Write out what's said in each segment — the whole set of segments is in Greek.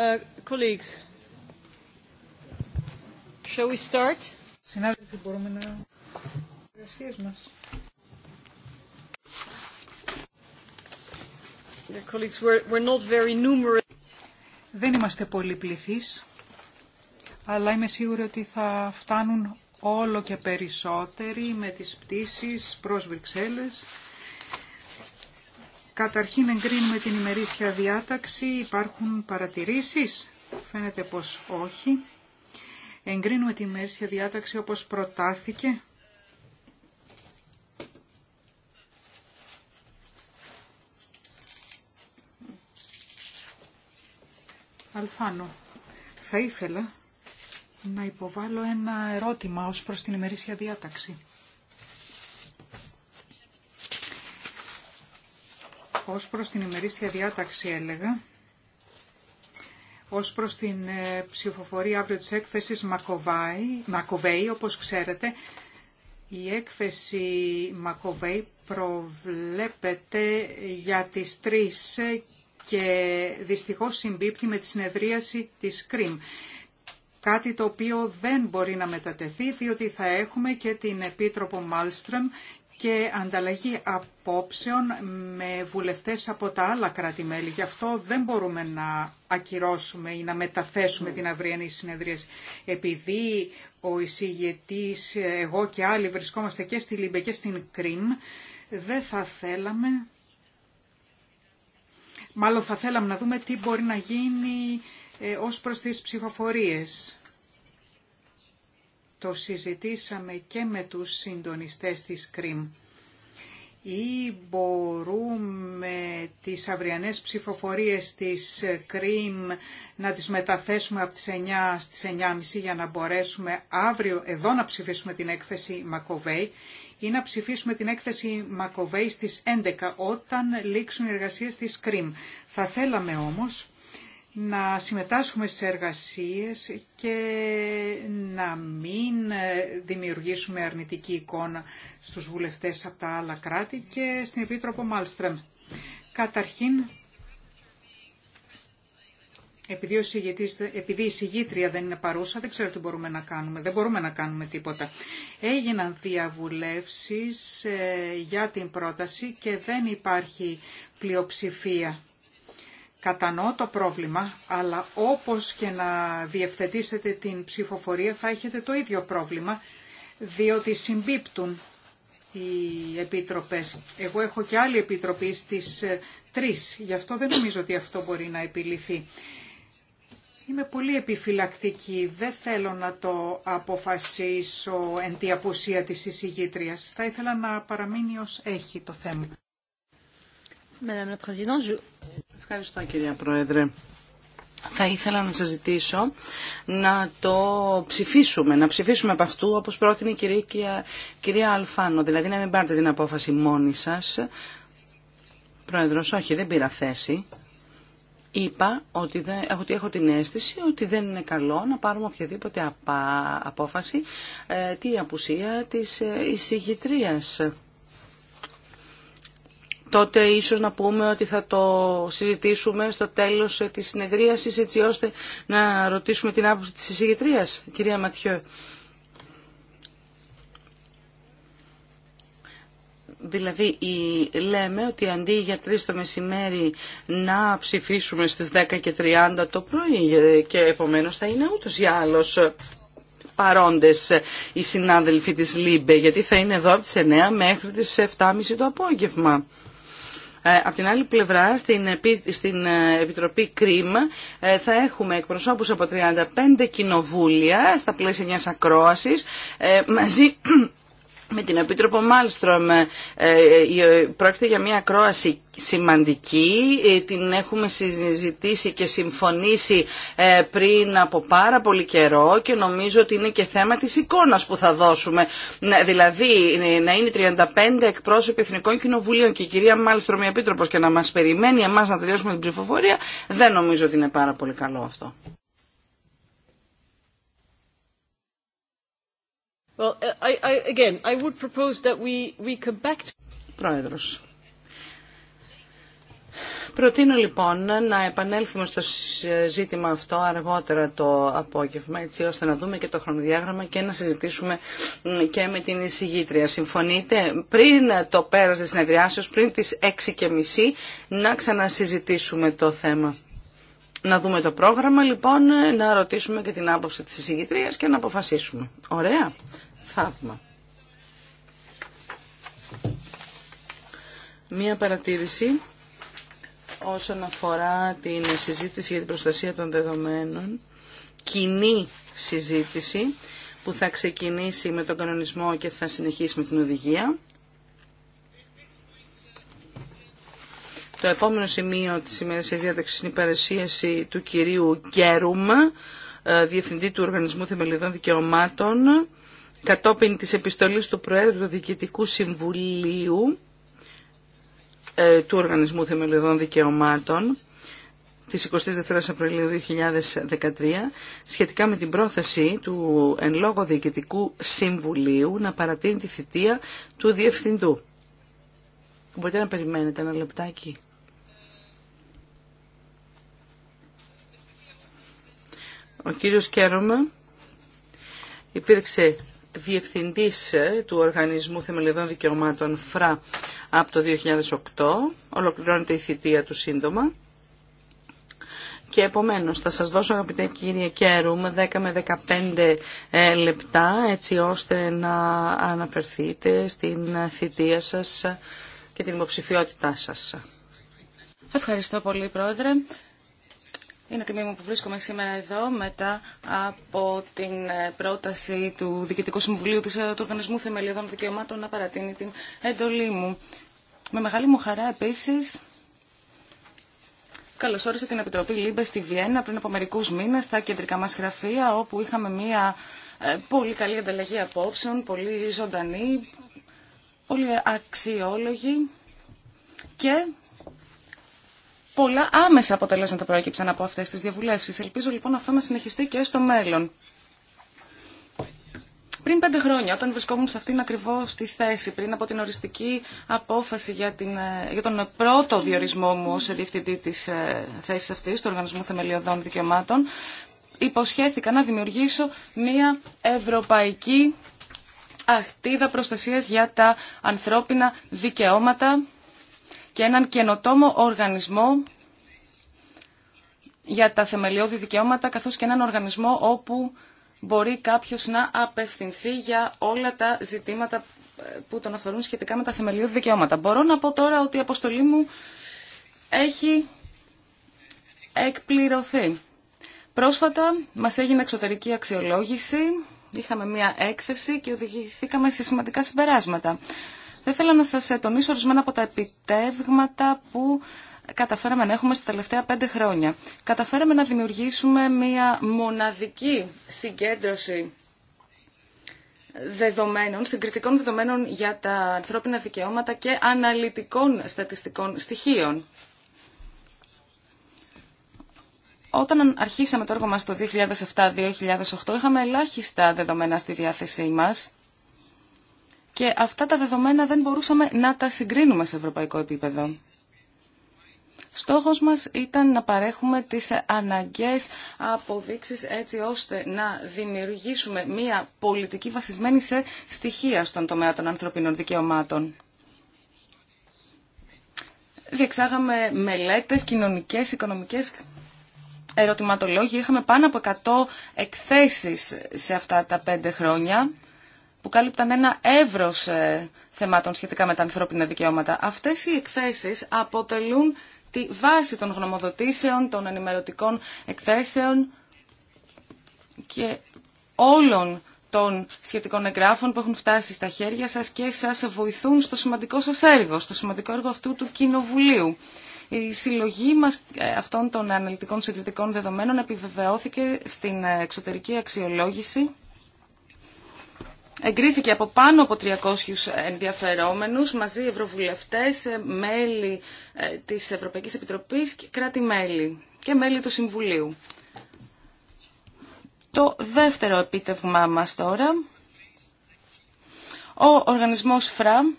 Uh, shall we start? Συνάδελφοι, μπορούμε να εργασίες μας. Δεν είμαστε πολύ πληθείς, αλλά είμαι σίγουρη ότι θα φτάνουν όλο και περισσότεροι με τις πτήσεις προς Βρυξέλλες Καταρχήν εγκρίνουμε την ημερήσια διάταξη. Υπάρχουν παρατηρήσεις. Φαίνεται πως όχι. Εγκρίνουμε την ημερήσια διάταξη όπως προτάθηκε. Αλφάνο, θα ήθελα να υποβάλω ένα ερώτημα ως προς την ημερήσια διάταξη. ως προς την ημερήσια διάταξη έλεγα, ως προς την ε, ψηφοφορία αύριο της έκθεσης Μακοβέη, όπως ξέρετε, η έκθεση Μακοβέη προβλέπεται για τις 3 και δυστυχώς συμπίπτει με τη συνεδρίαση της ΚΡΙΜ. Κάτι το οποίο δεν μπορεί να μετατεθεί, διότι θα έχουμε και την Επίτροπο Μάλστρεμ και ανταλλαγή απόψεων με βουλευτές από τα άλλα κράτη-μέλη. Γι' αυτό δεν μπορούμε να ακυρώσουμε ή να μεταθέσουμε την αυριανή συνεδρία. Επειδή ο εισηγητής, εγώ και άλλοι βρισκόμαστε και στη Λίμπε και στην Κρίμ, δεν θα θέλαμε... Μάλλον θα θέλαμε να δούμε τι μπορεί να γίνει ε, ως προς τις ψηφοφορίες το συζητήσαμε και με τους συντονιστές της ΚΡΙΜ. Ή μπορούμε τις αυριανές ψηφοφορίες της ΚΡΙΜ να τις μεταθέσουμε από τις 9 στις 9.30 για να μπορέσουμε αύριο εδώ να ψηφίσουμε την έκθεση Μακοβέη ή να ψηφίσουμε την έκθεση Μακοβέη στις 11 όταν λήξουν οι εργασίες της ΚΡΙΜ. Θα θέλαμε όμως να συμμετάσχουμε στις εργασίες και να μην ε, δημιουργήσουμε αρνητική εικόνα στους βουλευτές από τα άλλα κράτη και στην Επίτροπο Μάλστρεμ. Καταρχήν, επειδή, ο επειδή η συγγήτρια δεν είναι παρούσα, δεν ξέρω τι μπορούμε να κάνουμε. Δεν μπορούμε να κάνουμε τίποτα. Έγιναν διαβουλεύσεις ε, για την πρόταση και δεν υπάρχει πλειοψηφία Κατανοώ το πρόβλημα, αλλά όπως και να διευθετήσετε την ψηφοφορία θα έχετε το ίδιο πρόβλημα, διότι συμπίπτουν οι επιτροπές. Εγώ έχω και άλλη επιτροπή στις ε, τρεις, γι' αυτό δεν νομίζω ότι αυτό μπορεί να επιληθεί. Είμαι πολύ επιφυλακτική, δεν θέλω να το αποφασίσω εν τη απουσία της εισηγήτριας. Θα ήθελα να παραμείνει ως έχει το θέμα. Madame la Ευχαριστώ κυρία Πρόεδρε. Θα ήθελα να σας ζητήσω να το ψηφίσουμε, να ψηφίσουμε από αυτού όπως πρότεινε η κυρία, Αλφάνο. Δηλαδή να μην πάρετε την απόφαση μόνοι σας. Πρόεδρος, όχι, δεν πήρα θέση. Είπα ότι, δεν, έχω την αίσθηση ότι δεν είναι καλό να πάρουμε οποιαδήποτε απόφαση ε, τη απουσία της ε, εισηγητρίας τότε ίσως να πούμε ότι θα το συζητήσουμε στο τέλος της συνεδρίασης έτσι ώστε να ρωτήσουμε την άποψη της συζητρίας, κυρία Ματιώ. Δηλαδή λέμε ότι αντί για τρεις το μεσημέρι να ψηφίσουμε στις 10 και 30 το πρωί και επομένως θα είναι ούτως ή άλλως παρόντες οι συνάδελφοι της ΛΥΜΠΕ γιατί θα είναι εδώ από τις 9 μέχρι τις 7.30 το απόγευμα. Ε, από την άλλη πλευρά, στην ε, Επιτροπή ΚΡΙΜ ε, θα έχουμε εκπροσώπου από 35 κοινοβούλια στα πλαίσια μιας ακρόασης μαζί με την Επίτροπο Μάλστρομ. Ε, ε, πρόκειται για μια ακρόαση σημαντική, ε, την έχουμε συζητήσει και συμφωνήσει πριν από πάρα πολύ καιρό και νομίζω ότι είναι και θέμα της εικόνας που θα δώσουμε. Δηλαδή να είναι 35 εκπρόσωποι Εθνικών Κοινοβουλίων και η κυρία Μάλστρομ η Επίτροπος και να μας περιμένει εμάς να τελειώσουμε την ψηφοφορία, δεν νομίζω ότι είναι πάρα πολύ καλό αυτό. Προτείνω λοιπόν να επανέλθουμε στο ζήτημα αυτό αργότερα το απόγευμα, έτσι ώστε να δούμε και το χρονοδιάγραμμα και να συζητήσουμε και με την εισηγήτρια. Συμφωνείτε πριν το πέρας της συνεδριάσεως, πριν τις μισή, να ξανασυζητήσουμε το θέμα. Να δούμε το πρόγραμμα λοιπόν, να ρωτήσουμε και την άποψη τη εισηγητρίας και να αποφασίσουμε. Ωραία θαύμα. Μία παρατήρηση όσον αφορά την συζήτηση για την προστασία των δεδομένων, κοινή συζήτηση που θα ξεκινήσει με τον κανονισμό και θα συνεχίσει με την οδηγία. Το επόμενο σημείο της σημερινής διάταξης είναι η παρουσίαση του κυρίου Γκέρουμα, ε, Διευθυντή του Οργανισμού Θεμελιδών Δικαιωμάτων, κατόπιν της επιστολής του Προέδρου του Διοικητικού Συμβουλίου ε, του Οργανισμού Θεμελιωδών Δικαιωμάτων της 22 Απριλίου 2013 σχετικά με την πρόθεση του εν λόγω Διοικητικού Συμβουλίου να παρατείνει τη θητεία του Διευθυντού. Μπορείτε να περιμένετε ένα λεπτάκι. Ο κύριος Κέρωμα υπήρξε διευθυντής ε, του Οργανισμού Θεμελιωδών Δικαιωμάτων ΦΡΑ από το 2008. Ολοκληρώνεται η θητεία του σύντομα. Και επομένως θα σας δώσω αγαπητέ κύριε Κέρουμ 10 με 15 ε, λεπτά έτσι ώστε να αναφερθείτε στην θητεία σας και την υποψηφιότητά σας. Ευχαριστώ πολύ Πρόεδρε. Είναι τιμή μου που βρίσκομαι σήμερα εδώ μετά από την ε, πρόταση του Διοικητικού Συμβουλίου της, ε, του Οργανισμού Θεμελιωδών Δικαιωμάτων να παρατείνει την εντολή μου. Με μεγάλη μου χαρά επίσης καλωσόρισα την Επιτροπή Λίμπε στη Βιέννα πριν από μερικού μήνες στα κεντρικά μας γραφεία όπου είχαμε μια ε, πολύ καλή ανταλλαγή απόψεων, πολύ ζωντανή, πολύ αξιόλογη και πολλά άμεσα αποτελέσματα προέκυψαν από αυτές τις διαβουλεύσεις. Ελπίζω λοιπόν αυτό να συνεχιστεί και στο μέλλον. Πριν πέντε χρόνια, όταν βρισκόμουν σε αυτήν ακριβώ τη θέση, πριν από την οριστική απόφαση για, την, ε, για τον πρώτο διορισμό μου ω διευθυντή της ε, θέση αυτή, του Οργανισμού Θεμελιωδών Δικαιωμάτων, υποσχέθηκα να δημιουργήσω μια ευρωπαϊκή αχτίδα προστασία για τα ανθρώπινα δικαιώματα και έναν καινοτόμο οργανισμό για τα θεμελιώδη δικαιώματα, καθώς και έναν οργανισμό όπου μπορεί κάποιος να απευθυνθεί για όλα τα ζητήματα ε, που τον αφορούν σχετικά με τα θεμελιώδη δικαιώματα. Μπορώ να πω τώρα ότι η αποστολή μου έχει εκπληρωθεί. Πρόσφατα μας έγινε εξωτερική αξιολόγηση, είχαμε μία έκθεση και οδηγηθήκαμε σε σημαντικά συμπεράσματα. Θα ήθελα να σας τονίσω ορισμένα από τα επιτεύγματα που καταφέραμε να έχουμε στα τελευταία πέντε χρόνια. Καταφέραμε να δημιουργήσουμε μία μοναδική συγκέντρωση δεδομένων, συγκριτικών δεδομένων για τα ανθρώπινα δικαιώματα και αναλυτικών στατιστικών στοιχείων. Όταν αρχίσαμε το έργο μας το 2007-2008 είχαμε ελάχιστα δεδομένα στη διάθεσή μας και αυτά τα δεδομένα δεν μπορούσαμε να τα συγκρίνουμε σε ευρωπαϊκό επίπεδο. Στόχος μας ήταν να παρέχουμε τις αναγκαίες αποδείξεις έτσι ώστε να δημιουργήσουμε μια πολιτική βασισμένη σε στοιχεία στον τομέα των ανθρωπίνων δικαιωμάτων. Διεξάγαμε μελέτες κοινωνικές, οικονομικές ερωτηματολόγοι. Είχαμε πάνω από 100 εκθέσεις σε αυτά τα πέντε χρόνια που κάλυπταν ένα εύρος ε, θεμάτων σχετικά με τα ανθρώπινα δικαιώματα. Αυτές οι εκθέσεις αποτελούν τη βάση των γνωμοδοτήσεων, των ενημερωτικών εκθέσεων και όλων των σχετικών εγγράφων που έχουν φτάσει στα χέρια σας και σας βοηθούν στο σημαντικό σας έργο, στο σημαντικό έργο αυτού του Κοινοβουλίου. Η συλλογή μας ε, αυτών των αναλυτικών συγκριτικών δεδομένων επιβεβαιώθηκε στην ε, εξωτερική αξιολόγηση εγκρίθηκε από πάνω από 300 ενδιαφερόμενους, μαζί ευρωβουλευτές, ε, μέλη ε, της Ευρωπαϊκής Επιτροπής και κράτη-μέλη και μέλη του Συμβουλίου. Το δεύτερο επίτευγμά μας τώρα, ο οργανισμός ΦΡΑ,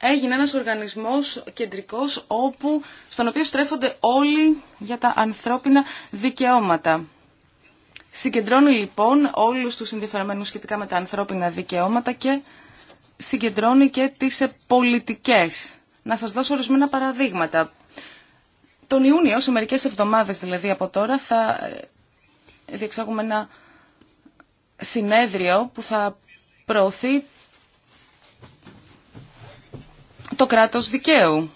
έγινε ένας οργανισμός κεντρικός όπου, στον οποίο στρέφονται όλοι για τα ανθρώπινα δικαιώματα. Συγκεντρώνει λοιπόν όλους τους ενδιαφερομένους σχετικά με τα ανθρώπινα δικαιώματα και συγκεντρώνει και τις πολιτικές. Να σας δώσω ορισμένα παραδείγματα. Τον Ιούνιο, σε μερικές εβδομάδες δηλαδή από τώρα, θα ε, διεξάγουμε ένα συνέδριο που θα προωθεί το κράτος δικαίου.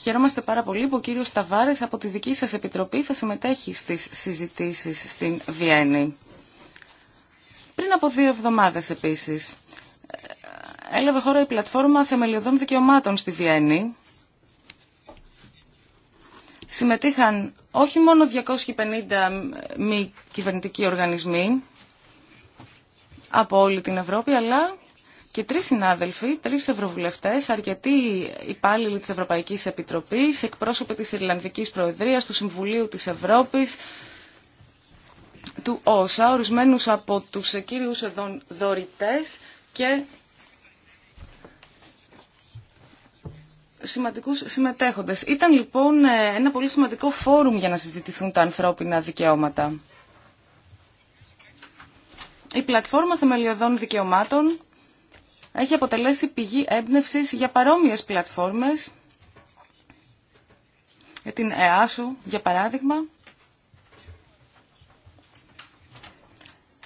Χαιρόμαστε πάρα πολύ που ο κύριο Σταβάρης από τη δική σας επιτροπή θα συμμετέχει στις συζητήσεις στην Βιέννη. Πριν από δύο εβδομάδες επίσης, ε, έλαβε χώρα η πλατφόρμα θεμελιωδών δικαιωμάτων στη Βιέννη. Συμμετείχαν όχι μόνο 250 μη κυβερνητικοί οργανισμοί από όλη την Ευρώπη, αλλά και τρεις συνάδελφοι, τρεις ευρωβουλευτές, αρκετοί υπάλληλοι της Ευρωπαϊκής Επιτροπής, εκπρόσωποι της Ιρλανδικής Προεδρίας, του Συμβουλίου της Ευρώπης, του ΩΣΑ, ορισμένους από τους κύριους εδώ δωρητές και σημαντικούς συμμετέχοντες. Ήταν λοιπόν ε, ένα πολύ σημαντικό φόρουμ για να συζητηθούν τα ανθρώπινα δικαιώματα. Η πλατφόρμα θεμελιωδών δικαιωμάτων έχει αποτελέσει πηγή έμπνευσης για παρόμοιες πλατφόρμες, για την ΕΑΣΟ, για παράδειγμα.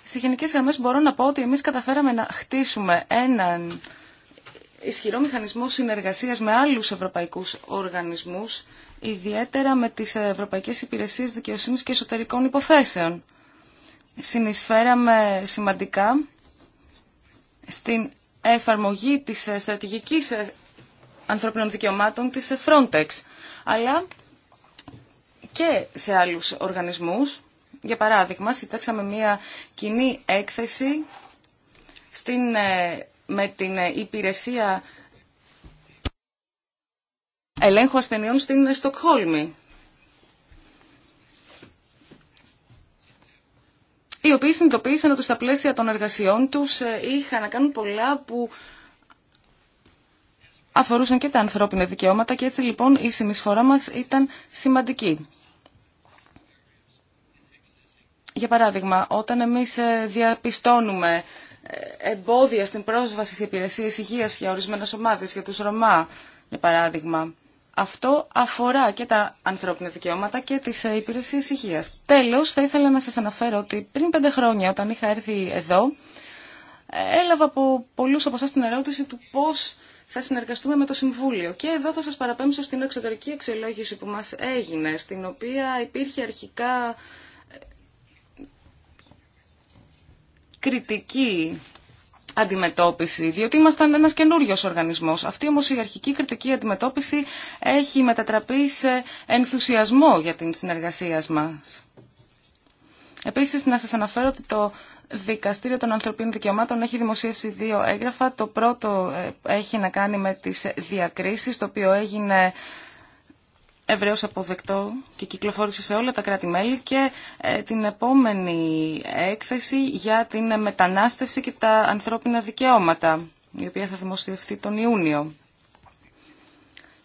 Σε γενικέ γραμμέ μπορώ να πω ότι εμείς καταφέραμε να χτίσουμε έναν ισχυρό μηχανισμό συνεργασίας με άλλους ευρωπαϊκούς οργανισμούς, ιδιαίτερα με τις Ευρωπαϊκές Υπηρεσίες Δικαιοσύνης και Εσωτερικών Υποθέσεων. Συνεισφέραμε σημαντικά στην εφαρμογή της ε, στρατηγικής ε, ανθρωπινών δικαιωμάτων της ε, Frontex, αλλά και σε άλλους οργανισμούς. Για παράδειγμα, συντάξαμε μία κοινή έκθεση στην, με την υπηρεσία ελέγχου ασθενειών στην Στοκχόλμη. οι οποίοι συνειδητοποίησαν ότι στα πλαίσια των εργασιών τους ε, είχαν να κάνουν πολλά που αφορούσαν και τα ανθρώπινα δικαιώματα και έτσι λοιπόν η συνεισφορά μας ήταν σημαντική. Για παράδειγμα, όταν εμείς ε, διαπιστώνουμε ε, εμπόδια στην πρόσβαση σε υπηρεσίες υγείας για ορισμένες ομάδες, για τους Ρωμά, για παράδειγμα, αυτό αφορά και τα ανθρώπινα δικαιώματα και τις ε, υπηρεσίες υγείας. Τέλος, θα ήθελα να σας αναφέρω ότι πριν πέντε χρόνια όταν είχα έρθει εδώ, έλαβα από πολλού από εσά την ερώτηση του πώς θα συνεργαστούμε με το Συμβούλιο. Και εδώ θα σας παραπέμψω στην εξωτερική εξελόγηση που μας έγινε, στην οποία υπήρχε αρχικά ε, κριτική αντιμετώπιση, διότι ήμασταν ένας καινούριο οργανισμός. Αυτή όμω η αρχική κριτική αντιμετώπιση έχει μετατραπεί σε ενθουσιασμό για την συνεργασία μας. Επίση, να σας αναφέρω ότι το Δικαστήριο των Ανθρωπίνων Δικαιωμάτων έχει δημοσίευσει δύο έγγραφα. Το πρώτο ε, έχει να κάνει με τις διακρίσει, το οποίο έγινε ευρέως αποδεκτό και κυκλοφόρησε σε όλα τα κράτη-μέλη και ε, την επόμενη έκθεση για την μετανάστευση και τα ανθρώπινα δικαιώματα, η οποία θα δημοσιευθεί τον Ιούνιο.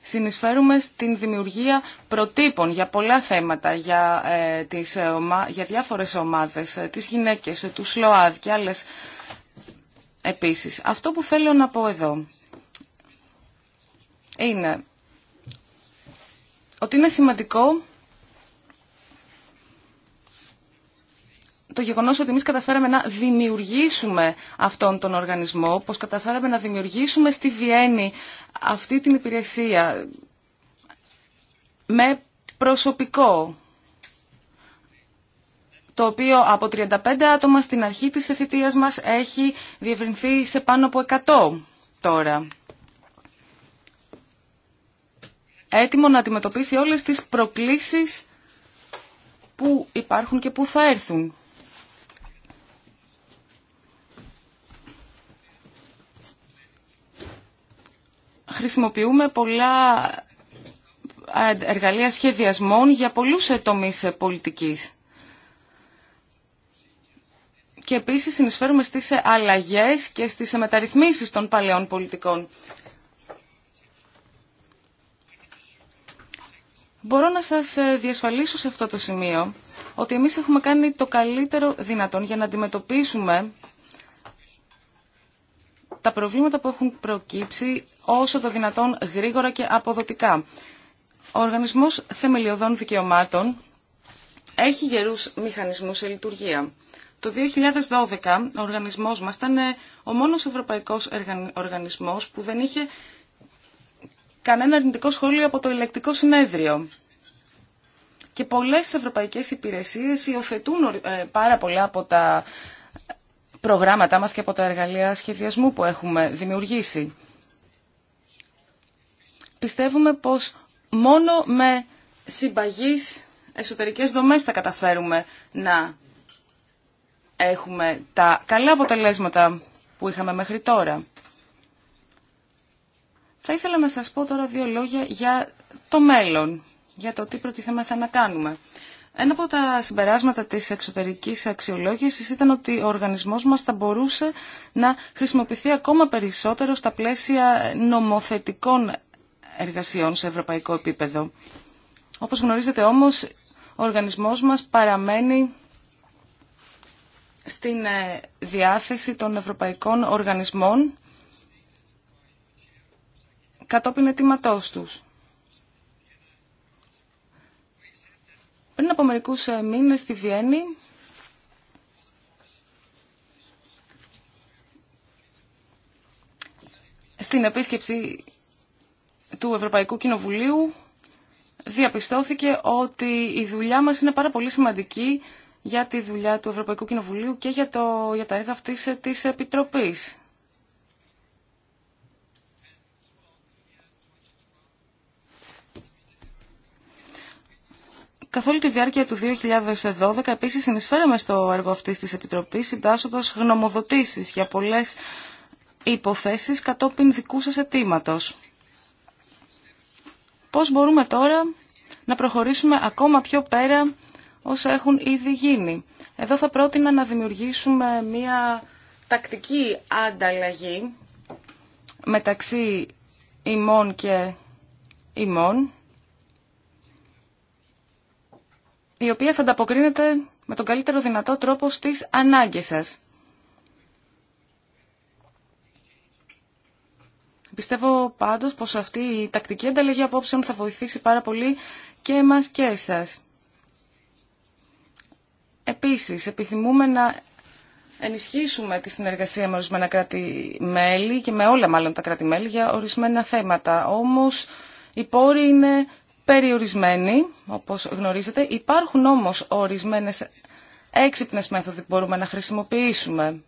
Συνεισφέρουμε στην δημιουργία προτύπων για πολλά θέματα, για, ε, τις, ε, για διάφορες ομάδες, τις γυναίκες, τους ΛΟΑΔ και άλλες επίσης. Αυτό που θέλω να πω εδώ είναι ότι είναι σημαντικό το γεγονός ότι εμεί καταφέραμε να δημιουργήσουμε αυτόν τον οργανισμό, πως καταφέραμε να δημιουργήσουμε στη Βιέννη αυτή την υπηρεσία με προσωπικό, το οποίο από 35 άτομα στην αρχή της εθιτείας μας έχει διευρυνθεί σε πάνω από 100 τώρα. έτοιμο να αντιμετωπίσει όλες τις προκλήσεις που υπάρχουν και που θα έρθουν. Χρησιμοποιούμε πολλά εργαλεία σχεδιασμών για πολλούς τομείς πολιτικής. Και επίσης συνεισφέρουμε στις αλλαγές και στις μεταρρυθμίσεις των παλαιών πολιτικών. Μπορώ να σας ε, διασφαλίσω σε αυτό το σημείο ότι εμείς έχουμε κάνει το καλύτερο δυνατόν για να αντιμετωπίσουμε τα προβλήματα που έχουν προκύψει όσο το δυνατόν γρήγορα και αποδοτικά. Ο Οργανισμός Θεμελιωδών Δικαιωμάτων έχει γερούς μηχανισμούς σε λειτουργία. Το 2012 ο οργανισμός μας ήταν ε, ο μόνος ευρωπαϊκός οργανισμός που δεν είχε κανένα αρνητικό σχόλιο από το ηλεκτρικό συνέδριο. Και πολλές ευρωπαϊκές υπηρεσίες υιοθετούν ε, πάρα πολλά από τα προγράμματά μας και από τα εργαλεία σχεδιασμού που έχουμε δημιουργήσει. Πιστεύουμε πως μόνο με συμπαγείς εσωτερικές δομές θα καταφέρουμε να έχουμε τα καλά αποτελέσματα που είχαμε μέχρι τώρα. Θα ήθελα να σας πω τώρα δύο λόγια για το μέλλον, για το τι προτιθέμεθα να κάνουμε. Ένα από τα συμπεράσματα της εξωτερικής αξιολόγησης ήταν ότι ο οργανισμός μας θα μπορούσε να χρησιμοποιηθεί ακόμα περισσότερο στα πλαίσια νομοθετικών εργασιών σε ευρωπαϊκό επίπεδο. Όπως γνωρίζετε όμως, ο οργανισμός μας παραμένει στην ε, διάθεση των ευρωπαϊκών οργανισμών κατόπιν αιτήματός τους. Πριν από μερικούς ε, μήνες στη Βιέννη, στην επίσκεψη του Ευρωπαϊκού Κοινοβουλίου διαπιστώθηκε ότι η δουλειά μας είναι πάρα πολύ σημαντική για τη δουλειά του Ευρωπαϊκού Κοινοβουλίου και για, το, για τα έργα αυτής ε, της Επιτροπής. Καθ' όλη τη διάρκεια του 2012 επίσης συνεισφέραμε στο έργο αυτής της Επιτροπής συντάσσοντας γνωμοδοτήσεις για πολλές υποθέσεις κατόπιν δικού σας αιτήματο. Πώς μπορούμε τώρα να προχωρήσουμε ακόμα πιο πέρα όσα έχουν ήδη γίνει. Εδώ θα πρότεινα να δημιουργήσουμε μια τακτική ανταλλαγή μεταξύ ημών και ημών η οποία θα ανταποκρίνεται με τον καλύτερο δυνατό τρόπο στις ανάγκες σας. Πιστεύω πάντως πως αυτή η τακτική ανταλλαγή απόψεων θα βοηθήσει πάρα πολύ και εμάς και εσάς. Επίσης, επιθυμούμε να ενισχύσουμε τη συνεργασία με ορισμένα κράτη-μέλη και με όλα μάλλον τα κράτη-μέλη για ορισμένα θέματα. Όμως, οι πόροι είναι Περιορισμένοι, όπως γνωρίζετε. Υπάρχουν όμως ορισμένες έξυπνες μέθοδοι που μπορούμε να χρησιμοποιήσουμε.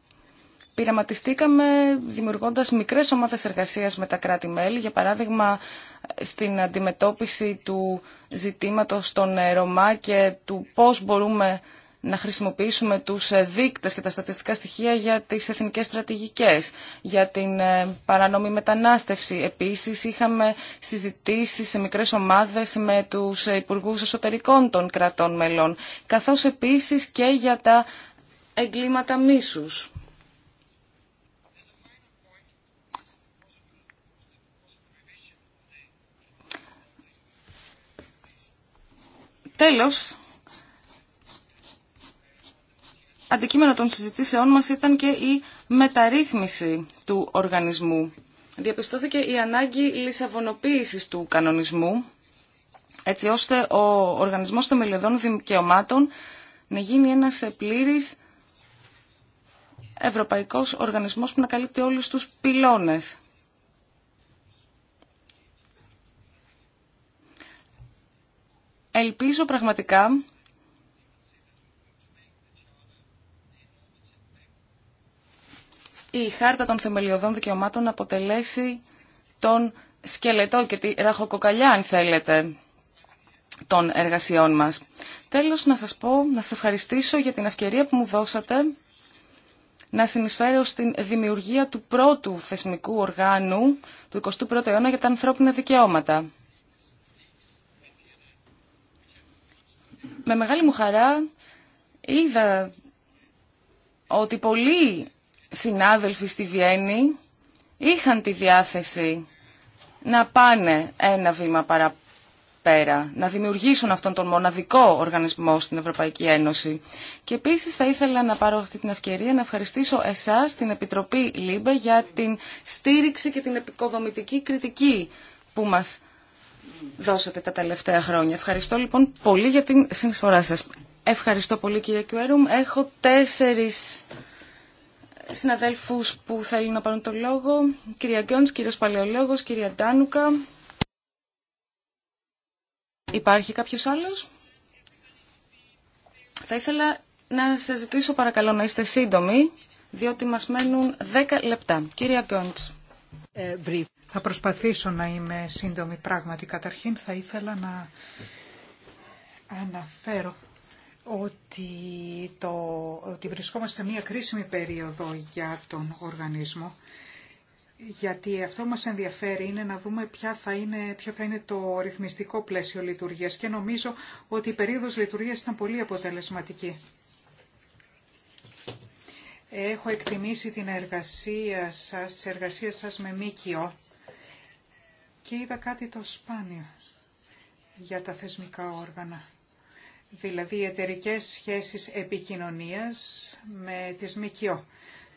Πειραματιστήκαμε δημιουργώντας μικρές ομάδες εργασίας με τα κράτη-μέλη, για παράδειγμα στην αντιμετώπιση του ζητήματος των Ρωμά και του πώς μπορούμε να χρησιμοποιήσουμε τους ε, δείκτες και τα στατιστικά στοιχεία για τις εθνικές στρατηγικές, για την ε, παράνομη μετανάστευση. Επίσης είχαμε συζητήσεις σε μικρές ομάδες με τους ε, υπουργούς εσωτερικών των κρατών μελών, καθώς επίσης και για τα εγκλήματα μίσους. Τέλος, αντικείμενο των συζητήσεών μας ήταν και η μεταρρύθμιση του οργανισμού. Διαπιστώθηκε η ανάγκη λισαβονοποίησης του κανονισμού, έτσι ώστε ο Οργανισμός Μελιωδών Δικαιωμάτων να γίνει ένας πλήρης ευρωπαϊκός οργανισμός που να καλύπτει όλους τους πυλώνες. Ελπίζω πραγματικά η Χάρτα των Θεμελιωδών Δικαιωμάτων αποτελέσει τον σκελετό και τη ραχοκοκαλιά, αν θέλετε, των εργασιών μας. Τέλος, να σας πω, να σας ευχαριστήσω για την ευκαιρία που μου δώσατε να συνεισφέρω στην δημιουργία του πρώτου θεσμικού οργάνου του 21ου αιώνα για τα ανθρώπινα δικαιώματα. Με μεγάλη μου χαρά είδα ότι πολλοί συνάδελφοι στη Βιέννη είχαν τη διάθεση να πάνε ένα βήμα παραπέρα, να δημιουργήσουν αυτόν τον μοναδικό οργανισμό στην Ευρωπαϊκή Ένωση. Και επίσης θα ήθελα να πάρω αυτή την ευκαιρία να ευχαριστήσω εσάς, την Επιτροπή ΛΥΜΠΕ, για την στήριξη και την επικοδομητική κριτική που μας δώσατε τα τελευταία χρόνια. Ευχαριστώ λοιπόν πολύ για την συνεισφορά σας. Ευχαριστώ πολύ κύριε Κιουέρουμ. Έχω τέσσερις συναδέλφους που θέλουν να πάρουν το λόγο. Κυρία Γκιόνς, κύριος Παλαιολόγος, κυρία Ντάνουκα. Υπάρχει κάποιος άλλος? Θα ήθελα να σας ζητήσω παρακαλώ να είστε σύντομοι, διότι μας μένουν 10 λεπτά. Κυρία Γκιόντς. Θα προσπαθήσω να είμαι σύντομη πράγματι. Καταρχήν θα ήθελα να αναφέρω ότι, το, ότι βρισκόμαστε σε μια κρίσιμη περίοδο για τον οργανισμό γιατί αυτό μας ενδιαφέρει είναι να δούμε ποια θα είναι, ποιο θα είναι το ρυθμιστικό πλαίσιο λειτουργίας και νομίζω ότι η περίοδος λειτουργίας ήταν πολύ αποτελεσματική. Έχω εκτιμήσει την εργασία σας, εργασία σας με μήκυο και είδα κάτι το σπάνιο για τα θεσμικά όργανα δηλαδή εταιρικέ σχέσεις επικοινωνίας με τις ΜΚΟ.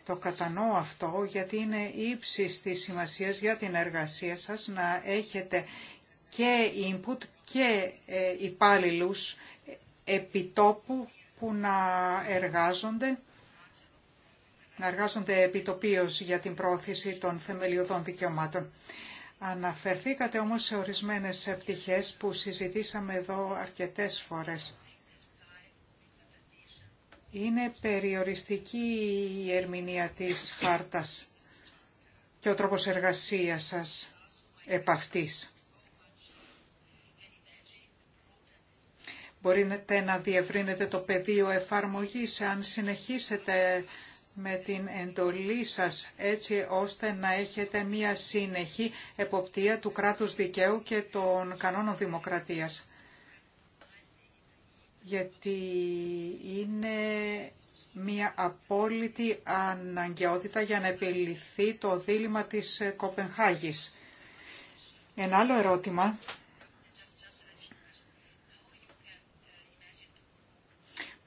Το κατανοώ αυτό γιατί είναι ύψη της σημασίας για την εργασία σας να έχετε και input και ε, υπάλληλου επιτόπου που να εργάζονται να εργάζονται επιτοπίως για την πρόθεση των θεμελιωδών δικαιωμάτων. Αναφερθήκατε όμως σε ορισμένες πτυχές που συζητήσαμε εδώ αρκετές φορές. Είναι περιοριστική η ερμηνεία της χάρτας και ο τρόπος εργασίας σας επ' αυτής. Μπορείτε να διευρύνετε το πεδίο εφαρμογής αν συνεχίσετε με την εντολή σας έτσι ώστε να έχετε μία συνεχή εποπτεία του κράτους δικαίου και των κανόνων δημοκρατίας γιατί είναι μια απόλυτη αναγκαιότητα για να επιληθεί το δίλημα της Κοπενχάγης. Ένα άλλο ερώτημα.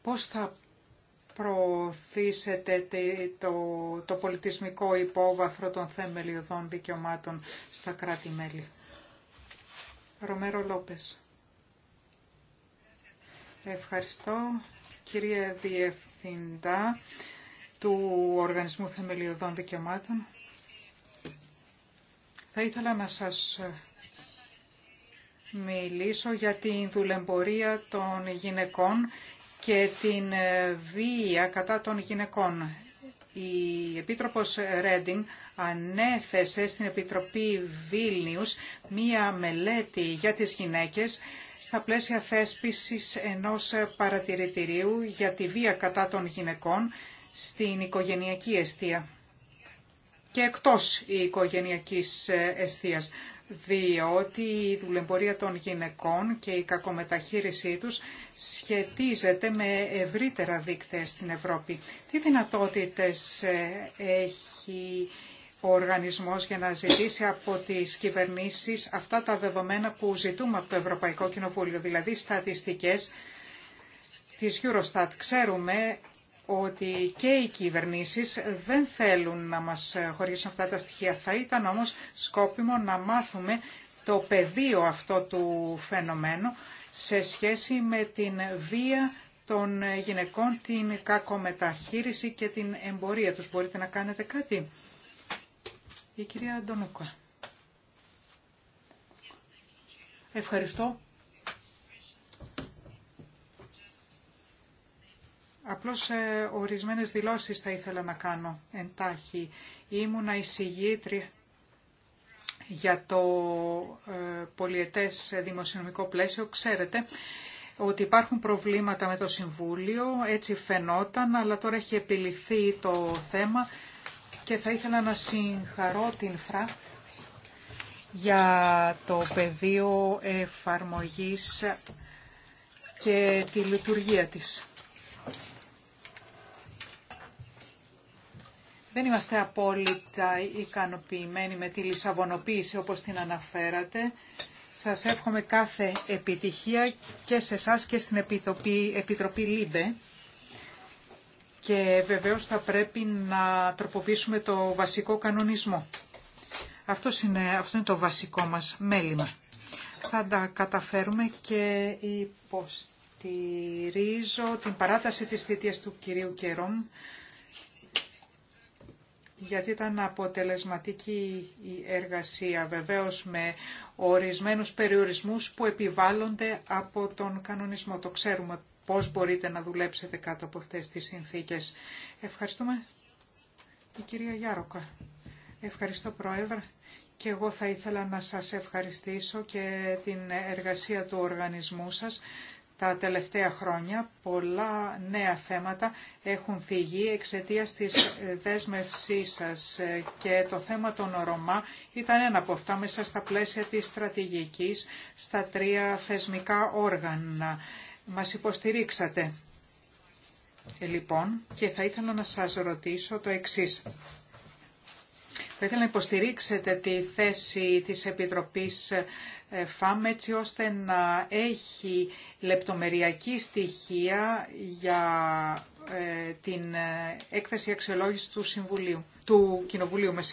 Πώς θα προωθήσετε το, το πολιτισμικό υπόβαθρο των θεμελιωδών δικαιωμάτων στα κράτη-μέλη. Ρομέρο Λόπες. Ευχαριστώ κύριε Διευθυντά του Οργανισμού Θεμελιωδών Δικαιωμάτων. Θα ήθελα να σας μιλήσω για την δουλεμπορία των γυναικών και την βία κατά των γυναικών. Η Επίτροπος Ρέντινγκ ανέθεσε στην Επιτροπή Βίλνιους μία μελέτη για τις γυναίκες στα πλαίσια θέσπισης ενός παρατηρητηρίου για τη βία κατά των γυναικών στην οικογενειακή αιστεία και εκτός η οικογενειακής ε, αιστείας, διότι η δουλεμπορία των γυναικών και η κακομεταχείρισή τους σχετίζεται με ευρύτερα δίκτυα στην Ευρώπη. Τι δυνατότητες ε, έχει ο οργανισμός για να ζητήσει από τις κυβερνήσεις αυτά τα δεδομένα που ζητούμε από το Ευρωπαϊκό Κοινοβούλιο, δηλαδή στατιστικές της Eurostat. Ξέρουμε ότι και οι κυβερνήσεις δεν θέλουν να μας χωρίσουν αυτά τα στοιχεία. Θα ήταν όμως σκόπιμο να μάθουμε το πεδίο αυτό του φαινομένου σε σχέση με την βία των γυναικών, την κακομεταχείριση και την εμπορία τους. Μπορείτε να κάνετε κάτι η κυρία Αντωνούκα. Ευχαριστώ. Απλώς ε, ορισμένες δηλώσεις θα ήθελα να κάνω εντάχει. Ήμουνα εισηγήτρια για το ε, πολιετές δημοσιονομικό πλαίσιο. Ξέρετε ότι υπάρχουν προβλήματα με το Συμβούλιο, έτσι φαινόταν, αλλά τώρα έχει επιληθεί το θέμα και θα ήθελα να συγχαρώ την ΦΡΑ για το πεδίο εφαρμογής και τη λειτουργία της. Δεν είμαστε απόλυτα ικανοποιημένοι με τη λισαβονοποίηση όπως την αναφέρατε. Σας εύχομαι κάθε επιτυχία και σε εσά και στην Επιτροπή, Επιτροπή ΛΥΜΠΕ και βεβαίως θα πρέπει να τροποποιήσουμε το βασικό κανονισμό. Αυτό είναι, αυτό το βασικό μας μέλημα. Θα τα καταφέρουμε και υποστηρίζω την παράταση της θητείας του κυρίου Κερόμ γιατί ήταν αποτελεσματική η εργασία βεβαίως με ορισμένους περιορισμούς που επιβάλλονται από τον κανονισμό. Το ξέρουμε πώς μπορείτε να δουλέψετε κάτω από αυτές τις συνθήκες. Ευχαριστούμε η κυρία Γιάροκα. Ευχαριστώ Πρόεδρε. Και εγώ θα ήθελα να σας ευχαριστήσω και την εργασία του οργανισμού σας τα τελευταία χρόνια. Πολλά νέα θέματα έχουν θυγεί εξαιτίας της δέσμευσής σας και το θέμα των Ρωμά ήταν ένα από αυτά μέσα στα πλαίσια της στρατηγικής στα τρία θεσμικά όργανα. Μας υποστηρίξατε, ε, λοιπόν, και θα ήθελα να σας ρωτήσω το εξής. Θα ήθελα να υποστηρίξετε τη θέση της Επιτροπής ε, ΦΑΜ έτσι ώστε να έχει λεπτομεριακή στοιχεία για ε, την έκθεση αξιολόγηση του Συμβουλίου, του Κοινοβουλίου, με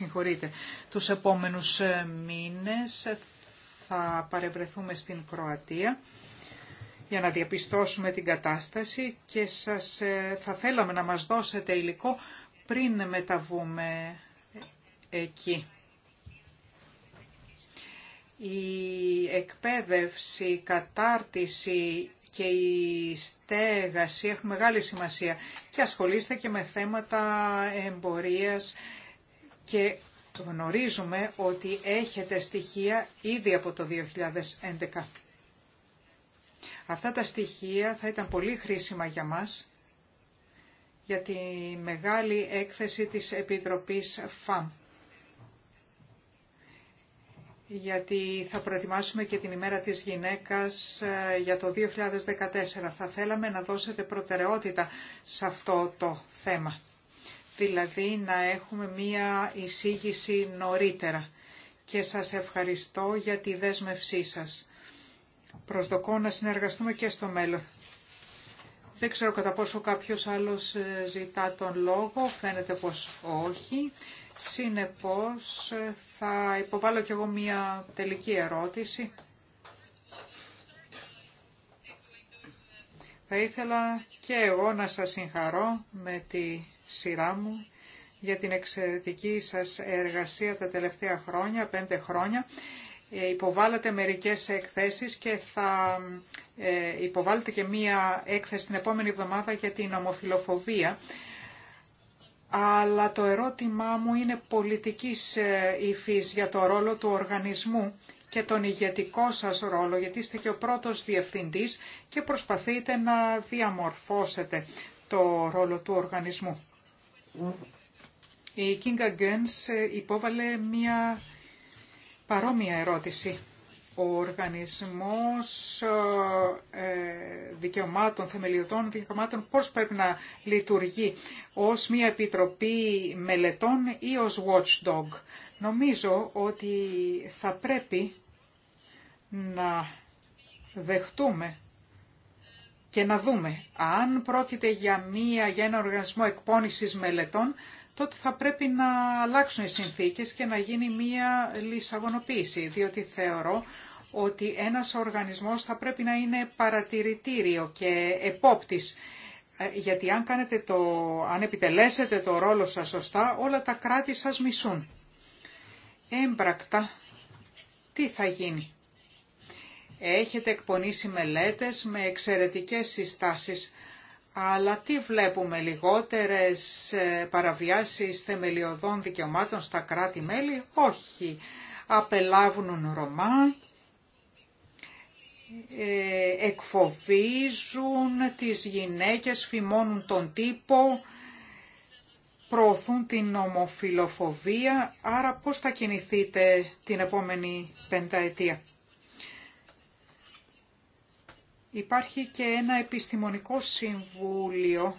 Τους επόμενους μήνες θα παρευρεθούμε στην Κροατία για να διαπιστώσουμε την κατάσταση και σας, ε, θα θέλαμε να μας δώσετε υλικό πριν μεταβούμε εκεί. Η εκπαίδευση, η κατάρτιση και η στέγαση έχουν μεγάλη σημασία και ασχολείστε και με θέματα εμπορίας και γνωρίζουμε ότι έχετε στοιχεία ήδη από το 2011. Αυτά τα στοιχεία θα ήταν πολύ χρήσιμα για μας για τη μεγάλη έκθεση της Επιτροπής ΦΑΜ. Γιατί θα προετοιμάσουμε και την ημέρα της γυναίκας ε, για το 2014. Θα θέλαμε να δώσετε προτεραιότητα σε αυτό το θέμα. Δηλαδή να έχουμε μία εισήγηση νωρίτερα. Και σας ευχαριστώ για τη δέσμευσή σας Προσδοκώ να συνεργαστούμε και στο μέλλον. Δεν ξέρω κατά πόσο κάποιος άλλος ε, ζητά τον λόγο, φαίνεται πως όχι. Συνεπώς ε, θα υποβάλω κι εγώ μία τελική ερώτηση. Θα ήθελα και εγώ να σας συγχαρώ με τη σειρά μου για την εξαιρετική σας εργασία τα τελευταία χρόνια, πέντε χρόνια. Ε, υποβάλλατε μερικές εκθέσεις και θα ε, υποβάλλετε και μία έκθεση την επόμενη εβδομάδα για την ομοφιλοφοβία. Αλλά το ερώτημά μου είναι πολιτικής ε, υφής για το ρόλο του οργανισμού και τον ηγετικό σας ρόλο, γιατί είστε και ο πρώτος διευθυντής και προσπαθείτε να διαμορφώσετε το ρόλο του οργανισμού. Η Kinga Gens υπόβαλε μία παρόμοια ερώτηση. Ο οργανισμός ε, δικαιωμάτων, θεμελιωδών δικαιωμάτων, πώς πρέπει να λειτουργεί ως μια επιτροπή μελετών ή ως watchdog. Νομίζω ότι θα πρέπει να δεχτούμε και να δούμε αν πρόκειται για, μία, για ένα οργανισμό εκπόνησης μελετών, τότε θα πρέπει να αλλάξουν οι συνθήκες και να γίνει μία λησαγωνοποίηση, διότι θεωρώ ότι ένας οργανισμός θα πρέπει να είναι παρατηρητήριο και επόπτης. Ε, γιατί αν, κάνετε το, αν επιτελέσετε το ρόλο σας σωστά, όλα τα κράτη σας μισούν. Έμπρακτα, τι θα γίνει. Έχετε εκπονήσει μελέτες με εξαιρετικές συστάσεις αλλά τι βλέπουμε, λιγότερες ε, παραβιάσεις θεμελιωδών δικαιωμάτων στα κράτη-μέλη, όχι. Απελάβουν Ρωμά, ε, εκφοβίζουν τις γυναίκες, φημώνουν τον τύπο, προωθούν την ομοφιλοφοβία, άρα πώς θα κινηθείτε την επόμενη πενταετία. Υπάρχει και ένα επιστημονικό συμβούλιο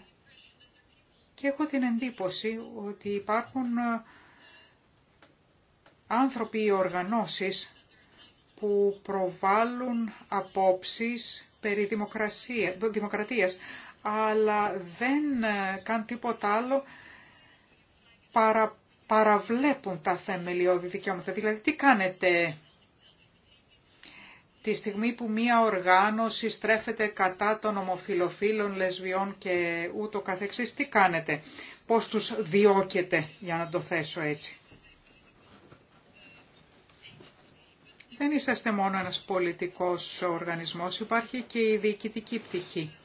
και έχω την εντύπωση ότι υπάρχουν ε, άνθρωποι ή οργανώσεις που προβάλλουν απόψεις περί δημοκρατίας, αλλά δεν ε, κάνουν τίποτα άλλο παραβλέπουν τα θεμελιώδη δικαιώματα. Δηλαδή, τι κάνετε τη στιγμή που μία οργάνωση στρέφεται κατά των ομοφιλοφίλων, λεσβιών και ούτω καθεξής, τι κάνετε, πώς τους διώκετε, για να το θέσω έτσι. Δεν είσαστε μόνο ένας πολιτικός οργανισμός, υπάρχει και η διοικητική πτυχή.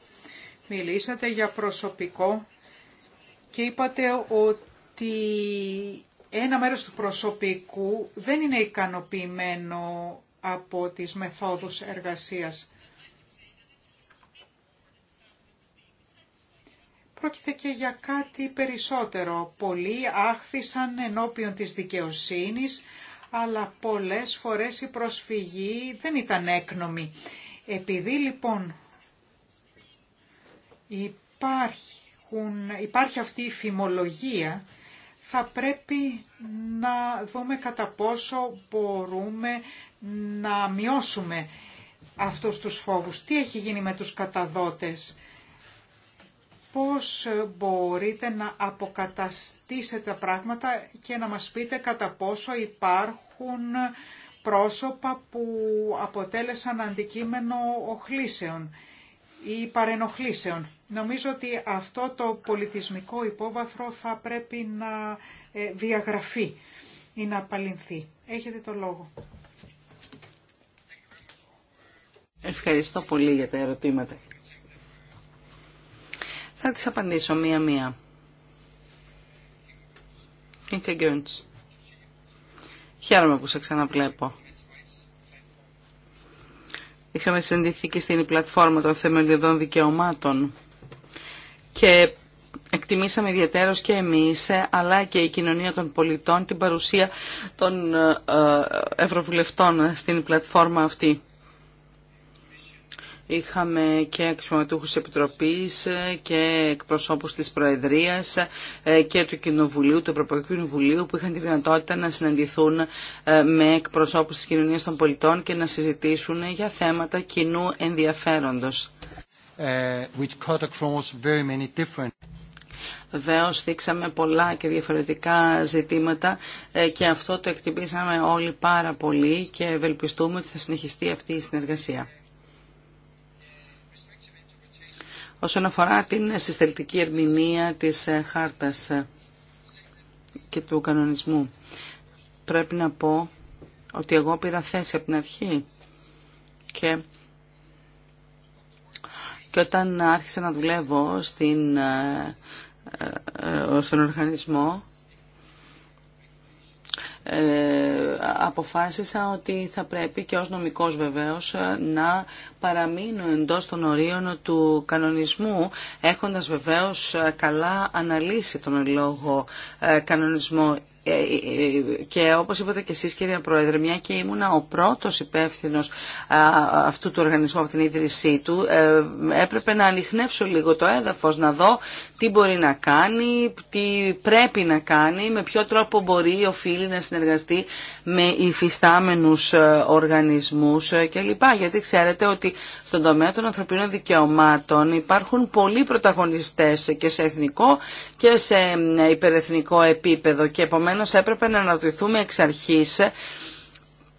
Μιλήσατε για προσωπικό και είπατε ότι ένα μέρος του προσωπικού δεν είναι ικανοποιημένο από τις μεθόδους εργασίας. Πρόκειται και για κάτι περισσότερο. Πολλοί άχθησαν ενώπιον της δικαιοσύνης, αλλά πολλές φορές η προσφυγή δεν ήταν έκνομη. Επειδή λοιπόν υπάρχει, υπάρχει αυτή η φημολογία θα πρέπει να δούμε κατά πόσο μπορούμε να μειώσουμε αυτούς τους φόβους. Τι έχει γίνει με τους καταδότες, πώς μπορείτε να αποκαταστήσετε τα πράγματα και να μας πείτε κατά πόσο υπάρχουν πρόσωπα που αποτέλεσαν αντικείμενο οχλήσεων ή παρενοχλήσεων. Νομίζω ότι αυτό το πολιτισμικό υπόβαθρο θα πρέπει να ε, διαγραφεί ή να απαλληλθεί. Έχετε το λόγο. Ευχαριστώ πολύ για τα ερωτήματα. Θα τις απαντήσω μία-μία. Χαίρομαι που σε ξαναβλέπω. Είχαμε συνδυθεί και στην πλατφόρμα των θεμελιωδών δικαιωμάτων και εκτιμήσαμε ιδιαίτερως και εμείς ε, αλλά και η κοινωνία των πολιτών την παρουσία των ε, ε, ευρωβουλευτών στην πλατφόρμα αυτή. Είχαμε και αξιωματούχους επιτροπής και εκπροσώπους της Προεδρίας και του Κοινοβουλίου, του Ευρωπαϊκού Κοινοβουλίου που είχαν τη δυνατότητα να συναντηθούν με εκπροσώπους της κοινωνίας των πολιτών και να συζητήσουν για θέματα κοινού ενδιαφέροντος. Uh, which cut πολλά και διαφορετικά ζητήματα ε, και αυτό το εκτιμήσαμε όλοι πάρα πολύ και ευελπιστούμε ότι θα συνεχιστεί αυτή η συνεργασία. Όσον αφορά την συστελτική ερμηνεία της ε, χάρτας ε, και του κανονισμού, πρέπει να πω ότι εγώ πήρα θέση από την αρχή και και όταν άρχισα να δουλεύω στην, ε, ε, ε, στον οργανισμό, αποφάσισα ότι θα πρέπει και ως νομικός βεβαίως να παραμείνω εντός των ορίων του κανονισμού έχοντας βεβαίως καλά αναλύσει τον λόγο κανονισμό ε, ε, και όπως είπατε και εσείς κυρία Πρόεδρε, μια και ήμουνα ο πρώτος υπεύθυνος αυτού του οργανισμού από την ίδρυσή του, ε, έπρεπε να ανοιχνεύσω λίγο το έδαφος, να δω τι μπορεί να κάνει, τι πρέπει να κάνει, με ποιο τρόπο μπορεί ο οφείλει να συνεργαστεί με υφιστάμενους οργανισμούς κλπ. Γιατί ξέρετε ότι στον τομέα των ανθρωπίνων δικαιωμάτων υπάρχουν πολλοί πρωταγωνιστές και σε εθνικό και σε υπερεθνικό επίπεδο ενώ έπρεπε να αναρωτηθούμε εξ αρχής ε,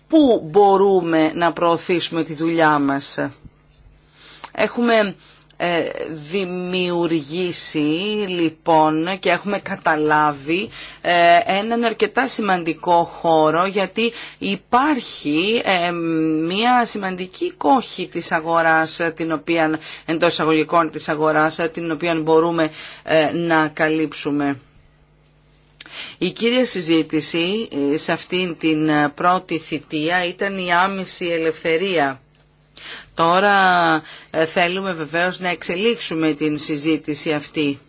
πού μπορούμε να προωθήσουμε τη δουλειά μας. Έχουμε ε, δημιουργήσει λοιπόν και έχουμε καταλάβει ε, έναν αρκετά σημαντικό χώρο γιατί υπάρχει μια σημαντική κόχη της αγοράς την οποία εντός αγωγικών της αγοράς την οποία μπορούμε να καλύψουμε. Η κύρια συζήτηση ε, σε αυτήν την ε, πρώτη θητεία ήταν η άμεση ελευθερία. Τώρα ε, θέλουμε βεβαίως να εξελίξουμε την συζήτηση αυτή.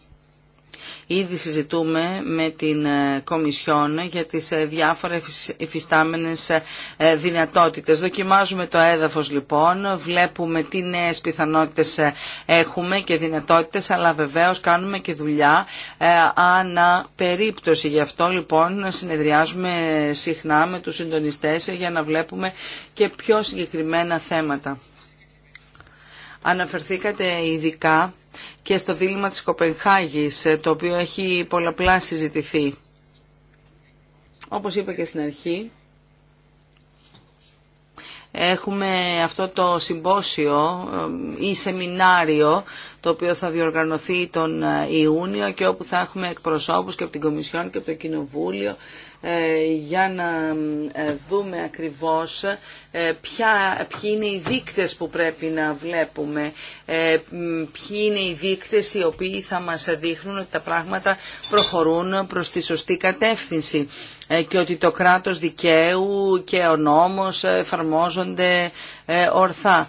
Ήδη συζητούμε με την ε, Κομισιόν για τις ε, διάφορες υφιστάμενες ε, δυνατότητες. Δοκιμάζουμε το έδαφος λοιπόν, βλέπουμε τι νέες πιθανότητες έχουμε και δυνατότητες, αλλά βεβαίως κάνουμε και δουλειά ανά περίπτωση. Γι' αυτό λοιπόν συνεδριάζουμε συχνά με τους συντονιστές για να βλέπουμε και πιο συγκεκριμένα θέματα. Αναφερθήκατε ειδικά και στο δίλημα της Κοπενχάγης, ε, το οποίο έχει πολλαπλά συζητηθεί. Όπως είπα και στην αρχή, έχουμε αυτό το συμπόσιο ε, ή σεμινάριο το οποίο θα διοργανωθεί τον ε, Ιούνιο και όπου θα έχουμε εκπροσώπους και από την Κομισιόν και από το Κοινοβούλιο ε, για να ε, δούμε ακριβώς ε, ποια, ποιοι είναι οι δείκτες που πρέπει να βλέπουμε, ποιοι είναι οι δείκτες οι οποίοι θα μας δείχνουν ότι τα πράγματα προχωρούν προς τη σωστή κατεύθυνση και ότι το κράτος δικαίου και ο νόμος εφαρμόζονται ορθά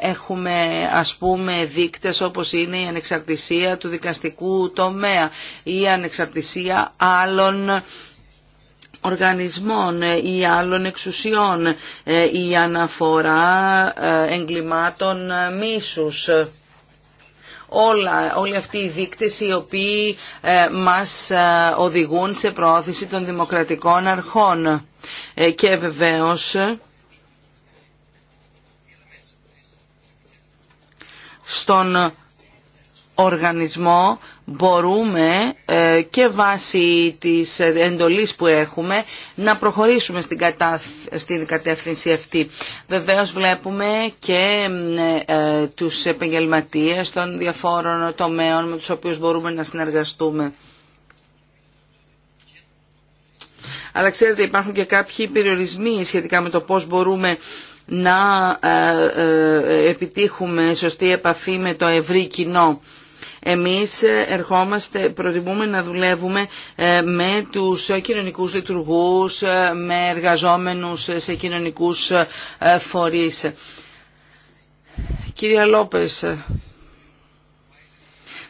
έχουμε ας πούμε δείκτες όπως είναι η ανεξαρτησία του δικαστικού τομέα ή η ανεξαρτησία άλλων οργανισμών ε, ή άλλων εξουσιών, ε, η αναφορά ε, εγκλημάτων μίσους. Όλα, όλοι αυτοί οι δείκτες οι οποίοι μας οδηγούν σε προώθηση των δημοκρατικών αρχών. Και βεβαίως... Στον οργανισμό μπορούμε ε, και βάσει της εντολής που έχουμε να προχωρήσουμε στην, στην κατεύθυνση αυτή. Βεβαίως βλέπουμε και ε, ε, τους επαγγελματίες των διαφόρων τομέων με τους οποίους μπορούμε να συνεργαστούμε. Αλλά ξέρετε υπάρχουν και κάποιοι περιορισμοί σχετικά με το πώς μπορούμε να επιτύχουμε σωστή επαφή με το ευρύ κοινό. Εμείς ε, ερχόμαστε, προτιμούμε να δουλεύουμε ε, με τους κοινωνικούς λειτουργούς, ε, με εργαζόμενους σε κοινωνικούς φορείς. Κυρία Λόπες,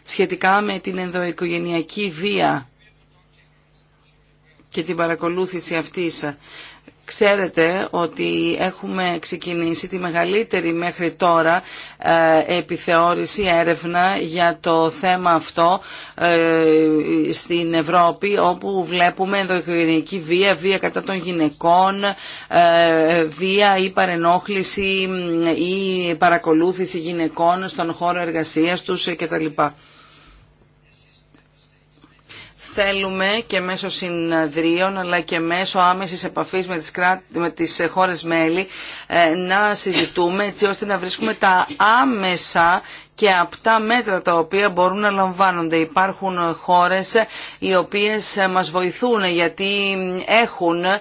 σχετικά με την ενδοοικογενειακή βία και την παρακολούθηση αυτής. Ξέρετε ότι έχουμε ξεκινήσει τη μεγαλύτερη μέχρι τώρα ε, επιθεώρηση έρευνα για το θέμα αυτό ε, στην Ευρώπη όπου βλέπουμε ενδοοικογενειακή βία, βία κατά των γυναικών, ε, βία ή παρενόχληση ή παρακολούθηση γυναικών στον χώρο εργασίας τους κτλ θέλουμε και μέσω συναδρίων αλλά και μέσω άμεσης επαφής με τις, χώρε μέλη ε, να συζητούμε έτσι ώστε να βρίσκουμε τα άμεσα και από τα μέτρα τα οποία μπορούν να λαμβάνονται. Υπάρχουν χώρες οι οποίες μας βοηθούν γιατί έχουν ε,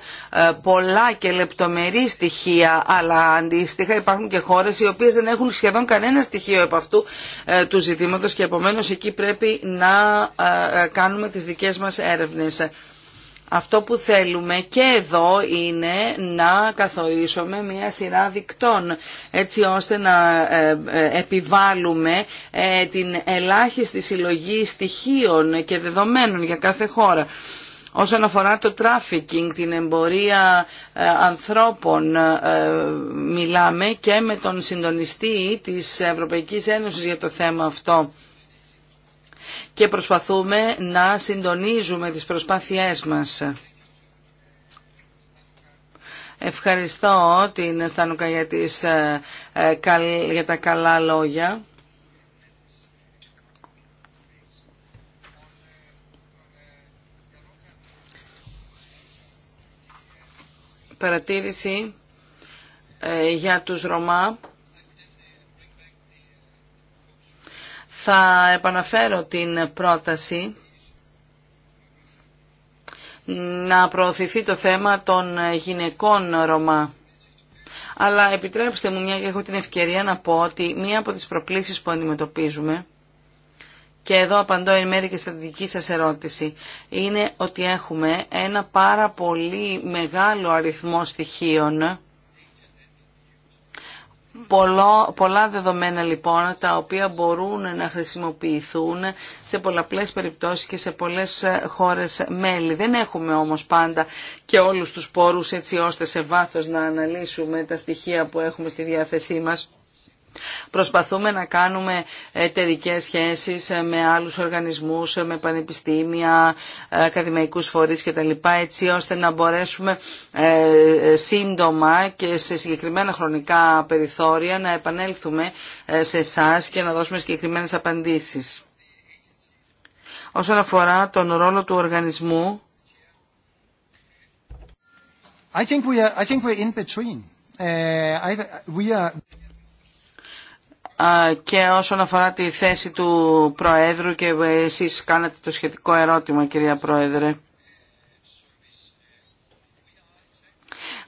πολλά και λεπτομερή στοιχεία αλλά αντίστοιχα υπάρχουν και χώρες οι οποίες δεν έχουν σχεδόν κανένα στοιχείο από αυτού ε, του ζητήματος και επομένως εκεί πρέπει να ε, κάνουμε τις δικές μας έρευνες. Αυτό που θέλουμε και εδώ είναι να καθορίσουμε μία σειρά δικτών έτσι ώστε να ε, ε, επιβάλλουμε ε, την ελάχιστη συλλογή στοιχείων και δεδομένων για κάθε χώρα. Όσον αφορά το τράφικινγκ, την εμπορία ανθρώπων, μιλάμε και με τον συντονιστή της Ευρωπαϊκής Ένωσης για το θέμα αυτό και προσπαθούμε να συντονίζουμε τις προσπάθειές μας. Ευχαριστώ την Στανούκα για, ε, ε, για τα καλά λόγια. Παρατήρηση ε, για τους Ρωμά. Θα επαναφέρω την πρόταση να προωθηθεί το θέμα των γυναικών Ρωμά. Αλλά επιτρέψτε μου, μια και έχω την ευκαιρία να πω ότι μία από τις προκλήσεις που αντιμετωπίζουμε, και εδώ απαντώ εν μέρη και στα δική σας ερώτηση, είναι ότι έχουμε ένα πάρα πολύ μεγάλο αριθμό στοιχείων πολλά δεδομένα λοιπόν τα οποία μπορούν να χρησιμοποιηθούν σε πολλαπλές περιπτώσεις και σε πολλές ε, χώρες μέλη. Δεν έχουμε όμως πάντα και όλους τους πόρους έτσι ώστε σε βάθος να αναλύσουμε τα στοιχεία που έχουμε στη διάθεσή μας Προσπαθούμε να κάνουμε εταιρικέ σχέσεις με άλλους οργανισμούς, με πανεπιστήμια, ακαδημαϊκούς φορείς κτλ. έτσι ώστε να μπορέσουμε ε, σύντομα και σε συγκεκριμένα χρονικά περιθώρια να επανέλθουμε ε, σε εσά και να δώσουμε συγκεκριμένες απαντήσεις. Όσον αφορά τον ρόλο του οργανισμού, I think we are, I think in between. Uh, και όσον αφορά τη θέση του Προέδρου και ε, εσείς κάνατε το σχετικό ερώτημα κυρία Πρόεδρε.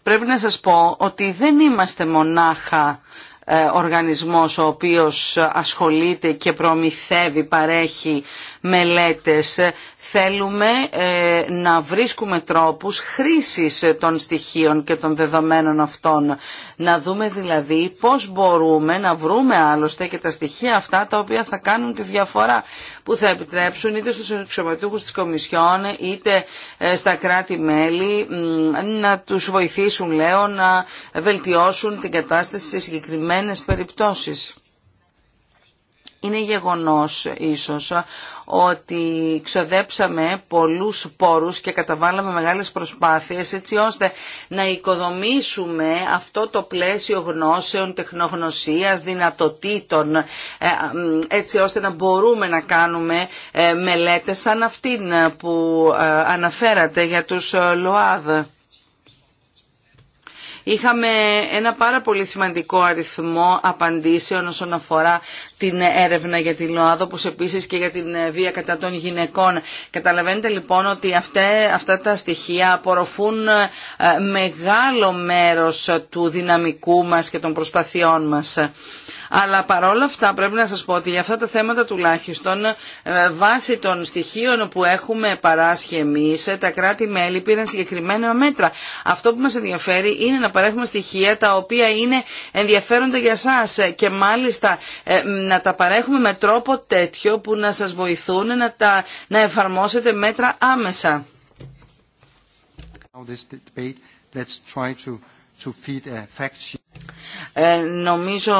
Πρέπει να σας πω ότι δεν είμαστε μονάχα ε, οργανισμός ο οποίος ασχολείται και προμηθεύει, παρέχει μελέτες. Θέλουμε ε, να βρίσκουμε τρόπους χρήσης των στοιχείων και των δεδομένων αυτών. Να δούμε δηλαδή πώς μπορούμε να βρούμε άλλωστε και τα στοιχεία αυτά τα οποία θα κάνουν τη διαφορά που θα επιτρέψουν είτε στους εξωματούχους της Κομισιόν είτε ε, στα κράτη-μέλη να τους βοηθήσουν λέω να βελτιώσουν την κατάσταση σε συγκεκριμένες περιπτώσεις. Είναι γεγονός ίσως ότι ξοδέψαμε πολλούς πόρους και καταβάλαμε μεγάλες προσπάθειες έτσι ώστε να οικοδομήσουμε αυτό το πλαίσιο γνώσεων, τεχνογνωσίας, δυνατοτήτων ε, ε, έτσι ώστε να μπορούμε να κάνουμε ε, μελέτες σαν αυτήν που αναφέρατε για τους ΛΟΑΔ. Είχαμε ένα πάρα πολύ σημαντικό αριθμό απαντήσεων όσον αφορά την έρευνα για την ΛΟΑΔ, όπως επίσης και για την βία κατά των γυναικών. Καταλαβαίνετε λοιπόν ότι αυτά, αυτά τα στοιχεία απορροφούν ε, μεγάλο μέρος του δυναμικού μας και των προσπαθειών μας αλλά παρόλα αυτά πρέπει να σας πω ότι για αυτά τα θέματα τουλάχιστον ε, βάσει των στοιχείων που έχουμε παράσχει εμείς ε, τα κράτη-μέλη πήραν συγκεκριμένα μέτρα. Αυτό που μας ενδιαφέρει είναι να παρέχουμε στοιχεία τα οποία είναι ενδιαφέροντα για σας ε, και μάλιστα να τα παρέχουμε με τρόπο τέτοιο που να σας βοηθούν να, τα, να εφαρμόσετε μέτρα άμεσα. Ε, νομίζω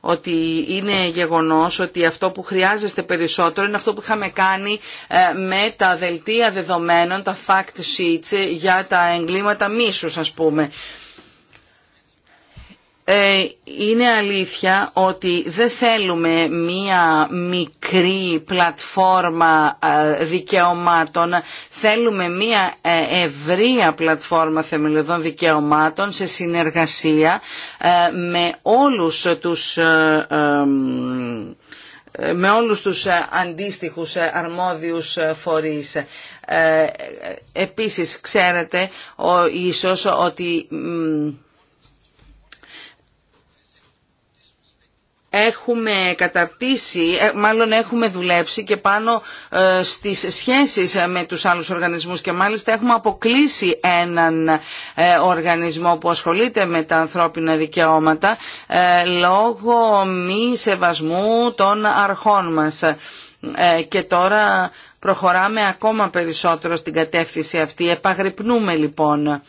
ότι είναι γεγονός ότι αυτό που χρειάζεστε περισσότερο είναι αυτό που είχαμε κάνει ε, με τα δελτία δεδομένων, τα fact sheets ε, για τα εγκλήματα μίσους ας πούμε. Ε, είναι αλήθεια ότι δεν θέλουμε μία μικρή πλατφόρμα ε, δικαιωμάτων, θέλουμε μία ε, ευρεία πλατφόρμα θεμελιωδών δικαιωμάτων σε συνεργασία με όλους τους με όλους τους αντίστοιχους αρμόδιους φορείς. Επίσης, ξέρετε, ίσως ότι έχουμε καταρτήσει, ε, μάλλον έχουμε δουλέψει και πάνω ε, στις σχέσεις ε, με τους άλλους οργανισμούς και μάλιστα έχουμε αποκλείσει έναν οργανισμό που ασχολείται με τα ανθρώπινα δικαιώματα λόγω μη σεβασμού των αρχών μας. Και τώρα προχωράμε ακόμα περισσότερο στην κατεύθυνση αυτή. Επαγρυπνούμε λοιπόν.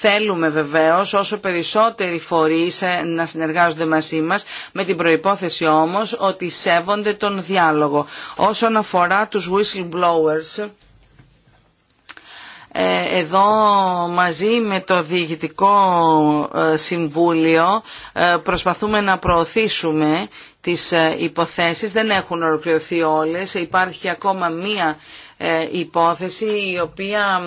Θέλουμε βεβαίως όσο περισσότεροι φορείς ε, να συνεργάζονται μαζί μας, με την προϋπόθεση όμως ότι σέβονται τον διάλογο. Όσον αφορά τους whistleblowers, ε, εδώ μαζί με το Διοικητικό ε, Συμβούλιο προσπαθούμε να προωθήσουμε τις υποθέσεις. Δεν έχουν ολοκληρωθεί όλες. Υπάρχει ακόμα μία ε, υπόθεση η οποία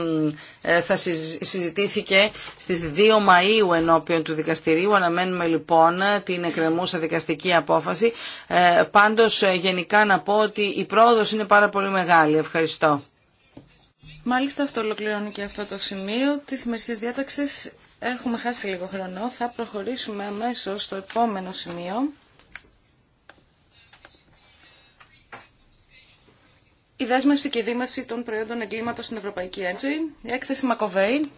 ε, θα συζητήθηκε στις 2 Μαΐου ενώπιον του δικαστηρίου. Αναμένουμε λοιπόν την εκκρεμούσα δικαστική απόφαση. Ε, πάντως γενικά να πω ότι η πρόοδος είναι πάρα πολύ μεγάλη. Ευχαριστώ. Μάλιστα αυτό ολοκληρώνει και αυτό το σημείο της μερικής διάταξης. Έχουμε χάσει λίγο χρόνο. Θα προχωρήσουμε αμέσως στο επόμενο σημείο. Η δέσμευση και η δίμευση των προϊόντων εγκλήματος στην Ευρωπαϊκή Ένωση. Η έκθεση Μακοβέη.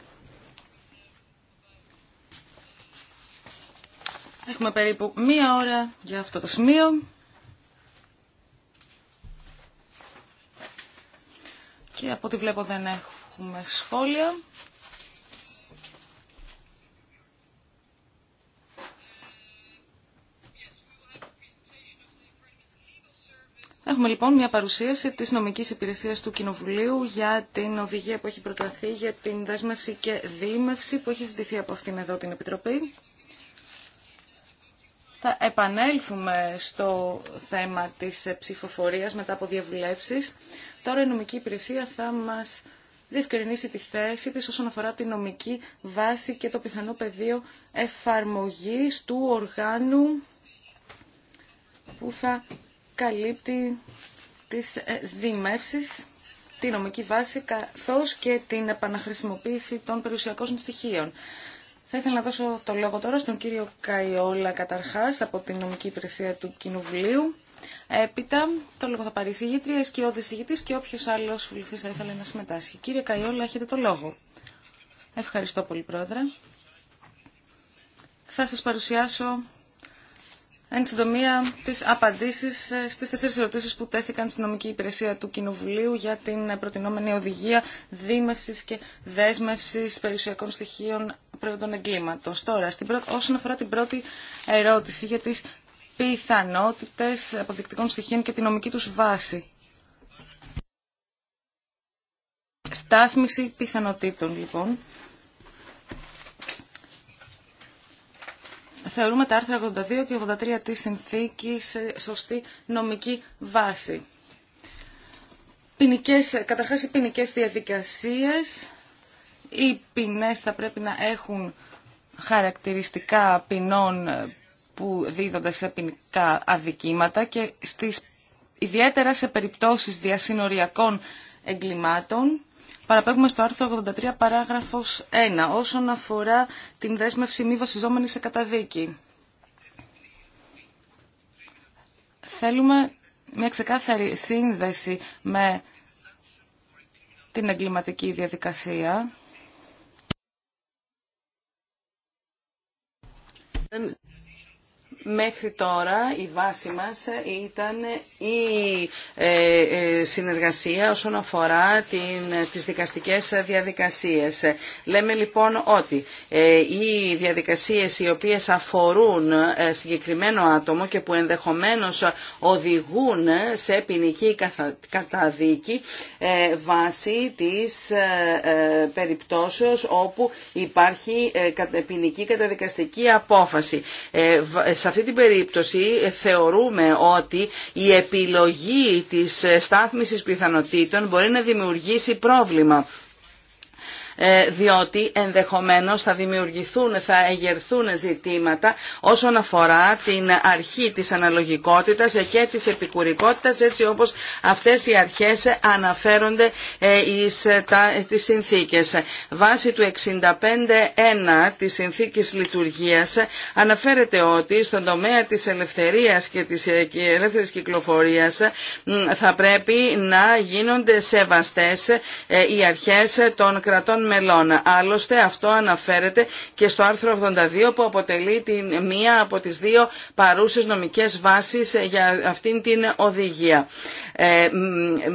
Έχουμε περίπου μία ώρα για αυτό το σημείο. Και από ό,τι βλέπω δεν έχουμε σχόλια. Έχουμε λοιπόν μια παρουσίαση της νομικής υπηρεσίας του Κοινοβουλίου για την οδηγία που έχει προταθεί για την δέσμευση και δίμευση που έχει ζητηθεί από αυτήν εδώ την Επιτροπή. Θα επανέλθουμε στο θέμα της ψηφοφορίας μετά από διαβουλεύσεις. Τώρα η νομική υπηρεσία θα μας διευκρινίσει τη θέση της όσον αφορά τη νομική βάση και το πιθανό πεδίο εφαρμογής του οργάνου που θα καλύπτει τις ε, δημεύσεις, τη νομική βάση, καθώς και την επαναχρησιμοποίηση των περιουσιακών στοιχείων. Θα ήθελα να δώσω το λόγο τώρα στον κύριο Καϊόλα καταρχάς από την νομική υπηρεσία του Κοινοβουλίου. Έπειτα, το λόγο θα πάρει η συγγήτρια, σκιώδη συγγητή και όποιο άλλο βουλευτή θα ήθελε να συμμετάσχει. Κύριε Καϊόλα, έχετε το λόγο. Ευχαριστώ πολύ, Πρόεδρε. Θα σας παρουσιάσω εν συντομία τι απαντήσει ε, στις τέσσερις ερωτήσεις που τέθηκαν στην νομική υπηρεσία του Κοινοβουλίου για την ε, προτινόμενη οδηγία δίμευσης και δέσμευση περιουσιακών στοιχείων προϊόντων εγκλήματο. Τώρα, στην πρώτη, όσον αφορά την πρώτη ερώτηση για τι πιθανότητες αποδεικτικών στοιχείων και τη νομική του βάση. Στάθμιση πιθανότητων, λοιπόν. θεωρούμε τα άρθρα 82 και 83 της συνθήκη σε σωστή νομική βάση. Ποινικές, καταρχάς οι ποινικέ διαδικασίες, οι ποινέ θα πρέπει να έχουν χαρακτηριστικά ποινών που δίδονται σε ποινικά αδικήματα και στις, ιδιαίτερα σε περιπτώσεις διασυνοριακών εγκλημάτων παραπέμπουμε στο άρθρο 83 παράγραφος 1 όσον αφορά την δέσμευση μη βασιζόμενη σε καταδίκη. Θέλουμε μια ξεκάθαρη σύνδεση με την εγκληματική διαδικασία. Μέχρι τώρα η βάση μας ήταν η ε, ε, συνεργασία όσον αφορά την, τις δικαστικές διαδικασίες. Λέμε λοιπόν ότι ε, οι διαδικασίες οι οποίες αφορούν συγκεκριμένο άτομο και που ενδεχομένως οδηγούν σε ποινική καταδίκη βάσει της περιπτώσεως όπου υπάρχει ποινική καταδικαστική απόφαση σε αυτή την περίπτωση ε, θεωρούμε ότι η επιλογή της ε, στάθμισης πιθανότητων μπορεί να δημιουργήσει πρόβλημα. Ε, διότι ενδεχομένως θα δημιουργηθούν, θα εγερθούν ζητήματα όσον αφορά την αρχή της αναλογικότητας και της επικουρικότητας έτσι όπως αυτές οι αρχές αναφέρονται στις ε, τα, συνθήκες. Βάσει του 65.1 της συνθήκης λειτουργίας αναφέρεται ότι στον τομέα της ελευθερίας και της ε, ελεύθερης κυκλοφορίας θα πρέπει να γίνονται σεβαστές οι αρχές των κρατών Άλλωστε αυτό αναφέρεται και στο άρθρο 82 που αποτελεί την, μία από τις δύο παρούσες νομικές βάσεις για αυτήν την οδηγία. Ε,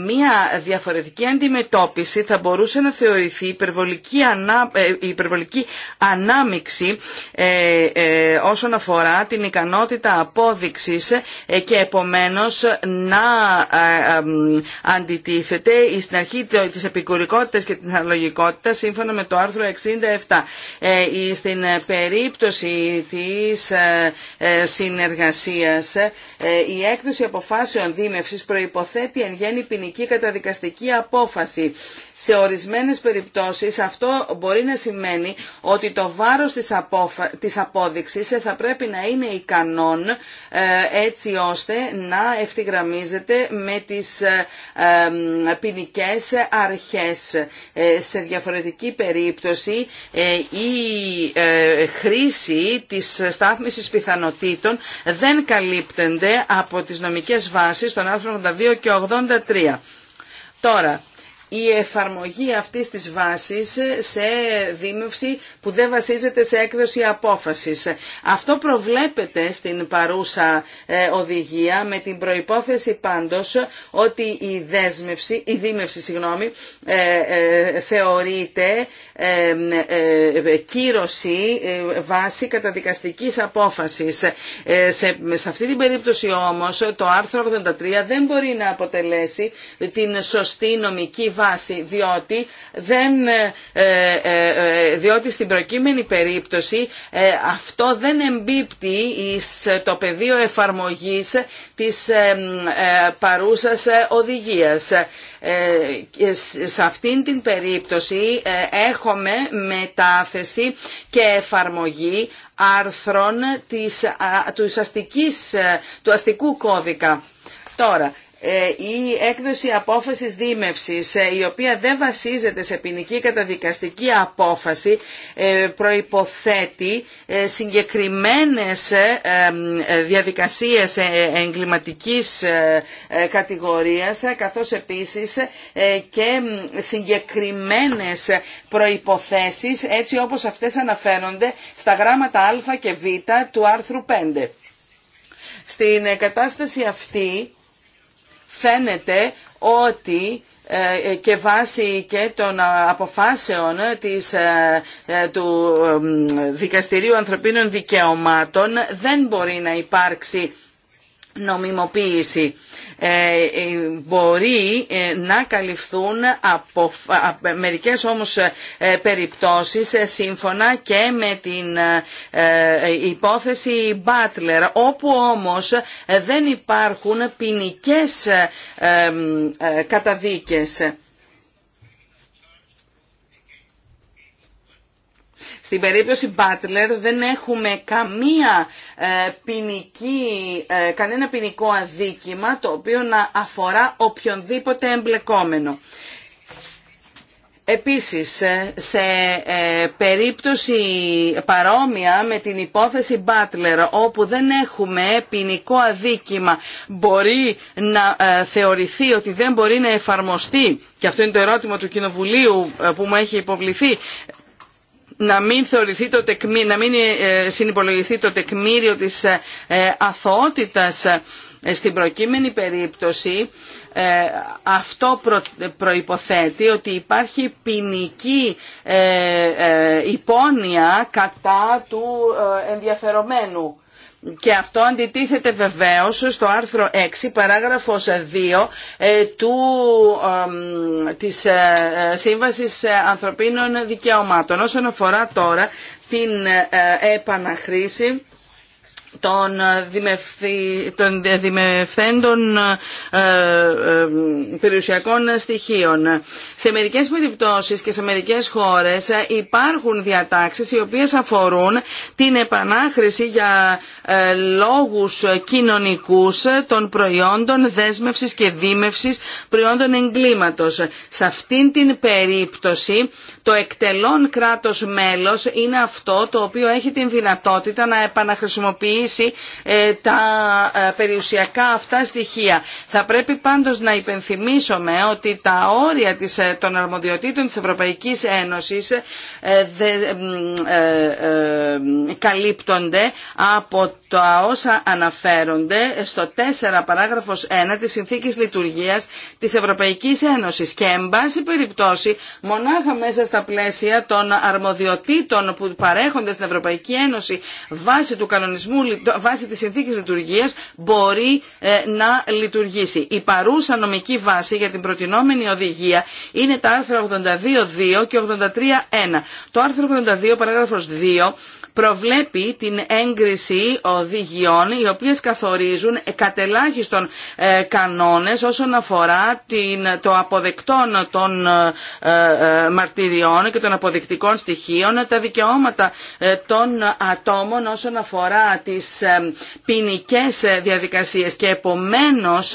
μία διαφορετική αντιμετώπιση θα μπορούσε να θεωρηθεί υπερβολική, ανά, ε, υπερβολική ανάμιξη ε, ε, όσον αφορά την ικανότητα απόδειξης ε, και επομένως να αντιτίθεται στην αρχή της επικουρικότητας και της αναλογικότητας σύμφωνα με το άρθρο 67. Ε, στην περίπτωση της ε, ε, συνεργασίας, η έκδοση αποφάσεων δίμευσης προϋποθέτει εν γέννη ποινική καταδικαστική απόφαση σε ορισμένες περιπτώσεις αυτό μπορεί να σημαίνει ότι το βάρος της, απόφα... απόδειξης θα πρέπει να είναι ικανόν ε, έτσι ώστε να ευθυγραμμίζεται με τις ε, ποινικέ αρχές. Ε, σε διαφορετική περίπτωση η χρήση της στάθμισης πιθανοτήτων δεν καλύπτεται από τις νομικές βάσεις των άρθρων 82 και 83. Τώρα, η εφαρμογή αυτής της βάσης σε δήμευση που δεν βασίζεται σε έκδοση απόφασης. Αυτό προβλέπεται στην παρούσα ε, οδηγία με την προϋπόθεση πάντως ότι η, δέσμευση, η δήμευση συγγνώμη, ε, ε, θεωρείται κύρωση βάση καταδικαστικής απόφασης. σε, σε αυτή την περίπτωση όμως το άρθρο 83 δεν μπορεί να αποτελέσει την σωστή νομική βάση, διότι, δεν, ε, ε, ε, διότι στην προκείμενη περίπτωση αυτό δεν εμπίπτει εις το πεδίο εφαρμογής της παρούσας οδηγίας. Σε αυτήν την περίπτωση έχουμε μετάθεση και εφαρμογή άρθρων της, του, αστικής, του αστικού κώδικα. Τώρα, ε, η έκδοση απόφασης δίμευσης ε, η οποία δεν βασίζεται σε ποινική καταδικαστική απόφαση ε, προϋποθέτει συγκεκριμένες διαδικασίες εγκληματικής κατηγορίας καθώς επίσης και συγκεκριμένες προϋποθέσεις έτσι όπως αυτές αναφέρονται στα γράμματα α και β του άρθρου 5. Στην κατάσταση αυτή φαίνεται ότι ε, ε, και βάσει και των ε, αποφάσεων της, του Δικαστηρίου Ανθρωπίνων Δικαιωμάτων δεν μπορεί να υπάρξει νομιμοποίηση ε, ε, μπορεί ε, να καλυφθούν από μερικές όμως περιπτώσεις σύμφωνα και με την υπόθεση Butler όπου όμως δεν υπάρχουν ποινικέ καταδίκες. Στην περίπτωση Butler δεν έχουμε καμία ε, ποινική, ε, κανένα ποινικό αδίκημα το οποίο να αφορά οποιονδήποτε εμπλεκόμενο. Επίσης, ε, σε περίπτωση παρόμοια με την υπόθεση Butler, όπου δεν έχουμε ποινικό αδίκημα, μπορεί να θεωρηθεί ότι δεν μπορεί να εφαρμοστεί, και αυτό είναι το ερώτημα του Κοινοβουλίου που μου έχει υποβληθεί, να μην, θεωρηθεί το ε, το τεκμήριο της ε, ε, αθωότητας στην προκείμενη περίπτωση αυτό προϋποθέτει ότι υπάρχει ποινική υπόνοια κατά του ενδιαφερομένου. Και αυτό αντιτίθεται βεβαίως στο άρθρο 6 παράγραφος 2 ε, του, της ε, ε, Σύμβασης Ανθρωπίνων Δικαιωμάτων όσον αφορά τώρα την επαναχρήση των, δημευθέντων ε, ε, περιουσιακών στοιχείων. Σε μερικές περιπτώσεις και σε μερικές χώρες υπάρχουν διατάξεις οι οποίες αφορούν την επανάχρηση για ε, λόγους κοινωνικούς των προϊόντων δέσμευσης και δίμευσης προϊόντων εγκλήματος. Σε αυτήν την περίπτωση το εκτελών κράτος μέλος είναι αυτό το οποίο έχει την δυνατότητα να επαναχρησιμοποιήσει ε, τα ε, περιουσιακά αυτά στοιχεία. Θα πρέπει πάντως να υπενθυμίσουμε ότι τα όρια της, ε, των αρμοδιοτήτων της Ευρωπαϊκής Ένωσης καλύπτονται από τα όσα αναφέρονται στο 4 παράγραφος 1 της Συνθήκης Λειτουργίας της Ευρωπαϊκής Ένωσης και εν πάση περιπτώσει μονάχα μέσα στα πλαίσια των αρμοδιοτήτων που παρέχονται στην Ευρωπαϊκή Ένωση βάσει του κανονισμού, βάσει της συνθήκης λειτουργίας μπορεί ε, να λειτουργήσει. Η παρούσα νομική βάση για την προτινόμενη οδηγία είναι τα άρθρα 82.2 και 83.1. Το άρθρο 82 παράγραφος 2 προβλέπει την έγκριση οδηγιών οι οποίες καθορίζουν κατελάχιστον ε, κανόνες όσον αφορά το αποδεκτόν των ε, ε, μαρτυριών και των αποδεικτικών στοιχείων, τα δικαιώματα των ατόμων όσον αφορά τις ποινικέ διαδικασίες και επομένως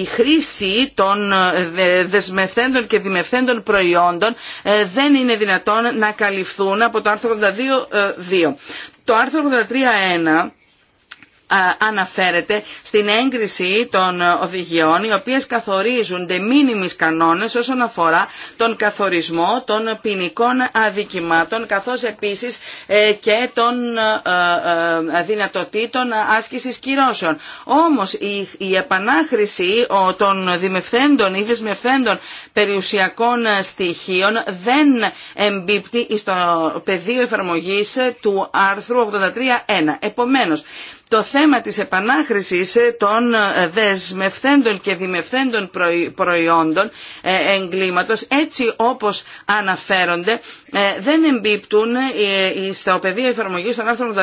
η χρήση των δεσμευθέντων και δημευθέντων προϊόντων δεν είναι δυνατόν να καλυφθούν από το άρθρο 82 ε, Το άρθρο 83.1 αναφέρεται στην έγκριση των οδηγιών οι οποίες καθορίζουν de minimis κανόνες όσον αφορά τον καθορισμό των ποινικών αδικημάτων καθώς επίσης ε, και των ε, ε, δυνατοτήτων άσκησης κυρώσεων. Όμως η επανάχρηση των δημευθέντων ή δεσμευθέντων περιουσιακών στοιχείων δεν εμπίπτει στο πεδίο εφαρμογής του άρθρου 83.1. Επομένως, το θέμα της επανάχρησης ε, των ε, δεσμευθέντων και δημευθέντων προϊόντων ε, εγκλήματος έτσι όπως αναφέρονται δεν εμπίπτουν στο πεδίο εφαρμογής των άρθρων 82.2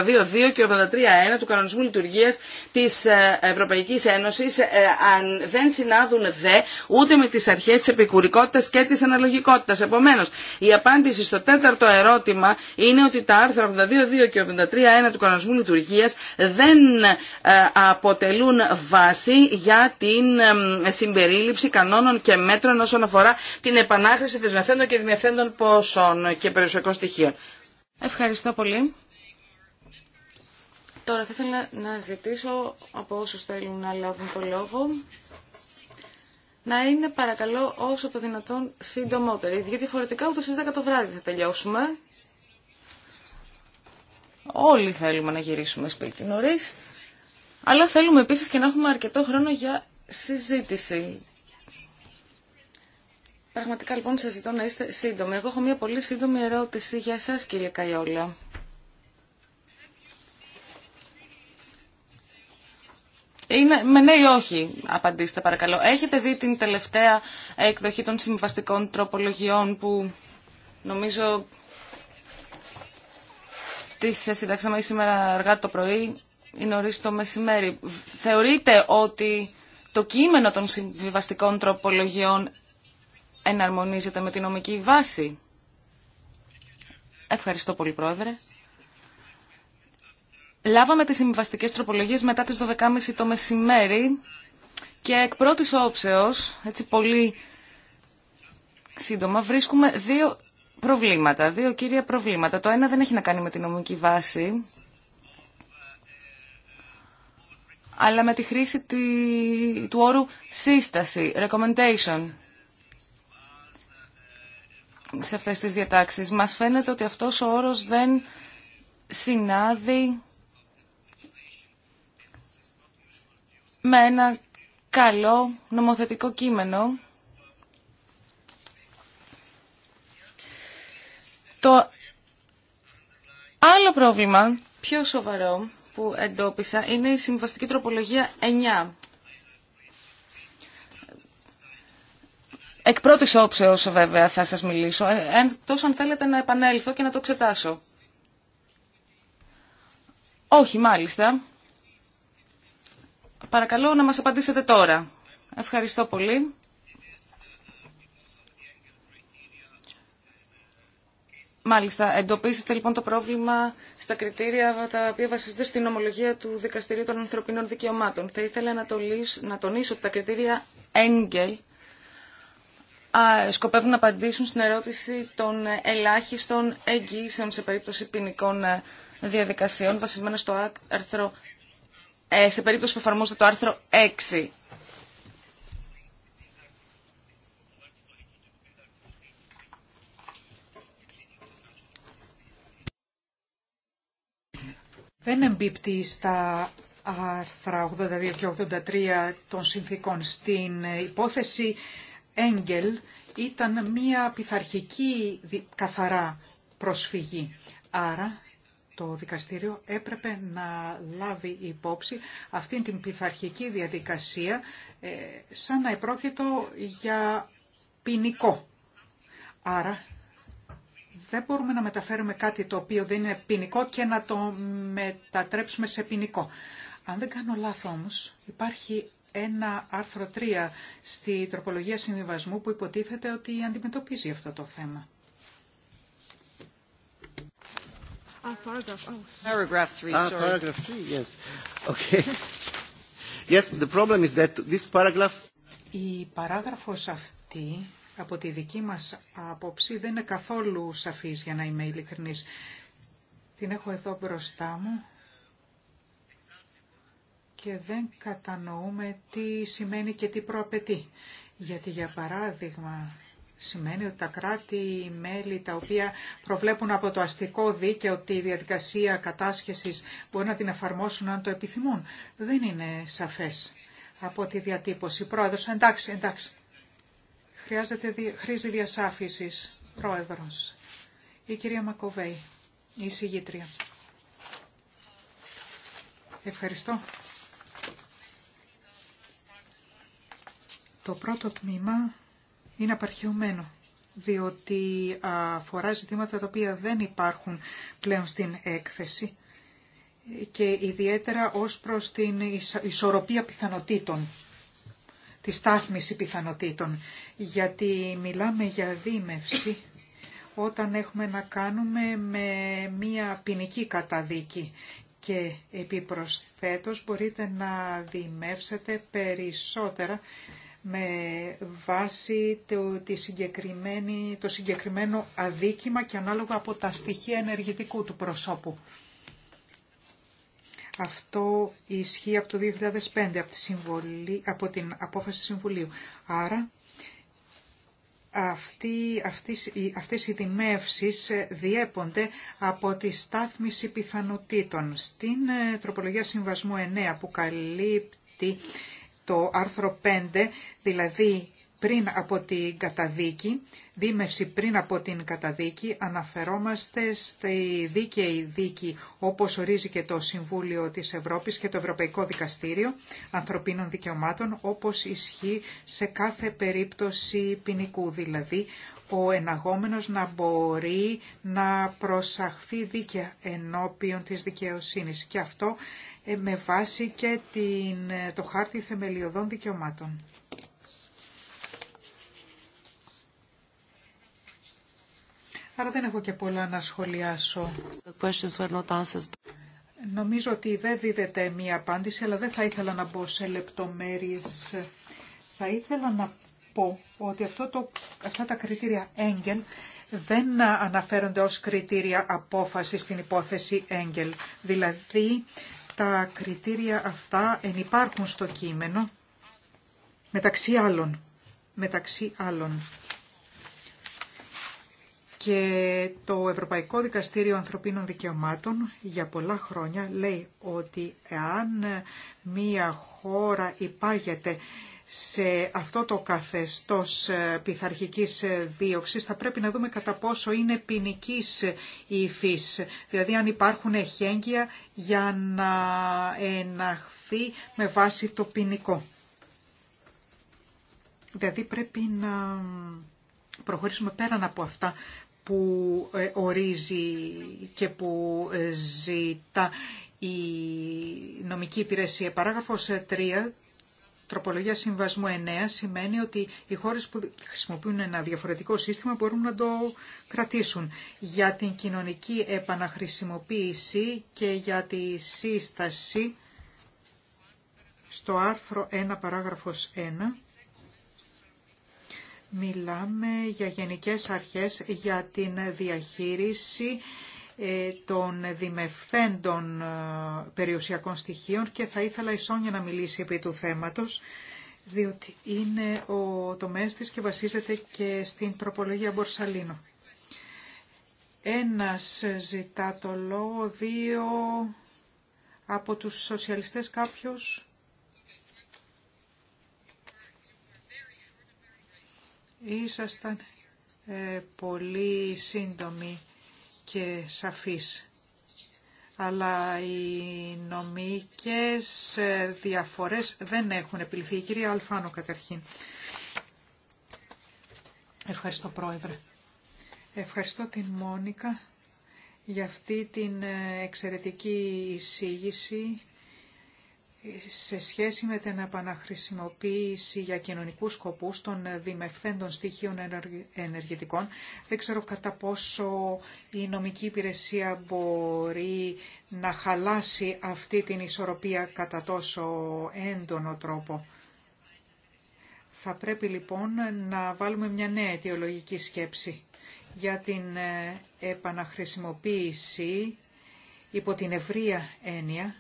και 83.1 του Κανονισμού Λειτουργίας της Ευρωπαϊκής Ένωσης αν δεν συνάδουν δε ούτε με τις αρχές της επικουρικότητας και της αναλογικότητας. Επομένως, η απάντηση στο τέταρτο ερώτημα είναι ότι τα άρθρα 82.2 και 83.1 του Κανονισμού Λειτουργίας δεν ε, αποτελούν βάση για την ε, συμπερίληψη κανόνων και μέτρων όσον αφορά την επανάχρηση δεσμευθέντων και δημευθέντων ποσών και περιουσιακών στοιχείων. Ευχαριστώ πολύ. Τώρα θα ήθελα να ζητήσω από όσους θέλουν να λάβουν το λόγο να είναι παρακαλώ όσο το δυνατόν συντομότεροι. Γιατί διαφορετικά ούτε στις 10 το βράδυ θα τελειώσουμε Όλοι θέλουμε να γυρίσουμε σπίτι νωρί, αλλά θέλουμε επίσης και να έχουμε αρκετό χρόνο για συζήτηση. Πραγματικά λοιπόν σας ζητώ να είστε σύντομοι. Εγώ έχω μια πολύ σύντομη ερώτηση για σας κύριε Καϊόλα. Είναι, με ναι ή όχι, απαντήστε παρακαλώ. Έχετε δει την τελευταία εκδοχή των συμβαστικών τροπολογιών που νομίζω της ε, συνταξαμε σήμερα αργά το πρωί ή νωρίς το μεσημέρι. Θεωρείτε ότι το κείμενο των συμβιβαστικών τροπολογιών εναρμονίζεται με τη νομική βάση. Ευχαριστώ πολύ, Πρόεδρε. Λάβαμε τις συμβιβαστικέ τροπολογίες μετά τις 12.30 το μεσημέρι και εκ πρώτης όψεως, έτσι πολύ σύντομα, βρίσκουμε δύο προβλήματα, δύο κύρια προβλήματα. Το ένα δεν έχει να κάνει με την νομική βάση, αλλά με τη χρήση του όρου σύσταση, recommendation. Σε αυτές τις διατάξεις μας φαίνεται ότι αυτός ο όρος δεν συνάδει με ένα καλό νομοθετικό κείμενο Το άλλο πρόβλημα, πιο σοβαρό, που εντόπισα είναι η συμβαστική τροπολογία 9. Εκ πρώτη όψεω, βέβαια, θα σα μιλήσω. Ε, τόσο αν θέλετε να επανέλθω και να το εξετάσω. Όχι, μάλιστα. Παρακαλώ να μας απαντήσετε τώρα. Ευχαριστώ πολύ. Μάλιστα, εντοπίσετε λοιπόν το πρόβλημα στα κριτήρια τα οποία βασίζονται στην ομολογία του Δικαστηρίου των Ανθρωπίνων Δικαιωμάτων. Θα ήθελα να, να τονίσω ότι τα κριτήρια Engel σκοπεύουν να απαντήσουν στην ερώτηση των ελάχιστων εγγύσεων σε περίπτωση ποινικών ε, διαδικασιών βασισμένα στο άρθρο, ε, σε περίπτωση που εφαρμόζεται το άρθρο 6 δεν εμπίπτει στα άρθρα 82 και 83 των συνθήκων. Στην υπόθεση Έγγελ ήταν μια πειθαρχική καθαρά προσφυγή. Άρα το δικαστήριο έπρεπε να λάβει υπόψη αυτή την πειθαρχική διαδικασία ε, σαν να επρόκειτο για ποινικό. Άρα δεν μπορούμε να μεταφέρουμε κάτι το οποίο δεν είναι ποινικό και να το μετατρέψουμε σε ποινικό. Αν δεν κάνω λάθο όμως, υπάρχει ένα άρθρο 3 στη τροπολογία συμβιβασμού που υποτίθεται ότι αντιμετωπίζει αυτό το θέμα. Η παράγραφος αυτή από τη δική μας άποψη δεν είναι καθόλου σαφής για να είμαι ειλικρινής. Την έχω εδώ μπροστά μου και δεν κατανοούμε τι σημαίνει και τι προαπαιτεί. Γιατί για παράδειγμα σημαίνει ότι τα κράτη-μέλη τα οποία προβλέπουν από το αστικό δίκαιο ότι η διαδικασία κατάσχεσης μπορεί να την εφαρμόσουν αν το επιθυμούν. Δεν είναι σαφές από τη διατύπωση. Πρόεδρος, εντάξει, εντάξει χρειάζεται χρήση διασάφησης. Πρόεδρος. Η κυρία Μακοβέη, η συγγήτρια. Ευχαριστώ. Το πρώτο τμήμα είναι απαρχαιωμένο, διότι αφορά ζητήματα τα οποία δεν υπάρχουν πλέον στην έκθεση και ιδιαίτερα ως προς την ισορροπία πιθανοτήτων τη στάθμιση πιθανοτήτων, γιατί μιλάμε για δίμευση όταν έχουμε να κάνουμε με μία ποινική καταδίκη και επιπροσθέτως μπορείτε να δημεύσετε περισσότερα με βάση το, το συγκεκριμένο αδίκημα και ανάλογα από τα στοιχεία ενεργητικού του προσώπου. Αυτό ισχύει από το 2005, από, συμβολή, από την απόφαση Συμβουλίου. Άρα αυτοί, αυτές οι δημεύσεις ε, διέπονται από τη στάθμιση πιθανοτήτων. Στην ε, τροπολογία Συμβασμού 9 που καλύπτει το άρθρο 5, δηλαδή πριν από την καταδίκη, δίμευση πριν από την καταδίκη αναφερόμαστε στη δίκαιη δίκη όπως ορίζει και το Συμβούλιο της Ευρώπης και το Ευρωπαϊκό Δικαστήριο Ανθρωπίνων Δικαιωμάτων όπως ισχύει σε κάθε περίπτωση ποινικού δηλαδή ο εναγόμενος να μπορεί να προσαχθεί δίκαια ενώπιον της δικαιοσύνης και αυτό ε, με βάση και την, ε, το χάρτη θεμελιωδών δικαιωμάτων. Άρα δεν έχω και πολλά να σχολιάσω. Νομίζω ότι δεν δίδεται μία απάντηση, αλλά δεν θα ήθελα να μπω σε λεπτομέρειες. Θα ήθελα να πω ότι αυτό το, αυτά τα κριτήρια Engel δεν αναφέρονται ως κριτήρια απόφαση στην υπόθεση Engel. Δηλαδή, τα κριτήρια αυτά ενυπάρχουν στο κείμενο, μεταξύ άλλων. Μεταξύ άλλων. Και το Ευρωπαϊκό Δικαστήριο Ανθρωπίνων Δικαιωμάτων για πολλά χρόνια λέει ότι εάν μία χώρα υπάγεται σε αυτό το καθεστώς πειθαρχικής δίωξης θα πρέπει να δούμε κατά πόσο είναι ποινική η υφής. Δηλαδή αν υπάρχουν εχέγγυα για να εναχθεί με βάση το ποινικό. Δηλαδή πρέπει να προχωρήσουμε πέραν από αυτά που ε, ορίζει και που ε, ζητά η νομική υπηρεσία. Παράγραφος 3 ε, τροπολογία συμβασμού 9 σημαίνει ότι οι χώρες που χρησιμοποιούν ένα διαφορετικό σύστημα μπορούν να το κρατήσουν. Για την κοινωνική επαναχρησιμοποίηση και για τη σύσταση στο άρθρο 1 παράγραφος 1 Μιλάμε για γενικές αρχές για την διαχείριση ε, των δημευθέντων ε, περιουσιακών στοιχείων και θα ήθελα η Σόνια να μιλήσει επί του θέματος διότι είναι ο τομέας της και βασίζεται και στην τροπολογία Μπορσαλίνο. Ένας ζητά το λόγο, δύο από τους σοσιαλιστές κάποιος. Ήσασταν ε, πολύ σύντομοι και σαφείς. Αλλά οι νομικές ε, διαφορές δεν έχουν επιληθεί. Η κυρία Αλφάνο καταρχήν. Ευχαριστώ πρόεδρε. Ευχαριστώ την Μόνικα για αυτή την ε, εξαιρετική εισήγηση σε σχέση με την επαναχρησιμοποίηση για κοινωνικούς σκοπούς των δημευθέντων στοιχείων ενεργητικών, δεν ξέρω κατά πόσο η νομική υπηρεσία μπορεί να χαλάσει αυτή την ισορροπία κατά τόσο έντονο τρόπο. Θα πρέπει λοιπόν να βάλουμε μια νέα αιτιολογική σκέψη για την ε, επαναχρησιμοποίηση υπό την ευρεία έννοια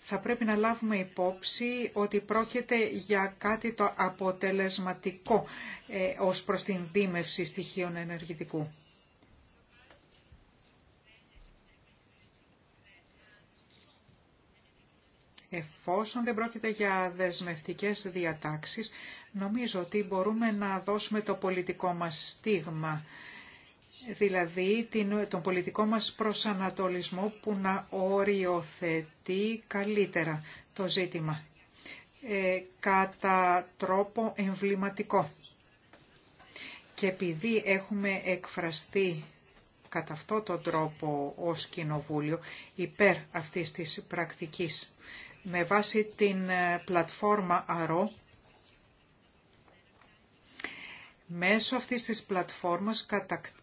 θα πρέπει να λάβουμε υπόψη ότι πρόκειται για κάτι το αποτελεσματικό ε, ως προς την δίμευση στοιχείων ενεργητικού. Εφόσον δεν πρόκειται για δεσμευτικές διατάξεις, νομίζω ότι μπορούμε να δώσουμε το πολιτικό μας στίγμα δηλαδή την, τον πολιτικό μας προσανατολισμό που να οριοθετεί καλύτερα το ζήτημα ε, κατά τρόπο εμβληματικό. Και επειδή έχουμε εκφραστεί κατά αυτό τον τρόπο ως Κοινοβούλιο υπέρ αυτής της πρακτικής με βάση την ε, πλατφόρμα ΑΡΟ Μέσω αυτής της πλατφόρμας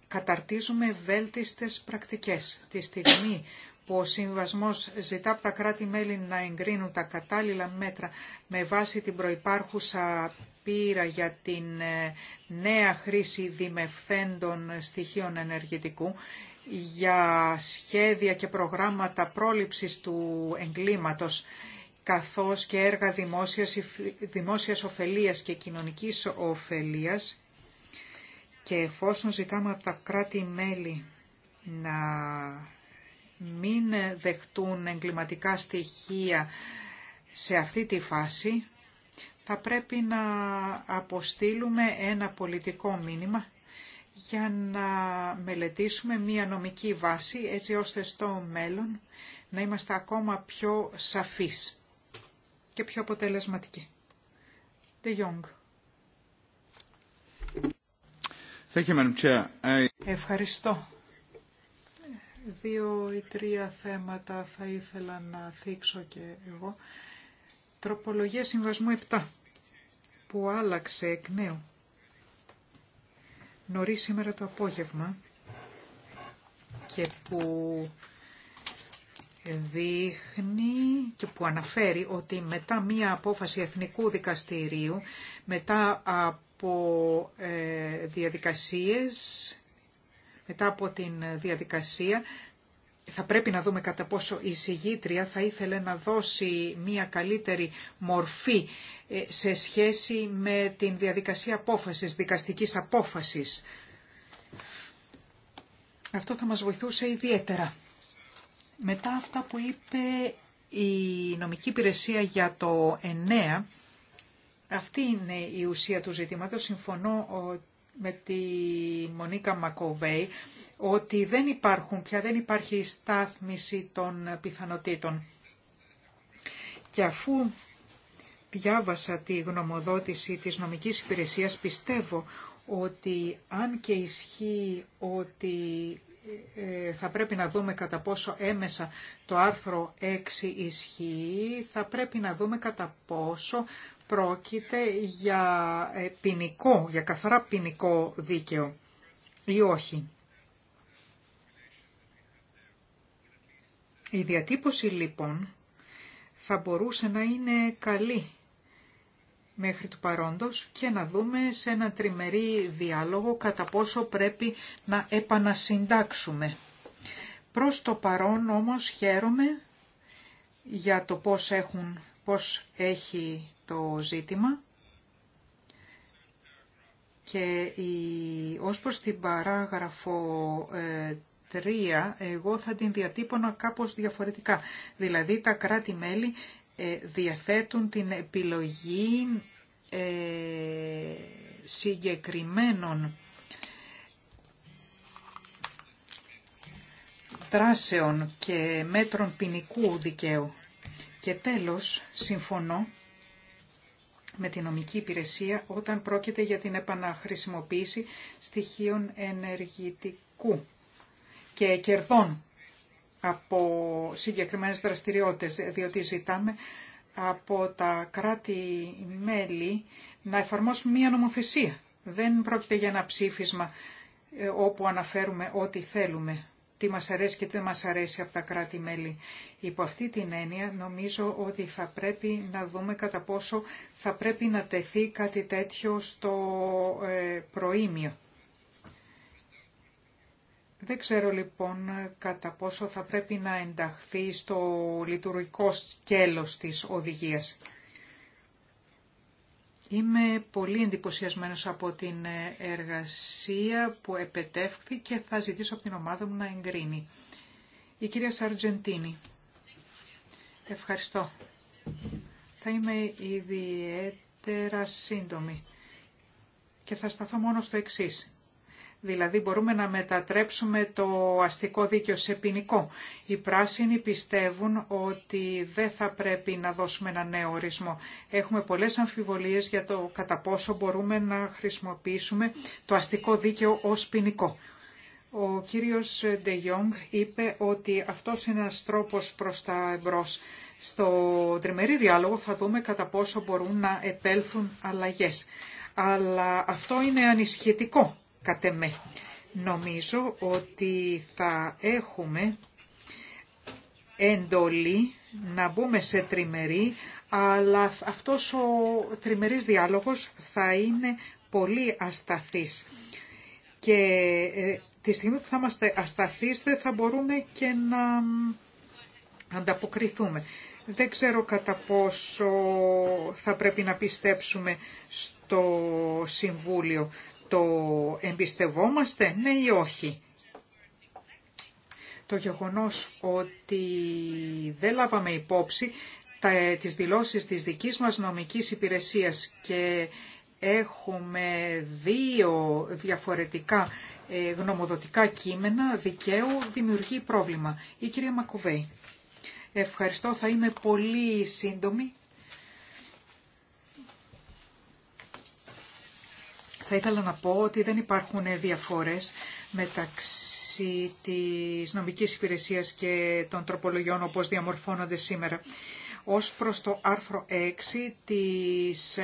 καταρτίζουμε βέλτιστες πρακτικές. Τη στιγμή που ο Συμβασμός ζητά από τα κράτη-μέλη να εγκρίνουν τα κατάλληλα μέτρα με βάση την προϋπάρχουσα πείρα για την ε, νέα χρήση δημευθέντων στοιχείων ενεργητικού, για σχέδια και προγράμματα πρόληψης του εγκλήματος, καθώς και έργα δημόσιας, δημόσιας ωφελίας και κοινωνικής ωφελίας, και εφόσον ζητάμε από τα κράτη-μέλη να μην δεχτούν εγκληματικά στοιχεία σε αυτή τη φάση, θα πρέπει να αποστείλουμε ένα πολιτικό μήνυμα για να μελετήσουμε μία νομική βάση έτσι ώστε στο μέλλον να είμαστε ακόμα πιο σαφείς και πιο αποτελεσματικοί. De Jong. Ευχαριστώ. Δύο ή τρία θέματα θα ήθελα να θίξω και εγώ. Τροπολογία Συμβασμού 7 που άλλαξε εκ νέου. νωρίς σήμερα το απόγευμα και που δείχνει και που αναφέρει ότι μετά μία απόφαση Εθνικού Δικαστηρίου, μετά από από ε, διαδικασίες, μετά από την διαδικασία, θα πρέπει να δούμε κατά πόσο η συγγήτρια θα ήθελε να δώσει μια καλύτερη μορφή ε, σε σχέση με την διαδικασία απόφασης, δικαστικής απόφασης. Αυτό θα μας βοηθούσε ιδιαίτερα. Μετά αυτά που είπε η νομική υπηρεσία για το 9, αυτή είναι η ουσία του ζητήματος. Συμφωνώ με τη Μονίκα Μακοβέη ότι δεν υπάρχουν πια, δεν υπάρχει στάθμιση των πιθανοτήτων. Και αφού διάβασα τη γνωμοδότηση της νομικής υπηρεσίας, πιστεύω ότι αν και ισχύει ότι ε, ε, θα πρέπει να δούμε κατά πόσο έμεσα το άρθρο 6 ισχύει, θα πρέπει να δούμε κατά πόσο πρόκειται για ε, ποινικό, για καθαρά ποινικό δίκαιο ή όχι. Η διατύπωση λοιπόν θα μπορούσε να είναι καλή μέχρι του παρόντος και να δούμε σε ένα τριμερή διάλογο κατά πόσο πρέπει να επανασυντάξουμε. Προς το παρόν όμως χαίρομαι για το πώς, έχουν, πώς έχει το ζήτημα και η, ως προς την παράγραφο 3 ε, εγώ θα την διατύπωνα κάπως διαφορετικά. Δηλαδή τα κράτη-μέλη ε, διαθέτουν την επιλογή ε, συγκεκριμένων δράσεων και μέτρων ποινικού δικαίου. Και τέλος, συμφωνώ με την νομική υπηρεσία όταν πρόκειται για την επαναχρησιμοποίηση στοιχείων ενεργητικού και κερδών από συγκεκριμένες δραστηριότητες, διότι ζητάμε από τα κράτη-μέλη να εφαρμόσουν μία νομοθεσία. Δεν πρόκειται για ένα ψήφισμα ε, όπου αναφέρουμε ό,τι θέλουμε τι μας αρέσει και τι δεν μας αρέσει από τα κράτη-μέλη. Υπό αυτή την έννοια νομίζω ότι θα πρέπει να δούμε κατά πόσο θα πρέπει να τεθεί κάτι τέτοιο στο ε, προήμιο. Δεν ξέρω λοιπόν κατά πόσο θα πρέπει να ενταχθεί στο λειτουργικό σκέλος της οδηγίας. Είμαι πολύ εντυπωσιασμένος από την εργασία που επετεύχθη και θα ζητήσω από την ομάδα μου να εγκρίνει. Η κυρία Σαρτζεντίνη. Ευχαριστώ. Θα είμαι ιδιαίτερα σύντομη και θα σταθώ μόνο στο εξής. Δηλαδή μπορούμε να μετατρέψουμε το αστικό δίκαιο σε ποινικό. Οι πράσινοι πιστεύουν ότι δεν θα πρέπει να δώσουμε ένα νέο ορισμό. Έχουμε πολλές αμφιβολίες για το κατά πόσο μπορούμε να χρησιμοποιήσουμε το αστικό δίκαιο ως ποινικό. Ο κύριος De είπε ότι αυτός είναι ένας τρόπος προς τα εμπρός. Στο τριμερή διάλογο θα δούμε κατά πόσο μπορούν να επέλθουν αλλαγές. Αλλά αυτό είναι ανησυχητικό Κατέμε. Νομίζω ότι θα έχουμε εντολή να μπούμε σε τριμερή, αλλά αυτός ο τριμερής διάλογος θα είναι πολύ ασταθής. Και ε, τη στιγμή που θα είμαστε ασταθείς δεν θα μπορούμε και να ανταποκριθούμε. Δεν ξέρω κατά πόσο θα πρέπει να πιστέψουμε στο Συμβούλιο. Το εμπιστευόμαστε, ναι ή όχι. Το γεγονός ότι δεν λάβαμε υπόψη τα, τις δηλώσεις της δικής μας νομικής υπηρεσίας και έχουμε δύο διαφορετικά ε, γνωμοδοτικά κείμενα δικαίου δημιουργεί πρόβλημα. Η κυρία Μακουβέη. Ευχαριστώ, θα είμαι πολύ σύντομη Θα ήθελα να πω ότι δεν υπάρχουν διαφορές μεταξύ της νομικής υπηρεσίας και των τροπολογιών όπως διαμορφώνονται σήμερα. Ως προς το άρθρο 6 της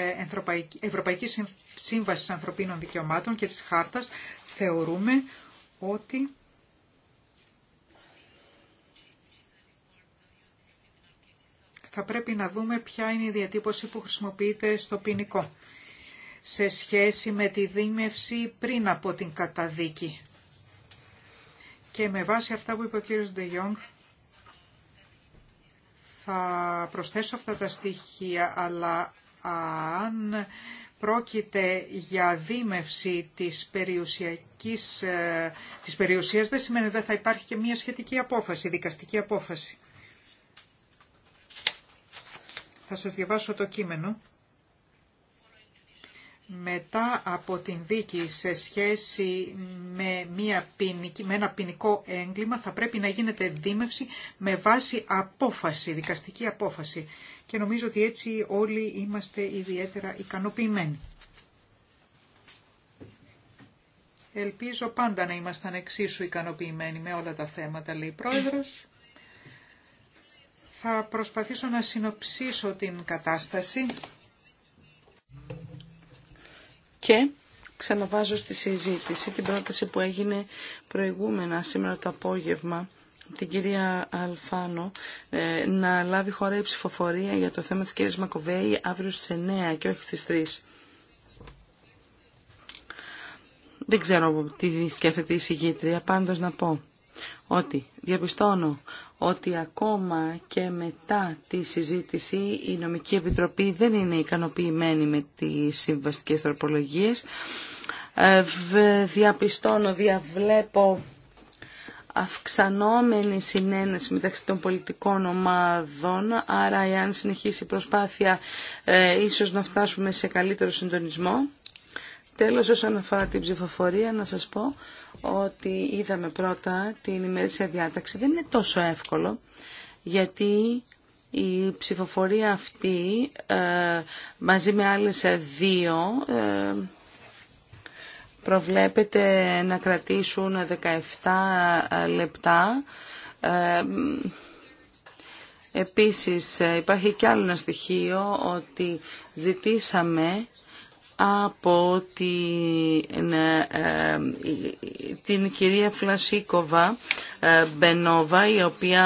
Ευρωπαϊκής Σύμβασης Ανθρωπίνων Δικαιωμάτων και της Χάρτας θεωρούμε ότι θα πρέπει να δούμε ποια είναι η διατύπωση που χρησιμοποιείται στο ποινικό σε σχέση με τη δίμευση πριν από την καταδίκη. Και με βάση αυτά που είπε ο κύριος Ντεγιόγκ, θα προσθέσω αυτά τα στοιχεία, αλλά αν πρόκειται για δίμευση της περιουσιακής, ε, της περιουσίας, δεν σημαίνει ότι δεν θα υπάρχει και μια σχετική απόφαση, δικαστική απόφαση. Θα σας διαβάσω το κείμενο μετά από την δίκη σε σχέση με, μια ποινική, με ένα ποινικό έγκλημα θα πρέπει να γίνεται δίμευση με βάση απόφαση, δικαστική απόφαση. Και νομίζω ότι έτσι όλοι είμαστε ιδιαίτερα ικανοποιημένοι. Ελπίζω πάντα να ήμασταν εξίσου ικανοποιημένοι με όλα τα θέματα, λέει η Πρόεδρος. Θα προσπαθήσω να συνοψίσω την κατάσταση και ξαναβάζω στη συζήτηση την πρόταση που έγινε προηγούμενα σήμερα το απόγευμα την κυρία Αλφάνο ε, να λάβει χώρα η ψηφοφορία για το θέμα της κυρίας Μακοβέη αύριο στις 9 και όχι στις 3. Δεν ξέρω τι σκέφτεται η συγγήτρια, πάντως να πω ότι διαπιστώνω ότι ακόμα και μετά τη συζήτηση η Νομική Επιτροπή δεν είναι ικανοποιημένη με τις συμβαστικές τροπολογίες. Ε, διαπιστώνω, διαβλέπω αυξανόμενη συνένεση μεταξύ των πολιτικών ομάδων, άρα εάν συνεχίσει η προσπάθεια ε, ίσως να φτάσουμε σε καλύτερο συντονισμό. Τέλος, όσον αφορά την ψηφοφορία, να σας πω ότι είδαμε πρώτα την ημερήσια διάταξη. Δεν είναι τόσο εύκολο, γιατί η ψηφοφορία αυτή ε, μαζί με άλλες δύο ε, προβλέπεται να κρατήσουν 17 ε, λεπτά. Επίσης υπάρχει και άλλο ένα στοιχείο ότι ζητήσαμε από την, ε, την κυρία Φλασίκοβα ε, Μπενόβα, η οποία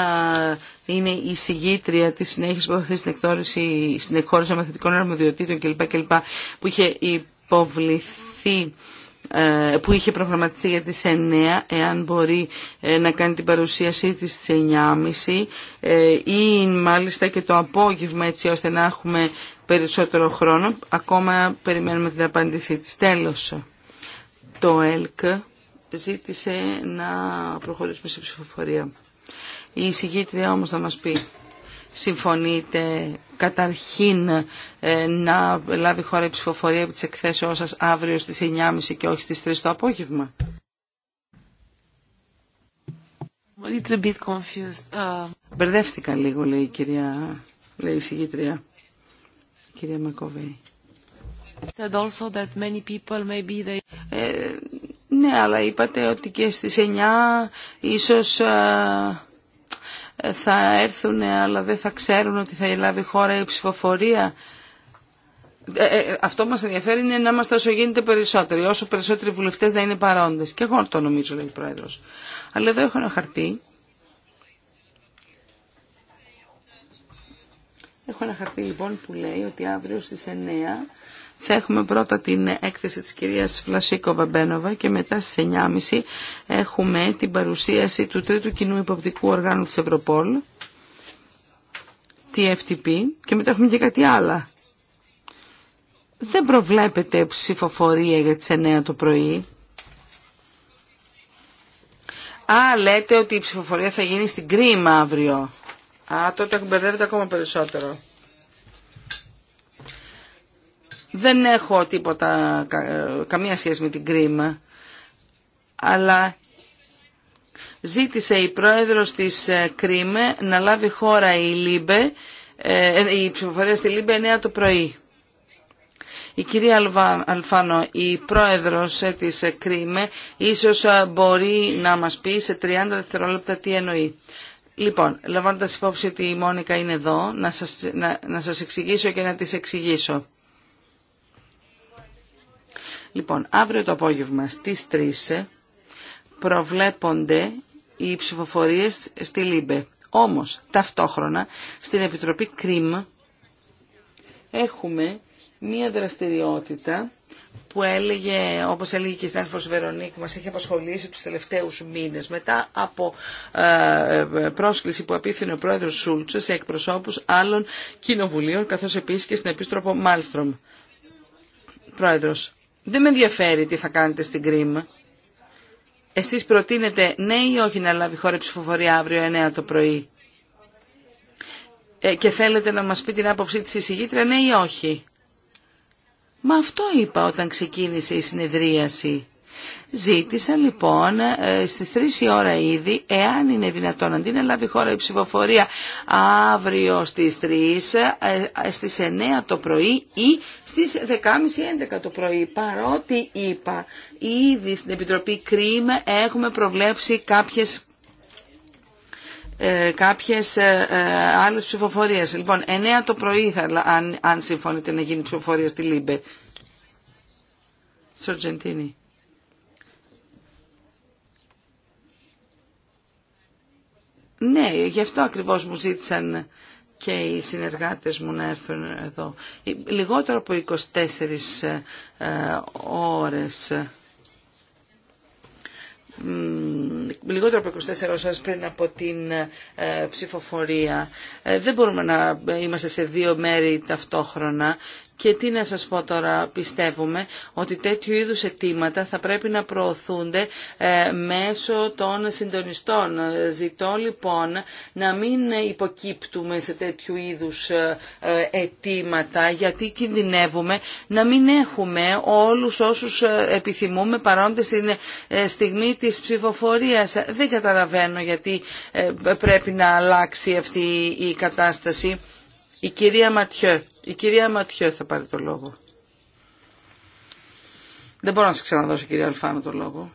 είναι η συγγήτρια της συνέχεια που έχει στην εκχώρηση, στην εκχώρηση μαθητικών αρμοδιοτήτων κλπ. κλπ που είχε υποβληθεί ε, που είχε προγραμματιστεί για τις 9, εάν μπορεί να κάνει την παρουσίασή της στις 9.30 ή μάλιστα και το απόγευμα έτσι ώστε να έχουμε περισσότερο χρόνο. Ακόμα περιμένουμε την απάντησή της. Τέλος, το ΕΛΚ ζήτησε να προχωρήσουμε σε ψηφοφορία. Η εισηγήτρια όμως θα μας πει. Συμφωνείτε καταρχήν ε, να λάβει χώρα η ψηφοφορία από τις εκθέσεις αύριο στις 9.30 και όχι στις 3 το απόγευμα. Uh, Μπερδεύτηκα λίγο, λέει η κυρία, λέει η συγγήτρια κυρία Μακοβέη. Also that many people maybe they... ε, ναι, αλλά είπατε ότι και στις 9 ίσως α, ε, θα έρθουν, αλλά δεν θα ξέρουν ότι θα λάβει χώρα η ψηφοφορία. Ε, ε, αυτό που μας ενδιαφέρει είναι να είμαστε όσο γίνεται περισσότεροι, όσο περισσότεροι βουλευτές να είναι παρόντες. Και εγώ το νομίζω, λέει ο Πρόεδρος. Αλλά εδώ έχω ένα χαρτί Έχω ένα χαρτί λοιπόν που λέει ότι αύριο στις 9 θα έχουμε πρώτα την έκθεση της κυρίας Φλασίκοβα Βαμπένοβα και μετά στις 9.30 έχουμε την παρουσίαση του τρίτου κοινού υποπτικού οργάνου της Ευρωπόλ, τη FTP και μετά έχουμε και κάτι άλλο. Δεν προβλέπεται ψηφοφορία για τις 9 το πρωί. Α, λέτε ότι η ψηφοφορία θα γίνει στην κρίμα αύριο. Α, τότε μπερδεύεται ακόμα περισσότερο. Δεν έχω τίποτα, ε, καμία σχέση με την κρίμα, αλλά ζήτησε η πρόεδρος της ε, Κρίμε να λάβει χώρα η, Λίμπε, ε, η ψηφοφορία στη Λίμπε 9 το πρωί. Η κυρία Αλφάνο, η πρόεδρος της Κρίμε, ίσως μπορεί να μας πει σε 30 δευτερόλεπτα τι εννοεί. Λοιπόν, λαμβάνοντα υπόψη ότι η Μόνικα είναι εδώ, να σας, να, σας εξηγήσω και να τις εξηγήσω. Λοιπόν, αύριο το απόγευμα στις 3 προβλέπονται οι ψηφοφορίες στη ΛΥΜΠΕ. Όμως, ταυτόχρονα, στην Επιτροπή ΚΡΙΜ έχουμε μία δραστηριότητα που έλεγε, όπως έλεγε και η Στάνφος Βερονίκ, μας έχει απασχολήσει τους τελευταίους μήνες, μετά από ε, ε, πρόσκληση που απίθυνε ο πρόεδρος Σούλτσε σε εκπροσώπους άλλων κοινοβουλίων, καθώς επίσης και στην επίστροπο Μάλστρομ. Πρόεδρος, δεν με ενδιαφέρει τι θα κάνετε στην Κρίμ. Εσείς προτείνετε ναι ή όχι να λάβει χώρα ψηφοφορία αύριο 9 το πρωί. Ε, και θέλετε να μας πει την άποψή της εισηγήτρια ναι ή όχι. Μα αυτό είπα όταν ξεκίνησε η συνεδρίαση. Ζήτησα λοιπόν ε, στις 3 η ώρα ήδη, εάν είναι δυνατόν, αντί να λάβει χώρα η ψηφοφορία αύριο στις 3, ε, ε, στις 9 το πρωί ή στις 10.30-11 το πρωί. Παρότι είπα, ήδη στην Επιτροπή Κρίμα έχουμε προβλέψει κάποιες ε, κάποιες ε, ε, άλλες ψηφοφορίες. Λοιπόν, 9 το πρωί θα, αν, αν συμφωνείτε να γίνει ψηφοφορία στη Λίμπε. Σορτζεντίνη. Ναι, γι' αυτό ακριβώς μου ζήτησαν και οι συνεργάτες μου να έρθουν εδώ. Λιγότερο από 24 ώρες λιγότερο από 24 ώρες πριν από την ε, ψηφοφορία. Ε, δεν μπορούμε να είμαστε σε δύο μέρη ταυτόχρονα και τι να σας πω τώρα, πιστεύουμε ότι τέτοιου είδους αιτήματα θα πρέπει να προωθούνται ε, μέσω των συντονιστών. Ζητώ λοιπόν να μην υποκύπτουμε σε τέτοιου είδους ε, ε, αιτήματα, γιατί κινδυνεύουμε να μην έχουμε όλους όσους επιθυμούμε παρόντες στην στιγμή της ψηφοφορίας. Δεν καταλαβαίνω γιατί πρέπει να αλλάξει αυτή η κατάσταση. Η κυρία Ματιέ. Η κυρία Ματιέ θα πάρει το λόγο. Δεν μπορώ να σας ξαναδώσω κυρία Αλφάνο το λόγο.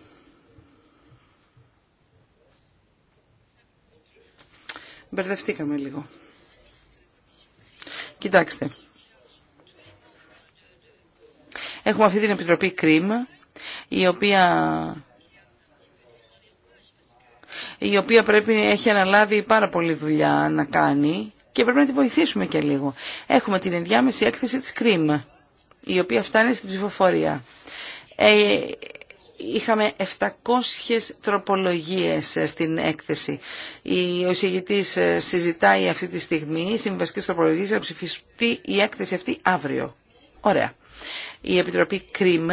Μπερδευτήκαμε λίγο. Κοιτάξτε. Έχουμε αυτή την Επιτροπή κρίμα η οποία η οποία πρέπει έχει αναλάβει πάρα πολύ δουλειά να κάνει και πρέπει να τη βοηθήσουμε και λίγο. Έχουμε την ενδιάμεση έκθεση της ΚΡΙΜ, η οποία φτάνει στην ψηφοφορία. Ε, είχαμε 700 τροπολογίες ε, στην έκθεση. Ο εισηγητής ε, συζητάει αυτή τη στιγμή, οι συμβασικές τροπολογίες θα ψηφιστεί η έκθεση αυτή αύριο. Ωραία. Η Επιτροπή ΚΡΙΜ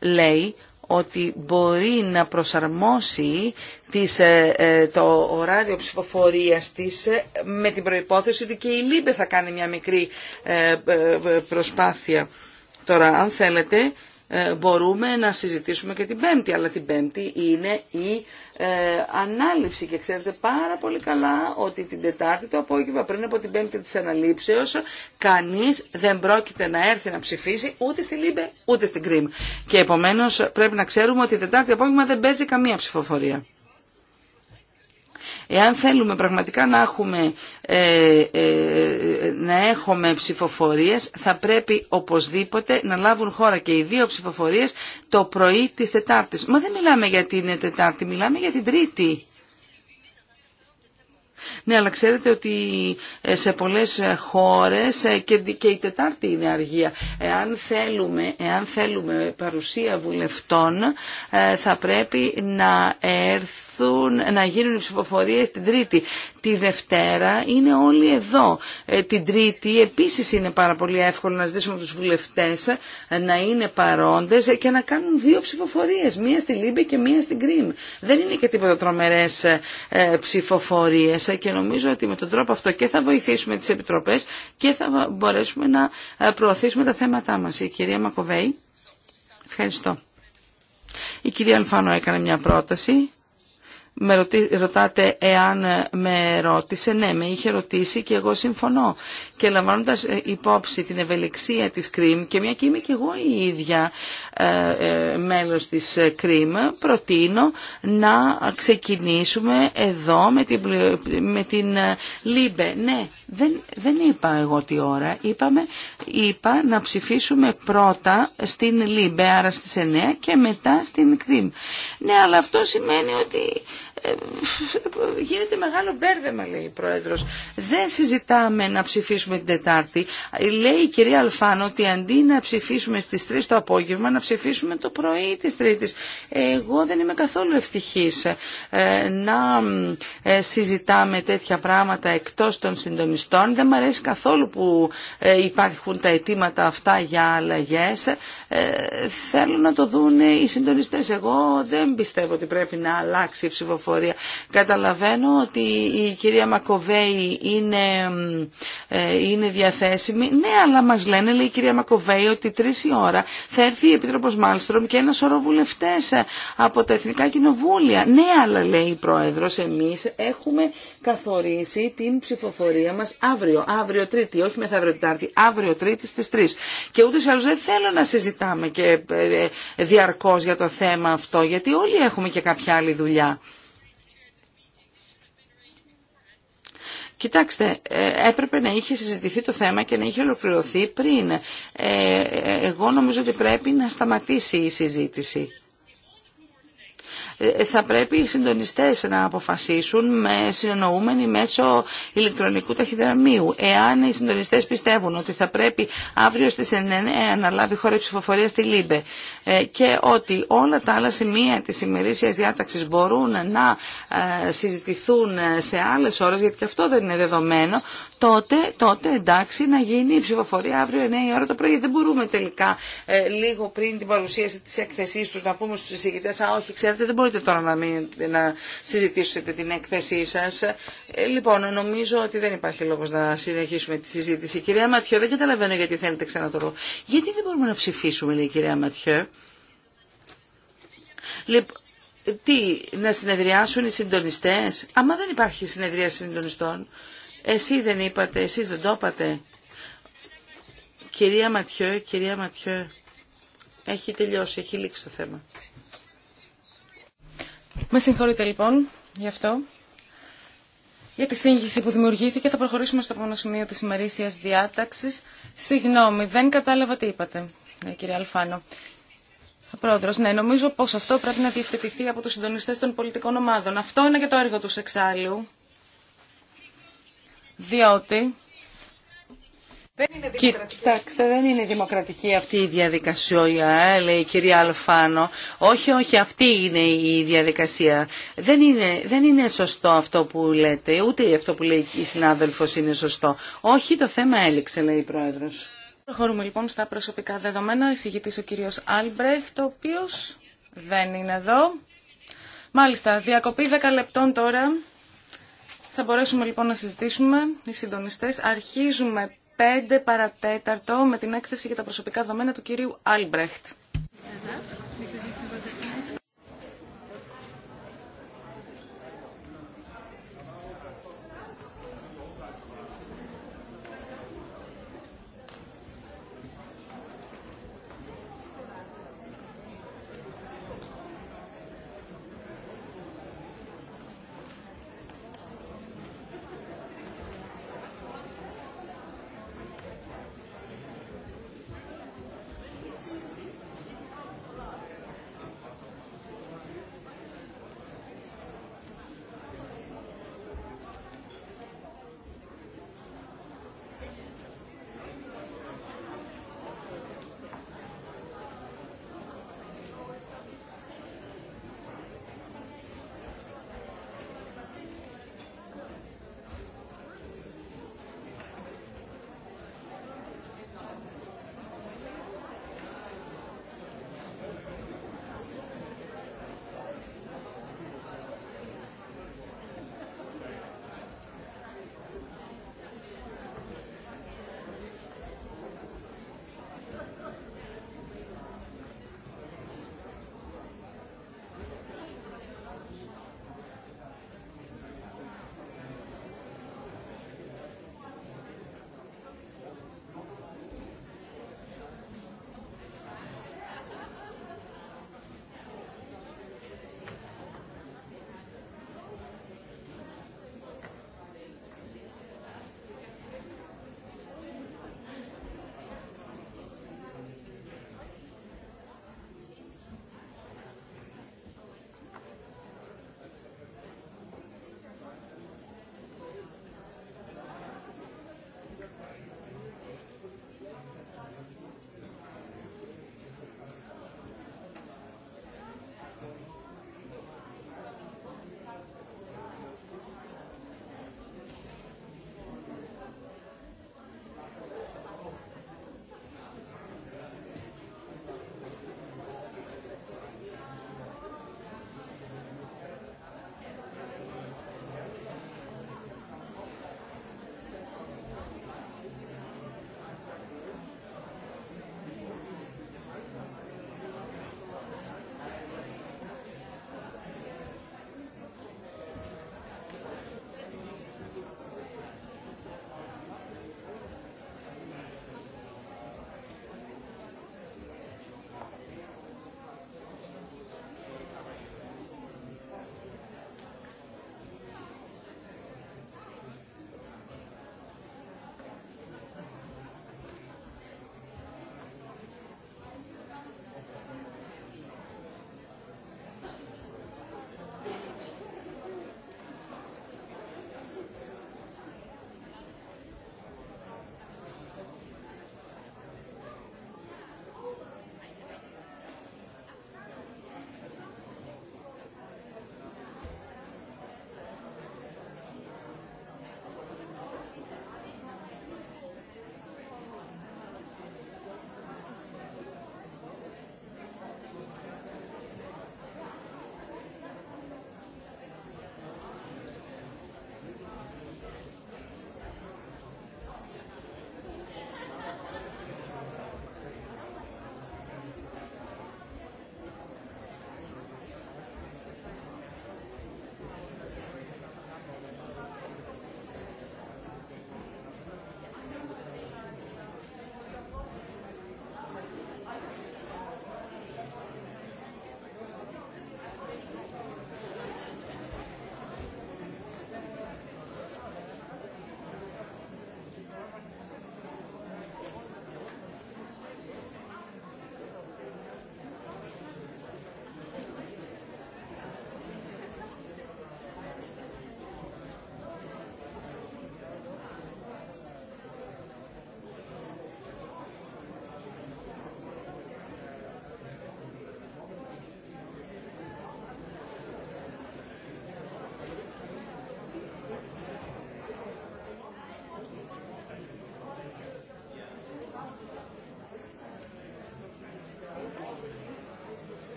λέει ότι μπορεί να προσαρμόσει τις, ε, ε, το ωράριο ψηφοφορίας της ε, με την προϋπόθεση ότι και η ΛΥΜΠΕ θα κάνει μια μικρή προσπάθεια. Τώρα, αν θέλετε, ε, μπορούμε να συζητήσουμε και την Πέμπτη, αλλά την Πέμπτη είναι η ε, ανάληψη και ξέρετε πάρα πολύ καλά ότι την Τετάρτη το απόγευμα πριν από την Πέμπτη της αναλήψεως κανείς δεν πρόκειται να έρθει να ψηφίσει ούτε στη Λίμπε ούτε στην Κρίμ. Και επομένως πρέπει να ξέρουμε ότι την Τετάρτη απόγευμα δεν παίζει καμία ψηφοφορία. Εάν θέλουμε πραγματικά να έχουμε, ε, ε, να έχουμε ψηφοφορίες, θα πρέπει οπωσδήποτε να λάβουν χώρα και οι δύο ψηφοφορίες το πρωί της Τετάρτης. Μα δεν μιλάμε για την Τετάρτη, μιλάμε για την Τρίτη. Ναι, αλλά ξέρετε ότι ε, σε πολλές χώρες ε, και η Τετάρτη είναι αργία. Εάν θέλουμε, εάν θέλουμε παρουσία βουλευτών, ε, θα πρέπει να έρθει να γίνουν οι ψηφοφορίες την Τρίτη. Τη Δευτέρα είναι όλοι εδώ. Ε, την Τρίτη επίσης είναι πάρα πολύ εύκολο να ζητήσουμε τους βουλευτές να είναι παρόντες και να κάνουν δύο ψηφοφορίες, μία στη Λίμπη και μία στην Κρίμ. Δεν είναι και τίποτα τρομερές ε, ψηφοφορίες και νομίζω ότι με τον τρόπο αυτό και θα βοηθήσουμε τις επιτροπές και θα μπορέσουμε να ε, προωθήσουμε τα θέματά μας. Η κυρία Μακοβέη. Ευχαριστώ. Η κυρία Αλφάνο έκανε μια πρόταση με ρωτάτε εάν με ρώτησε. Ναι, με είχε ρωτήσει και εγώ συμφωνώ. Και λαμβάνοντας ε, υπόψη την ευελιξία της ΚΡΙΜ και μια και είμαι και εγώ η ίδια ε, ε, μέλος της ΚΡΙΜ, προτείνω να ξεκινήσουμε εδώ με την, με την ε, ΛΥΜΠΕ. Ναι, δεν, δεν είπα εγώ τι ώρα. Είπαμε, είπα να ψηφίσουμε πρώτα στην ΛΥΜΠΕ, άρα στις 9 και μετά στην ΚΡΙΜ. Ναι, αλλά αυτό σημαίνει ότι ε, γίνεται μεγάλο μπέρδεμα λέει η Πρόεδρος. Δεν συζητάμε να ψηφίσουμε την Τετάρτη. Λέει η κυρία Αλφάνο ότι αντί να ψηφίσουμε στις 3 το απόγευμα να ψηφίσουμε το πρωί της Τρίτης. Εγώ δεν είμαι καθόλου ευτυχής ε, να ε, συζητάμε τέτοια πράγματα εκτός των συντονιστών. Δεν μου αρέσει καθόλου που υπάρχουν τα αιτήματα αυτά για αλλαγές. Θέλω να το δουν οι συντονιστές. Εγώ δεν πιστεύω ότι πρέπει να αλλάξει η ψηφοφορία Καταλαβαίνω ότι η κυρία Μακοβέη είναι, ε, είναι διαθέσιμη. Ναι, αλλά μας λένε, λέει η κυρία Μακοβέη, ότι τρεις η ώρα θα έρθει η Επίτροπος Μάλστρομ και ένα σωρό βουλευτές ε, από τα Εθνικά Κοινοβούλια. Ναι, αλλά λέει η Πρόεδρος, εμείς έχουμε καθορίσει την ψηφοφορία μας αύριο, αύριο Τρίτη, όχι μεθαύριο Τετάρτη, αύριο Τρίτη στις 3. Και ούτε σε άλλους δεν θέλω να συζητάμε και ε, διαρκώς για το θέμα αυτό, γιατί όλοι έχουμε και κάποια άλλη δουλειά. Κοιτάξτε, ε, έπρεπε να είχε συζητηθεί το θέμα και να είχε ολοκληρωθεί πριν. Ε, ε, εγώ νομίζω ότι πρέπει να σταματήσει η συζήτηση. Ε, θα πρέπει οι συντονιστές να αποφασίσουν με συνεννοούμενοι μέσω ηλεκτρονικού ταχυδραμείου. Εάν οι συντονιστές πιστεύουν ότι θα πρέπει αύριο στις 9 να λάβει χώρα ψηφοφορία στη ΛΥΜΠΕ ε, και ότι όλα τα άλλα σημεία της ημερήσιας διάταξης μπορούν να ε, συζητηθούν σε άλλες ώρες, γιατί και αυτό δεν είναι δεδομένο, τότε, τότε εντάξει να γίνει η ψηφοφορία αύριο 9 η ώρα το πρωί. Δεν μπορούμε τελικά ε, λίγο πριν την παρουσίαση τη εκθεσή του, να πούμε στου συζητητές «Α, όχι, ξέρετε, δεν μπορείτε τώρα να, μην, να συζητήσετε την έκθεσή σα. Ε, λοιπόν, νομίζω ότι δεν υπάρχει λόγο να συνεχίσουμε τη συζήτηση. Κυρία Ματιό, δεν καταλαβαίνω γιατί θέλετε ξανά το λόγο. Γιατί δεν μπορούμε να ψηφίσουμε, λέει η κυρία Ματιό. τι, να συνεδριάσουν οι συντονιστές. Άμα δεν υπάρχει συνεδρία συντονιστών, εσύ δεν είπατε, εσείς δεν το είπατε. Κυρία Ματιό, κυρία Ματιό, έχει τελειώσει, έχει λήξει το θέμα. Με συγχωρείτε λοιπόν γι' αυτό. Για τη σύγχυση που δημιουργήθηκε θα προχωρήσουμε στο επόμενο σημείο της ημερήσιας διάταξης. Συγγνώμη, δεν κατάλαβα τι είπατε, κυρία Αλφάνο. Πρόεδρος, ναι, νομίζω πως αυτό πρέπει να διευθετηθεί από τους συντονιστές των πολιτικών ομάδων. Αυτό είναι και το έργο τους εξάλλου διότι... Δεν είναι Κοιτάξτε, δεν είναι δημοκρατική αυτή η διαδικασία, ε, λέει η κυρία Αλφάνο. Όχι, όχι, αυτή είναι η διαδικασία. Δεν είναι, δεν είναι σωστό αυτό που λέτε, ούτε αυτό που λέει η συνάδελφος είναι σωστό. Όχι, το θέμα έληξε, λέει η πρόεδρος. Προχωρούμε λοιπόν στα προσωπικά δεδομένα. Εισηγητής ο κύριος Άλμπρεχτ, ο οποίος δεν είναι εδώ. Μάλιστα, διακοπή 10 λεπτών τώρα. Θα μπορέσουμε λοιπόν να συζητήσουμε οι συντονιστές. Αρχίζουμε 5 παρατέταρτο με την έκθεση για τα προσωπικά δεδομένα του κυρίου Άλμπρεχτ.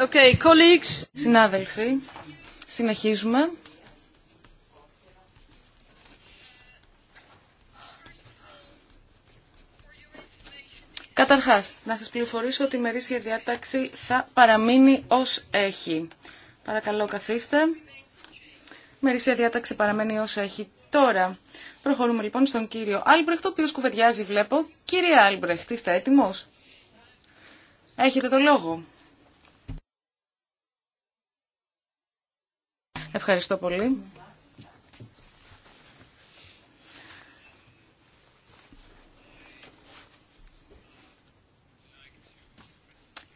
Okay, Συνάδελφοι, συνεχίζουμε. Καταρχάς, να σας πληροφορήσω ότι η μερίσια διάταξη θα παραμείνει ως έχει. Παρακαλώ καθίστε. Η μερίσια διάταξη παραμένει ως έχει. Τώρα, προχωρούμε λοιπόν στον κύριο Άλμπρεχτ, ο οποίος κουβεντιάζει βλέπω. Κύριε Άλμπρεχτ, είστε έτοιμος. Έχετε το λόγο. Ευχαριστώ πολύ.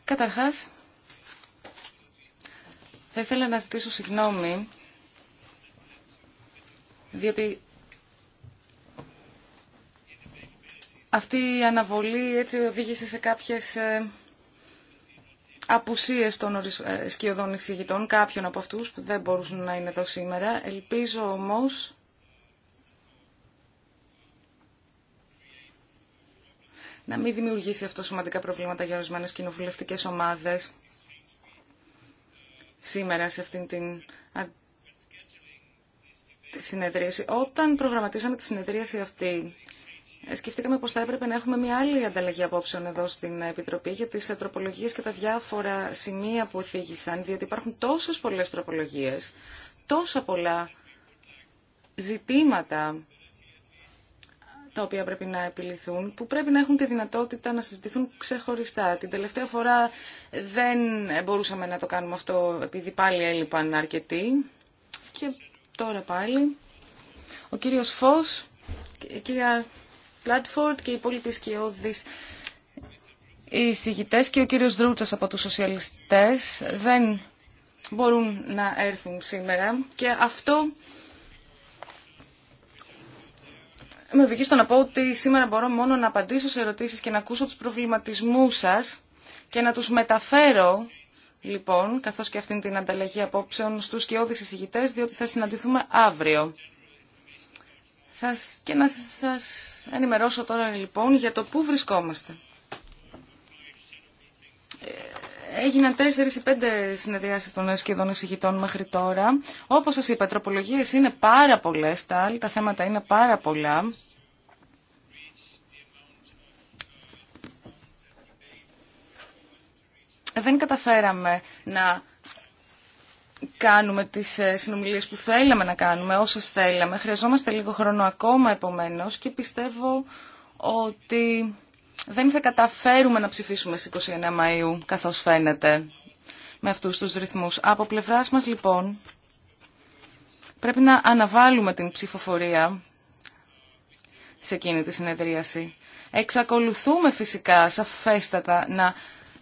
Καταρχάς, θα ήθελα να ζητήσω συγγνώμη, διότι αυτή η αναβολή έτσι οδήγησε σε κάποιες ε, απουσίες των ε, σκιωδών εισηγητών, κάποιων από αυτούς που δεν μπορούσαν να είναι εδώ σήμερα. Ελπίζω όμως να μην δημιουργήσει αυτό σημαντικά προβλήματα για ορισμένε κοινοβουλευτικέ ομάδες σήμερα σε αυτήν την συνεδρίαση. Όταν προγραμματίσαμε τη συνεδρίαση αυτή, ε, σκεφτήκαμε πως θα έπρεπε να έχουμε μια άλλη ανταλλαγή απόψεων εδώ στην Επιτροπή για τις τροπολογίες και τα διάφορα σημεία που θίγησαν, διότι υπάρχουν τόσες πολλές τροπολογίες, τόσα πολλά ζητήματα τα οποία πρέπει να επιληθούν, που πρέπει να έχουν τη δυνατότητα να συζητηθούν ξεχωριστά. Την τελευταία φορά δεν μπορούσαμε να το κάνουμε αυτό επειδή πάλι έλειπαν αρκετοί. Και τώρα πάλι ο κύριος Φως, η κυρία Πλάτφορντ και οι υπόλοιποι σκιώδεις οι και ο κύριος Δρούτσας από τους σοσιαλιστές δεν μπορούν να έρθουν σήμερα και αυτό με οδηγεί στο να πω ότι σήμερα μπορώ μόνο να απαντήσω σε ερωτήσεις και να ακούσω τους προβληματισμούς σας και να τους μεταφέρω λοιπόν, καθώς και αυτήν την ανταλλαγή απόψεων στους σκιώδεις εισηγητές, διότι θα συναντηθούμε αύριο. Θα, και να σας ενημερώσω τώρα λοιπόν για το πού βρισκόμαστε. Ε, έγιναν 4 ή πέντε συνεδριάσεις των σχεδόν εξηγητών μέχρι τώρα. Όπως σας είπα, τροπολογίες είναι πάρα πολλές, τα άλλα τα θέματα είναι πάρα πολλά. Δεν καταφέραμε να κάνουμε τις ε, συνομιλίες που θέλαμε να κάνουμε, όσες θέλαμε. Χρειαζόμαστε λίγο χρόνο ακόμα επομένως και πιστεύω ότι δεν θα καταφέρουμε να ψηφίσουμε στις 29 Μαΐου, καθώς φαίνεται, με αυτούς τους ρυθμούς. Από πλευράς μας λοιπόν πρέπει να αναβάλουμε την ψηφοφορία σε εκείνη τη συνεδρίαση. Εξακολουθούμε φυσικά σαφέστατα να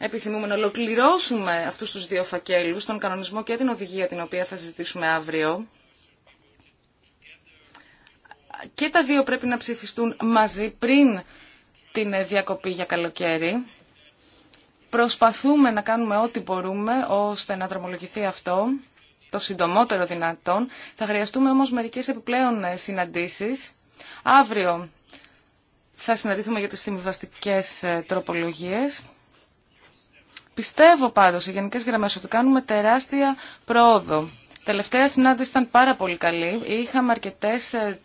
επιθυμούμε να ολοκληρώσουμε αυτούς τους δύο φακέλους, τον κανονισμό και την οδηγία την οποία θα συζητήσουμε αύριο. Και τα δύο πρέπει να ψηφιστούν μαζί πριν την διακοπή για καλοκαίρι. Προσπαθούμε να κάνουμε ό,τι μπορούμε ώστε να δρομολογηθεί αυτό το συντομότερο δυνατόν. Θα χρειαστούμε όμως μερικές επιπλέον συναντήσεις. Αύριο θα συναντηθούμε για τις θυμιβαστικές ε, τροπολογίες. Πιστεύω πάντως σε γενικές γραμμές ότι κάνουμε τεράστια πρόοδο. Τελευταία συνάντηση ήταν πάρα πολύ καλή. Είχαμε αρκετές ε,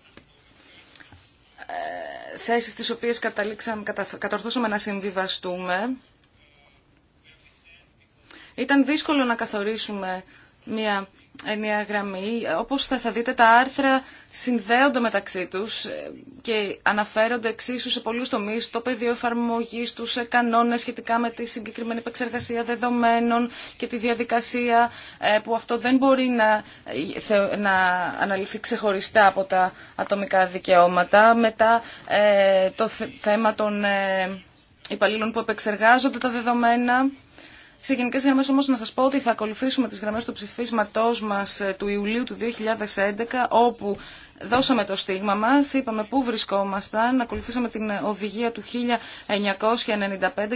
ε, θέσεις τις οποίες καταλήξαμε, κατορθώσαμε να συμβιβαστούμε. Ήταν δύσκολο να καθορίσουμε μια ενιαία γραμμή. Όπως θα, δείτε τα άρθρα συνδέονται μεταξύ τους ε, και αναφέρονται εξίσου σε πολλούς τομείς, το πεδίο εφαρμογή τους, σε κανόνες σχετικά με τη συγκεκριμένη επεξεργασία δεδομένων και τη διαδικασία ε, που αυτό δεν μπορεί να, ε, να αναλυθεί ξεχωριστά από τα ατομικά δικαιώματα. Μετά το θέμα των υπαλλήλων που επεξεργάζονται τα δεδομένα σε γενικές γραμμές όμως να σας πω ότι θα ακολουθήσουμε τις γραμμές του ψηφίσματός μας ε, του Ιουλίου του 2011 όπου δώσαμε το στίγμα μας, είπαμε πού βρισκόμασταν, ακολουθήσαμε την ε, οδηγία του 1995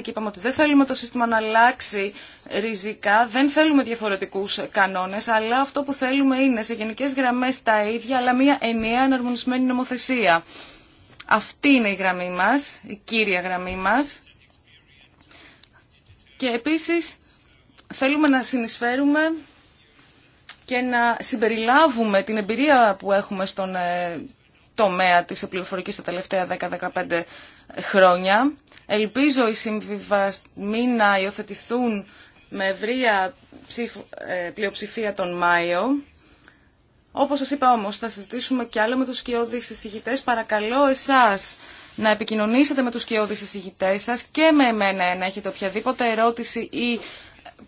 και είπαμε ότι δεν θέλουμε το σύστημα να αλλάξει ριζικά, δεν θέλουμε διαφορετικούς ε, κανόνες, αλλά αυτό που θέλουμε είναι σε γενικέ γραμμέ τα ίδια, αλλά μια ενιαία εναρμονισμένη νομοθεσία. Αυτή είναι η γραμμή μας, η κύρια γραμμή μας. Και επίσης θέλουμε να συνεισφέρουμε και να συμπεριλάβουμε την εμπειρία που έχουμε στον ε, τομέα της πληροφορικής τα τελευταία 10-15 χρόνια. Ελπίζω οι συμβιβασμοί να υιοθετηθούν με ευρεία ε, πλειοψηφία τον Μάιο. Όπως σας είπα όμως, θα συζητήσουμε και άλλο με τους σκιώδεις εισηγητές. Παρακαλώ εσάς να επικοινωνήσετε με τους κοιόδης εισηγητές σας και με εμένα να έχετε οποιαδήποτε ερώτηση ή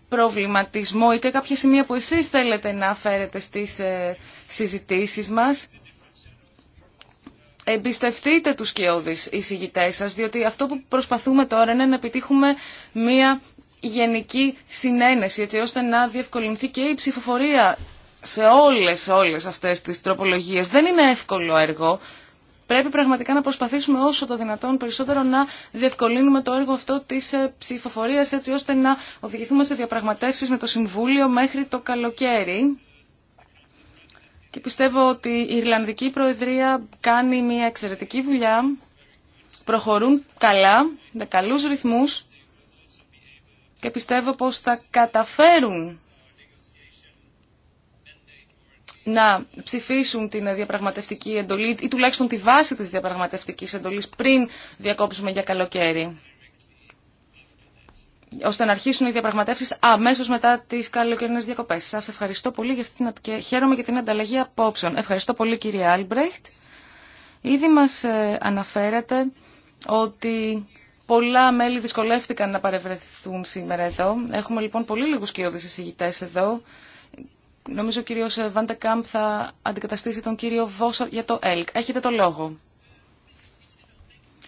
προβληματισμό είτε κάποια σημεία που εσείς θέλετε να φέρετε στις ε, συζητήσεις μας. Εμπιστευτείτε τους κοιόδης εισηγητές σας, διότι αυτό που προσπαθούμε τώρα είναι να επιτύχουμε μία γενική συνένεση, έτσι ώστε να διευκολυνθεί και η ψηφοφορία σε όλες, όλες αυτές τις τροπολογίες. Δεν είναι εύκολο έργο, Πρέπει πραγματικά να προσπαθήσουμε όσο το δυνατόν περισσότερο να διευκολύνουμε το έργο αυτό τη ε, ψηφοφορία έτσι ώστε να οδηγηθούμε σε διαπραγματεύσει με το Συμβούλιο μέχρι το καλοκαίρι. Και πιστεύω ότι η Ιρλανδική Προεδρία κάνει μια εξαιρετική δουλειά. Προχωρούν καλά, με καλούς ρυθμούς και πιστεύω πως θα καταφέρουν να ψηφίσουν την διαπραγματευτική εντολή ή τουλάχιστον τη βάση της διαπραγματευτικής εντολής πριν διακόψουμε για καλοκαίρι ώστε να αρχίσουν οι διαπραγματεύσει αμέσως μετά τις καλοκαιρινές διακοπές. Σας ευχαριστώ πολύ για την... και χαίρομαι για την ανταλλαγή απόψεων. Ευχαριστώ πολύ κύριε Άλμπρεχτ. Ήδη μας ε, αναφέρατε ότι πολλά μέλη δυσκολεύτηκαν να παρευρεθούν σήμερα εδώ. Έχουμε λοιπόν πολύ λίγους κοιόδης εισηγητές εδώ. Νομίζω ο κύριος Βαντεκάμπ θα αντικαταστήσει τον κύριο Βόσα για το ΕΛΚ. Έχετε το λόγο.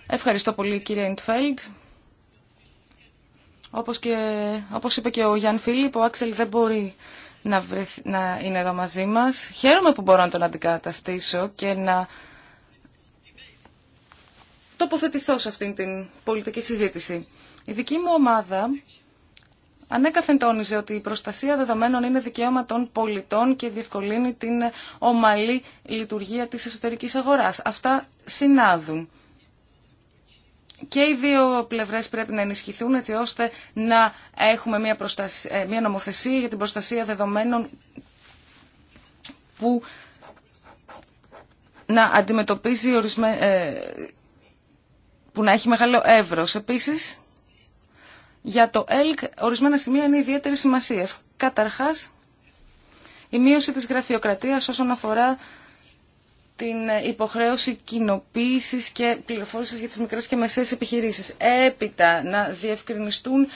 Ευχαριστώ πολύ κύριε Ιντφέλντ. Όπως, και, όπως είπε και ο Γιάνν Φίλιπ, ο Άξελ δεν μπορεί να, να είναι εδώ μαζί μας. Χαίρομαι που μπορώ να τον αντικαταστήσω και να τοποθετηθώ σε αυτήν την πολιτική συζήτηση. Η δική μου ομάδα ανέκαθεν τόνιζε ότι η προστασία δεδομένων είναι δικαίωμα των πολιτών και διευκολύνει την ομαλή λειτουργία της εσωτερικής αγοράς. Αυτά συνάδουν. Και οι δύο πλευρές πρέπει να ενισχυθούν έτσι ώστε να έχουμε μια, προστασία, ε, μια νομοθεσία για την προστασία δεδομένων που να αντιμετωπίζει ε, που να έχει μεγάλο εύρος. Επίσης, για το ΕΛΚ ορισμένα σημεία είναι ιδιαίτερη σημασία. Καταρχάς, η μείωση της γραφειοκρατίας όσον αφορά την υποχρέωση κοινοποίηση και πληροφόρηση για τις μικρές και μεσαίες επιχειρήσεις. Έπειτα, να διευκρινιστούν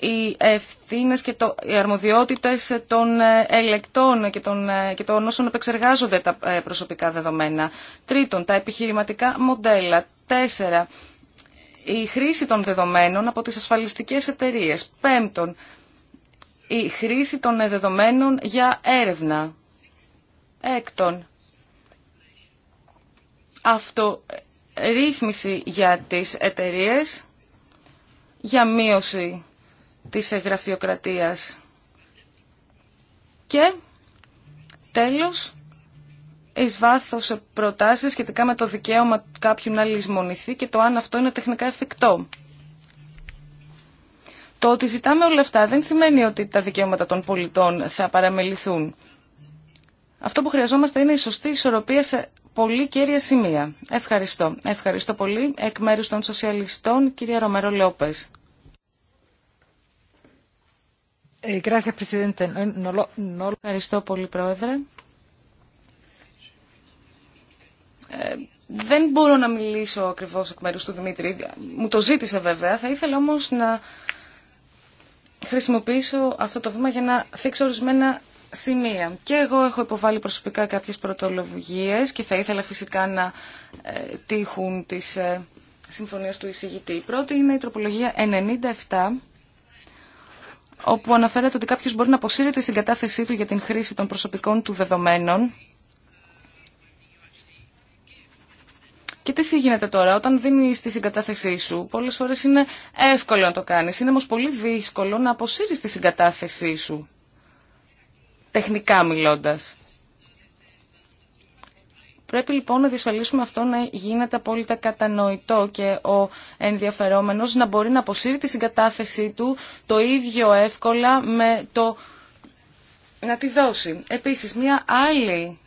οι ευθύνε και το, οι αρμοδιότητε των ε, ελεκτών και των, ε, και των όσων επεξεργάζονται τα ε, προσωπικά δεδομένα. Τρίτον, τα επιχειρηματικά μοντέλα. Τέσσερα, η χρήση των δεδομένων από τις ασφαλιστικές εταιρείες. Πέμπτον, η χρήση των δεδομένων για έρευνα. Έκτον, αυτορύθμιση για τις εταιρείες για μείωση της εγγραφειοκρατίας. Και τέλος, εις βάθος προτάσεις σχετικά με το δικαίωμα κάποιου να λησμονηθεί και το αν αυτό είναι τεχνικά εφικτό. Το ότι ζητάμε όλα αυτά δεν σημαίνει ότι τα δικαιώματα των πολιτών θα παραμεληθούν. Αυτό που χρειαζόμαστε είναι η σωστή ισορροπία σε πολύ κέρια σημεία. Ευχαριστώ. Ευχαριστώ πολύ. Εκ μέρους των σοσιαλιστών, κυρία Ρωμέρο Λεόπες. Ε, Ευχαριστώ πολύ, Πρόεδρε. Ε, δεν μπορώ να μιλήσω ακριβώς εκ μέρους του Δημήτρη. Μου το ζήτησε βέβαια. Θα ήθελα όμως να χρησιμοποιήσω αυτό το βήμα για να θίξω ορισμένα σημεία. Και εγώ έχω υποβάλει προσωπικά κάποιες πρωτολογίες και θα ήθελα φυσικά να ε, τύχουν τις ε, συμφωνίες του εισηγητή. Η πρώτη είναι η τροπολογία 97 όπου αναφέρεται ότι κάποιος μπορεί να αποσύρεται στην κατάθεσή του για την χρήση των προσωπικών του δεδομένων Και τι γίνεται τώρα, όταν δίνει τη συγκατάθεσή σου, πολλέ φορέ είναι εύκολο να το κάνει. Είναι όμω πολύ δύσκολο να αποσύρει τη συγκατάθεσή σου. Τεχνικά μιλώντα. Πρέπει λοιπόν να διασφαλίσουμε αυτό να γίνεται απόλυτα κατανοητό και ο ενδιαφερόμενος να μπορεί να αποσύρει τη συγκατάθεσή του το ίδιο εύκολα με το να τη δώσει. Επίσης, μια άλλη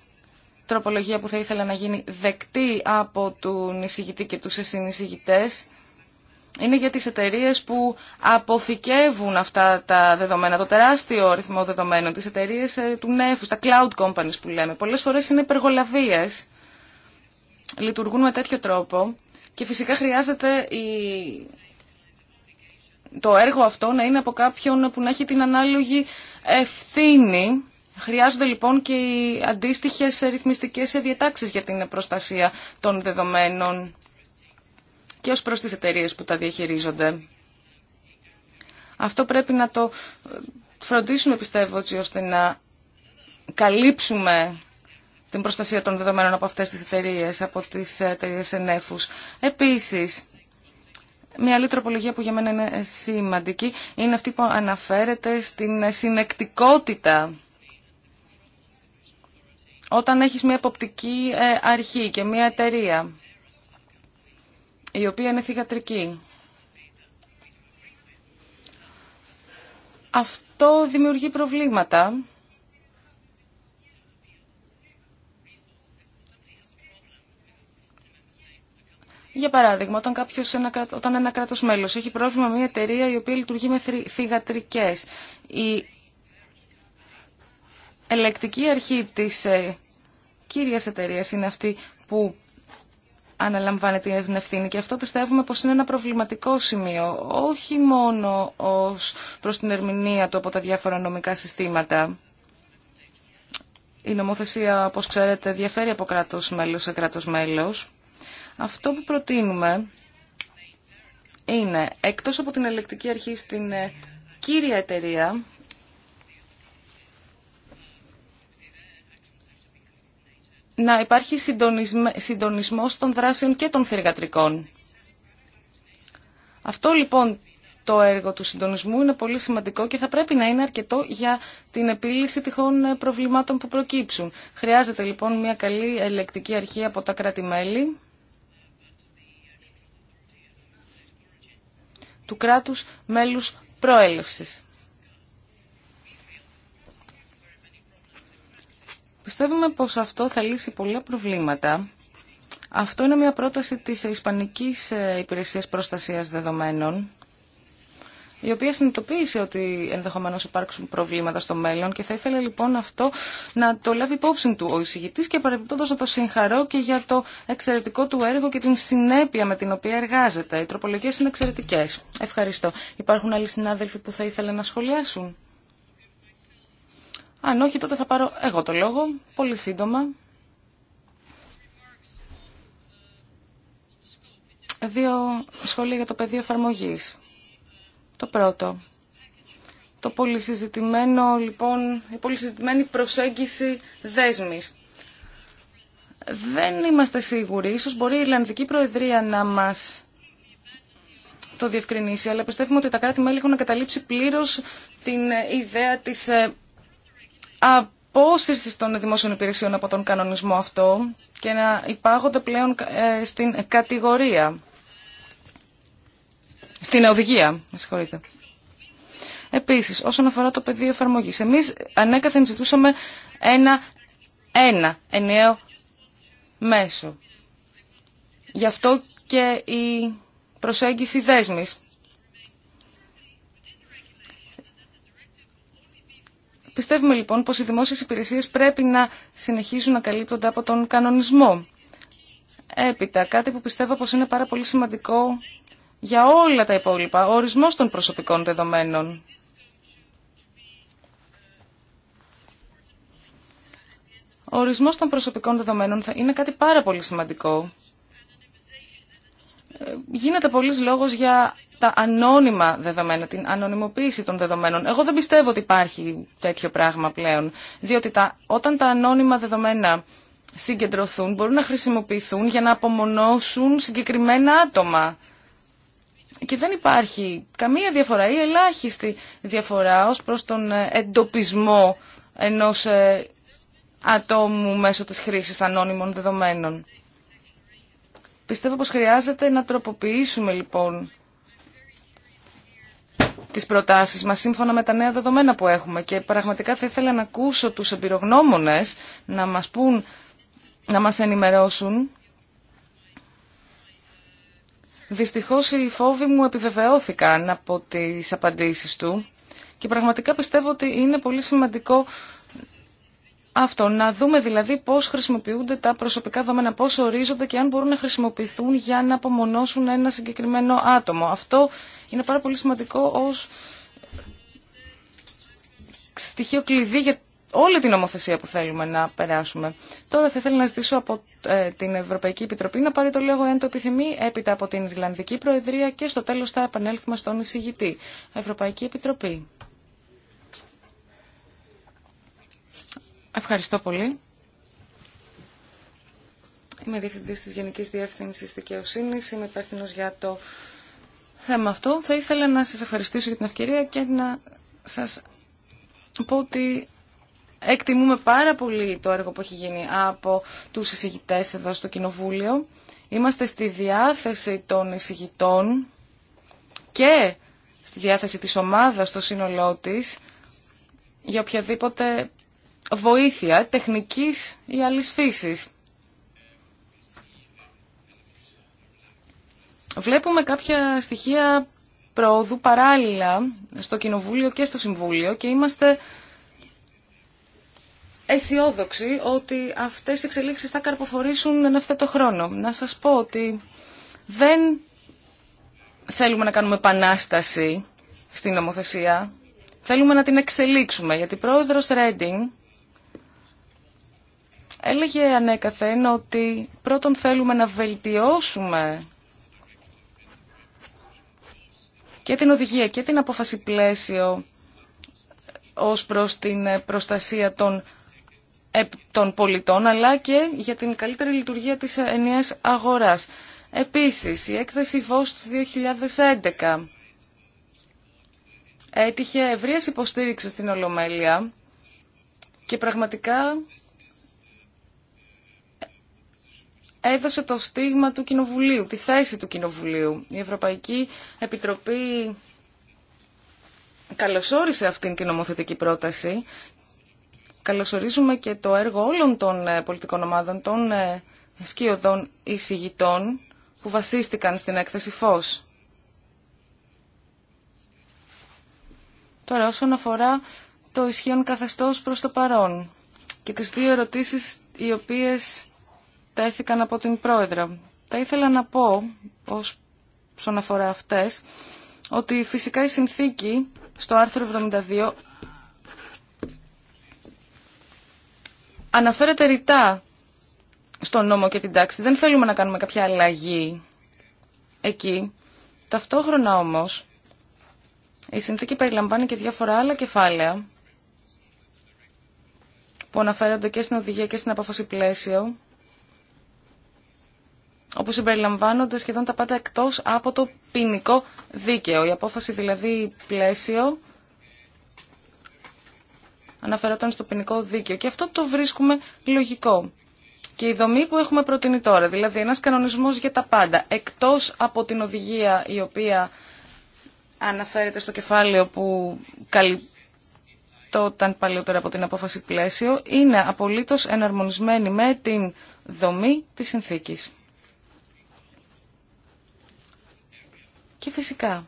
τροπολογία που θα ήθελα να γίνει δεκτή από τον εισηγητή και τους συνεισηγητές είναι για τις εταιρείε που αποθηκεύουν αυτά τα δεδομένα, το τεράστιο ρυθμό δεδομένων, τις εταιρείε ε, του νέφους, τα cloud companies που λέμε. Πολλές φορές είναι υπεργολαβίες, λειτουργούν με τέτοιο τρόπο και φυσικά χρειάζεται η... το έργο αυτό να είναι από κάποιον που να έχει την ανάλογη ευθύνη Χρειάζονται λοιπόν και οι αντίστοιχες ρυθμιστικές διατάξει για την προστασία των δεδομένων και ως προς τις εταιρείες που τα διαχειρίζονται. Αυτό πρέπει να το φροντίσουμε πιστεύω έτσι ώστε να καλύψουμε την προστασία των δεδομένων από αυτές τις εταιρείε, από τις εταιρείε ενέφους. Επίσης, μια άλλη τροπολογία που για μένα είναι σημαντική είναι αυτή που αναφέρεται στην συνεκτικότητα όταν έχεις μια εποπτική ε, αρχή και μια εταιρεία η οποία είναι θηγατρική. Αυτό δημιουργεί προβλήματα. Για παράδειγμα, όταν, κάποιος, ένα, όταν ένα κράτος μέλος έχει πρόβλημα με μια εταιρεία η οποία λειτουργεί με θηγατρικές, η ελεκτική αρχή της κύρια ε, κύριας εταιρείας είναι αυτή που αναλαμβάνει την ευθύνη και αυτό πιστεύουμε πως είναι ένα προβληματικό σημείο, όχι μόνο ως προς την ερμηνεία του από τα διάφορα νομικά συστήματα. Η νομοθεσία, όπως ξέρετε, διαφέρει από κράτος μέλος σε κράτος μέλος. Αυτό που προτείνουμε είναι, εκτός από την ελεκτική αρχή στην ε, κύρια εταιρεία, να υπάρχει συντονισμός των δράσεων και των θεργατρικών. Αυτό λοιπόν το έργο του συντονισμού είναι πολύ σημαντικό και θα πρέπει να είναι αρκετό για την επίλυση τυχόν ε, προβλημάτων που προκύψουν. Χρειάζεται λοιπόν μια καλή ελεκτική αρχή από τα κράτη-μέλη του κράτους μέλους προέλευσης. Πιστεύουμε πως αυτό θα λύσει πολλά προβλήματα. Αυτό είναι μια πρόταση της Ισπανικής ε, Υπηρεσίας Προστασίας Δεδομένων, η οποία συνειδητοποίησε ότι ενδεχομένως υπάρξουν προβλήματα στο μέλλον και θα ήθελε λοιπόν αυτό να το λάβει υπόψη του ο εισηγητής και παρεμπιπτόντως να το συγχαρώ και για το εξαιρετικό του έργο και την συνέπεια με την οποία εργάζεται. Οι τροπολογίες είναι εξαιρετικές. Ευχαριστώ. Υπάρχουν άλλοι συνάδελφοι που θα ήθελαν να σχολιάσουν. Αν όχι, τότε θα πάρω εγώ το λόγο, πολύ σύντομα. Δύο σχόλια για το πεδίο εφαρμογή. Το πρώτο. Το πολύ λοιπόν, η πολύ συζητημένη προσέγγιση δέσμης. Δεν είμαστε σίγουροι. Ίσως μπορεί η Ιρλανδική Προεδρία να μας το διευκρινίσει, αλλά πιστεύουμε ότι τα κράτη-μέλη έχουν καταλήψει πλήρως την ε, ιδέα της ε, απόσυρση των δημόσιων υπηρεσιών από τον κανονισμό αυτό και να υπάγονται πλέον ε, στην κατηγορία, στην οδηγία, συγχωρείτε. Επίσης, όσον αφορά το πεδίο εφαρμογή, εμείς ανέκαθεν ζητούσαμε ένα, ένα ενιαίο μέσο. Γι' αυτό και η προσέγγιση δέσμης Πιστεύουμε λοιπόν πως οι δημόσιες υπηρεσίες πρέπει να συνεχίσουν να καλύπτονται από τον κανονισμό. Έπειτα, κάτι που πιστεύω πως είναι πάρα πολύ σημαντικό για όλα τα υπόλοιπα, ο ορισμός των προσωπικών δεδομένων. Ο ορισμός των προσωπικών δεδομένων θα είναι κάτι πάρα πολύ σημαντικό. Ε, γίνεται πολλής λόγος για τα ανώνυμα δεδομένα, την ανωνυμοποίηση των δεδομένων. Εγώ δεν πιστεύω ότι υπάρχει τέτοιο πράγμα πλέον, διότι τα, όταν τα ανώνυμα δεδομένα συγκεντρωθούν, μπορούν να χρησιμοποιηθούν για να απομονώσουν συγκεκριμένα άτομα. Και δεν υπάρχει καμία διαφορά ή ελάχιστη διαφορά ως προς τον ε, εντοπισμό ενός ε, ατόμου μέσω της χρήσης ανώνυμων δεδομένων. Πιστεύω πως χρειάζεται να τροποποιήσουμε λοιπόν τις προτάσεις μας σύμφωνα με τα νέα δεδομένα που έχουμε και πραγματικά θα ήθελα να ακούσω του εμπειρογνώμονε να μας πούν, να μας ενημερώσουν. Δυστυχώ οι φόβοι μου επιβεβαιώθηκαν από τι απαντήσει του και πραγματικά πιστεύω ότι είναι πολύ σημαντικό αυτό, να δούμε δηλαδή πώς χρησιμοποιούνται τα προσωπικά δεδομένα, πώς ορίζονται και αν μπορούν να χρησιμοποιηθούν για να απομονώσουν ένα συγκεκριμένο άτομο. Αυτό είναι πάρα πολύ σημαντικό ως στοιχείο κλειδί για όλη την νομοθεσία που θέλουμε να περάσουμε. Τώρα θα ήθελα να ζητήσω από ε, την Ευρωπαϊκή Επιτροπή να πάρει το λόγο αν το επιθυμεί, έπειτα από την Ιρλανδική Προεδρία και στο τέλος θα επανέλθουμε στον εισηγητή. Ευρωπαϊκή Επιτροπή. Ευχαριστώ πολύ. Είμαι διευθυντή τη Γενική Διεύθυνση Δικαιοσύνη. είμαι υπεύθυνο για το θέμα αυτό. Θα ήθελα να σας ευχαριστήσω για την ευκαιρία και να σας πω ότι εκτιμούμε πάρα πολύ το έργο που έχει γίνει από τους εισηγητέ εδώ στο Κοινοβούλιο. Είμαστε στη διάθεση των εισηγητών και στη διάθεση της ομάδας στο σύνολό της για οποιαδήποτε βοήθεια τεχνικής ή άλλης φύσης. Βλέπουμε κάποια στοιχεία προόδου παράλληλα στο Κοινοβούλιο και στο Συμβούλιο και είμαστε αισιόδοξοι ότι αυτές οι εξελίξεις θα καρποφορήσουν εν το χρόνο. Να σας πω ότι δεν θέλουμε να κάνουμε επανάσταση στην νομοθεσία, θέλουμε να την εξελίξουμε, γιατί πρόεδρος Ρέντινγκ έλεγε ανέκαθεν ότι πρώτον θέλουμε να βελτιώσουμε και την οδηγία και την απόφαση πλαίσιο ως προς την προστασία των, των πολιτών, αλλά και για την καλύτερη λειτουργία της ενιαίας αγοράς. Επίσης, η έκθεση ΒΟΣ του 2011 έτυχε ευρείας υποστήριξη στην Ολομέλεια και πραγματικά έδωσε το στίγμα του Κοινοβουλίου, τη θέση του Κοινοβουλίου. Η Ευρωπαϊκή Επιτροπή καλωσόρισε αυτήν την νομοθετική πρόταση. Καλωσορίζουμε και το έργο όλων των ε, πολιτικών ομάδων, των ε, σκιωδών εισηγητών που βασίστηκαν στην έκθεση ΦΟΣ. Τώρα όσον αφορά το ισχύον καθεστώς προς το παρόν και τις δύο ερωτήσεις οι οποίες τέθηκαν από την Πρόεδρα. Θα ήθελα να πω, όσον αφορά αυτές, ότι φυσικά η συνθήκη στο άρθρο 72 αναφέρεται ρητά στον νόμο και την τάξη. Δεν θέλουμε να κάνουμε κάποια αλλαγή εκεί. Ταυτόχρονα όμως, η συνθήκη περιλαμβάνει και διάφορα άλλα κεφάλαια που αναφέρονται και στην οδηγία και στην απόφαση πλαίσιο όπου συμπεριλαμβάνονται σχεδόν τα πάντα εκτός από το ποινικό δίκαιο. Η απόφαση δηλαδή πλαίσιο αναφερόταν στο ποινικό δίκαιο και αυτό το βρίσκουμε λογικό. Και η δομή που έχουμε προτείνει τώρα, δηλαδή ένας κανονισμός για τα πάντα, εκτός από την οδηγία η οποία αναφέρεται στο κεφάλαιο που καλυπτόταν παλιότερα από την απόφαση πλαίσιο, είναι απολύτως εναρμονισμένη με την δομή της συνθήκης. Και φυσικά,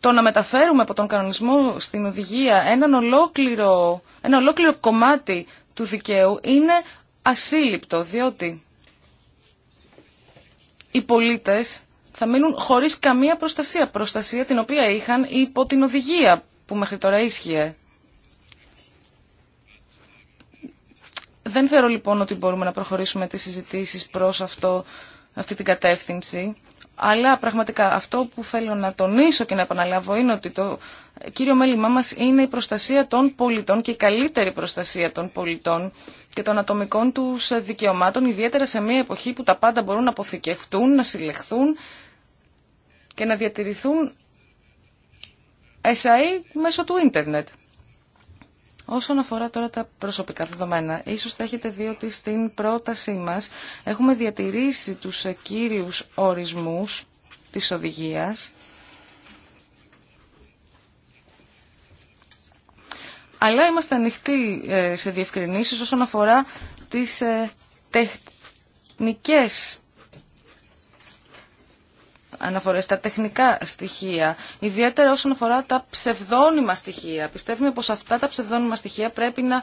το να μεταφέρουμε από τον κανονισμό στην οδηγία έναν ολόκληρο, ένα ολόκληρο κομμάτι του δικαίου είναι ασύλληπτο, διότι οι πολίτες θα μείνουν χωρίς καμία προστασία. Προστασία την οποία είχαν υπό την οδηγία που μέχρι τώρα ίσχυε. Δεν θεωρώ λοιπόν ότι μπορούμε να προχωρήσουμε τις συζητήσεις προς αυτό αυτή την κατεύθυνση. Αλλά πραγματικά αυτό που θέλω να τονίσω και να επαναλάβω είναι ότι το κύριο μέλημά μας είναι η προστασία των πολιτών και η καλύτερη προστασία των πολιτών και των ατομικών τους δικαιωμάτων, ιδιαίτερα σε μια εποχή που τα πάντα μπορούν να αποθηκευτούν, να συλλεχθούν και να διατηρηθούν εσάι μέσω του ίντερνετ. Όσον αφορά τώρα τα προσωπικά δεδομένα, ίσως θα έχετε δει ότι στην πρότασή μας έχουμε διατηρήσει τους κύριους ορισμούς της οδηγίας, αλλά είμαστε ανοιχτοί ε, σε διευκρινήσεις όσον αφορά τις ε, τεχνικές αναφορές, τα τεχνικά στοιχεία, ιδιαίτερα όσον αφορά τα ψευδόνυμα στοιχεία. Πιστεύουμε πως αυτά τα ψευδόνυμα στοιχεία πρέπει να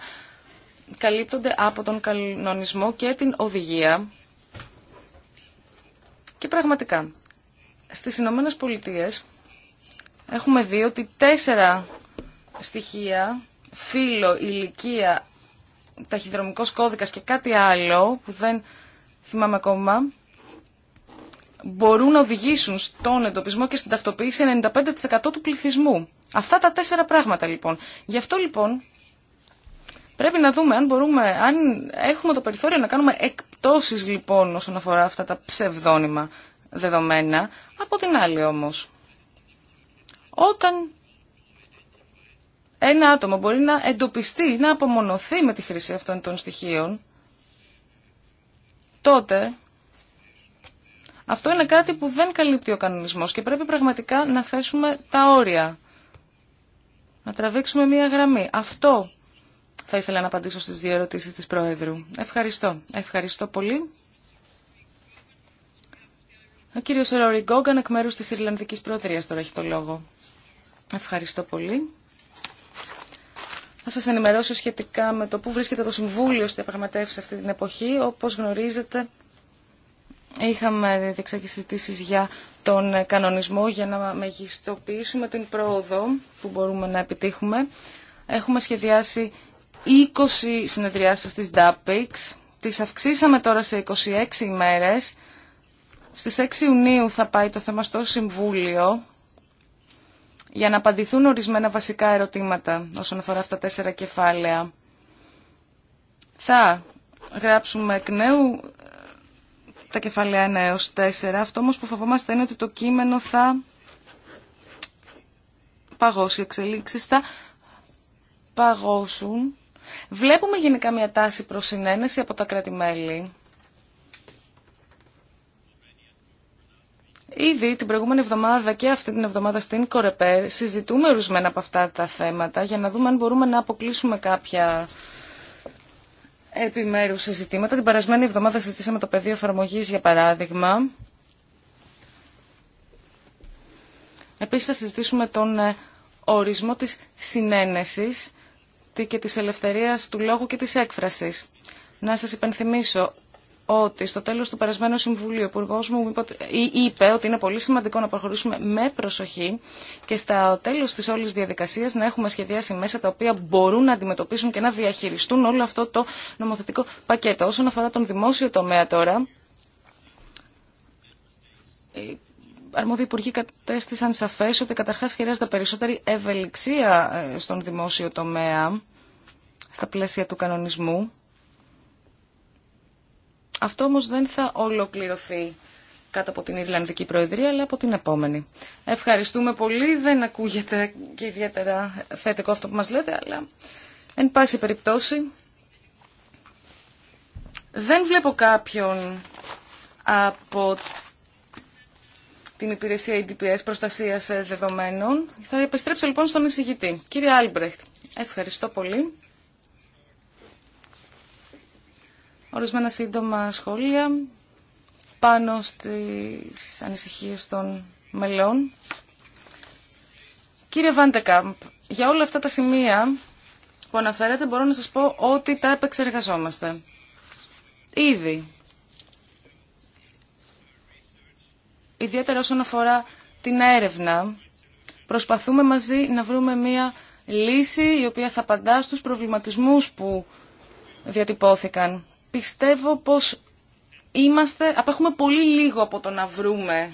καλύπτονται από τον κανονισμό και την οδηγία. Και πραγματικά, στις Ηνωμένε Πολιτείε έχουμε δει ότι τέσσερα στοιχεία, φύλλο, ηλικία, ταχυδρομικός κώδικας και κάτι άλλο που δεν θυμάμαι ακόμα, μπορούν να οδηγήσουν στον εντοπισμό και στην ταυτοποίηση 95% του πληθυσμού. Αυτά τα τέσσερα πράγματα λοιπόν. Γι' αυτό λοιπόν πρέπει να δούμε αν, μπορούμε, αν έχουμε το περιθώριο να κάνουμε εκπτώσεις λοιπόν όσον αφορά αυτά τα ψευδόνυμα δεδομένα. Από την άλλη όμως, όταν ένα άτομο μπορεί να εντοπιστεί, να απομονωθεί με τη χρήση αυτών των στοιχείων, τότε αυτό είναι κάτι που δεν καλύπτει ο κανονισμός και πρέπει πραγματικά να θέσουμε τα όρια. Να τραβήξουμε μία γραμμή. Αυτό θα ήθελα να απαντήσω στις δύο ερωτήσεις της Πρόεδρου. Ευχαριστώ. Ευχαριστώ πολύ. Ο κύριος Ρόρι Γκόγκαν εκ μέρους της Ιρλανδικής Προεδρίας τώρα έχει το λόγο. Ευχαριστώ πολύ. Θα σας ενημερώσω σχετικά με το πού βρίσκεται το Συμβούλιο στη διαπραγματεύσεις αυτή την εποχή. Όπως γνωρίζετε, Είχαμε διεξάγει συζητήσει για τον κανονισμό για να μεγιστοποιήσουμε την πρόοδο που μπορούμε να επιτύχουμε. Έχουμε σχεδιάσει 20 συνεδριάσεις της DAPIX. Τις αυξήσαμε τώρα σε 26 ημέρες. Στις 6 Ιουνίου θα πάει το θέμα στο Συμβούλιο για να απαντηθούν ορισμένα βασικά ερωτήματα όσον αφορά αυτά τα τέσσερα κεφάλαια. Θα γράψουμε εκ νέου τα κεφάλαια 1 έως 4. Αυτό όμως που φοβόμαστε είναι ότι το κείμενο θα παγώσει. Οι εξελίξεις θα παγώσουν. Βλέπουμε γενικά μια τάση προσυνένεση συνένεση από τα κράτη-μέλη. Ήδη την προηγούμενη εβδομάδα και αυτή την εβδομάδα στην Κορεπέρ συζητούμε ορισμένα από αυτά τα θέματα για να δούμε αν μπορούμε να αποκλείσουμε κάποια επιμέρους συζητήματα. Την παρασμένη εβδομάδα συζητήσαμε το πεδίο εφαρμογή, για παράδειγμα. Επίσης θα συζητήσουμε τον ε, ορισμό της συνένεσης και της ελευθερίας του λόγου και της έκφρασης. Να σας υπενθυμίσω ότι στο τέλος του περασμένου Συμβουλίου ο υπουργό μου είπε ότι είναι πολύ σημαντικό να προχωρήσουμε με προσοχή και στο τέλος της όλης διαδικασίας να έχουμε σχεδιάσει μέσα τα οποία μπορούν να αντιμετωπίσουν και να διαχειριστούν όλο αυτό το νομοθετικό πακέτο. Όσον αφορά τον δημόσιο τομέα τώρα, οι αρμόδιοι υπουργοί κατέστησαν σαφές ότι καταρχά χρειάζεται περισσότερη ευελιξία ε, στον δημόσιο τομέα στα πλαίσια του κανονισμού αυτό όμω δεν θα ολοκληρωθεί κάτω από την Ιρλανδική Προεδρία, αλλά από την επόμενη. Ευχαριστούμε πολύ. Δεν ακούγεται και ιδιαίτερα θετικό αυτό που μας λέτε, αλλά εν πάση περιπτώσει δεν βλέπω κάποιον από την υπηρεσία EDPS προστασίας ε, δεδομένων. Θα επιστρέψω λοιπόν στον εισηγητή. Κύριε Άλμπρεχτ, ευχαριστώ πολύ. ορισμένα σύντομα σχόλια πάνω στις ανησυχίες των μελών. Κύριε Βάντεκαμπ, για όλα αυτά τα σημεία που αναφέρετε μπορώ να σας πω ότι τα επεξεργαζόμαστε. Ήδη. Ιδιαίτερα όσον αφορά την έρευνα, προσπαθούμε μαζί να βρούμε μία λύση η οποία θα απαντά στους προβληματισμούς που διατυπώθηκαν πιστεύω πως είμαστε, απέχουμε πολύ λίγο από το να βρούμε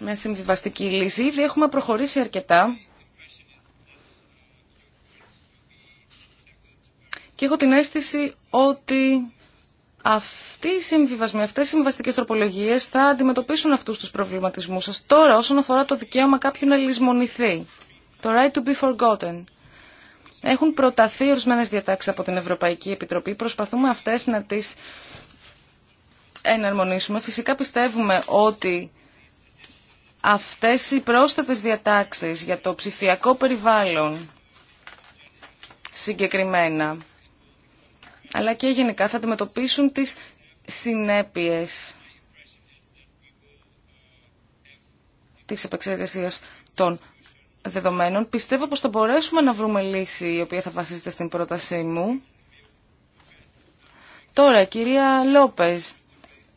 μια συμβιβαστική λύση. Ήδη έχουμε προχωρήσει αρκετά. Και έχω την αίσθηση ότι αυτοί οι συμβιβασμοί, αυτές οι συμβιβαστικές τροπολογίες θα αντιμετωπίσουν αυτούς τους προβληματισμούς σας. Τώρα όσον αφορά το δικαίωμα κάποιου να λησμονηθεί, το right to be forgotten, έχουν προταθεί ορισμένε διατάξει από την Ευρωπαϊκή Επιτροπή. Προσπαθούμε αυτέ να τι εναρμονίσουμε. Φυσικά πιστεύουμε ότι αυτές οι πρόσθετες διατάξεις για το ψηφιακό περιβάλλον συγκεκριμένα, αλλά και γενικά θα αντιμετωπίσουν τις συνέπειες της επεξεργασίας των δεδομένων, πιστεύω πως θα μπορέσουμε να βρούμε λύση η οποία θα βασίζεται στην πρότασή μου. Τώρα, κυρία Λόπες,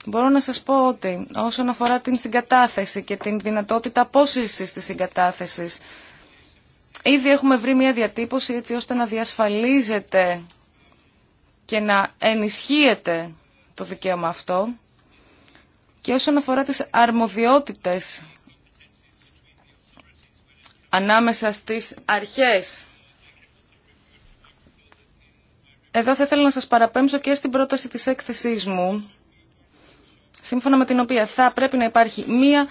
μπορώ να σας πω ότι όσον αφορά την συγκατάθεση και την δυνατότητα απόσυρσης της συγκατάθεσης, ήδη έχουμε βρει μια διατύπωση έτσι ώστε να διασφαλίζεται και να ενισχύεται το δικαίωμα αυτό. Και όσον αφορά τις αρμοδιότητες ανάμεσα στις αρχές. Εδώ θα ήθελα να σας παραπέμψω και στην πρόταση της έκθεσής μου, σύμφωνα με την οποία θα πρέπει να υπάρχει μία,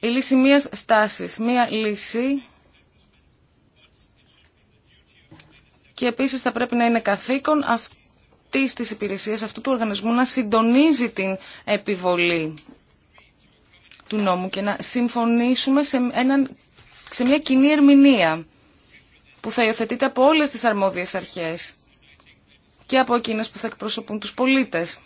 η λύση μίας στάσης, μία λύση και επίσης θα πρέπει να είναι καθήκον αυτής της υπηρεσίας, αυτού του οργανισμού να συντονίζει την επιβολή του νόμου και να συμφωνήσουμε σε έναν σε μια κοινή ερμηνεία που θα υιοθετείται από όλες τις αρμόδιες αρχές και από εκείνες που θα εκπροσωπούν τους πολίτες.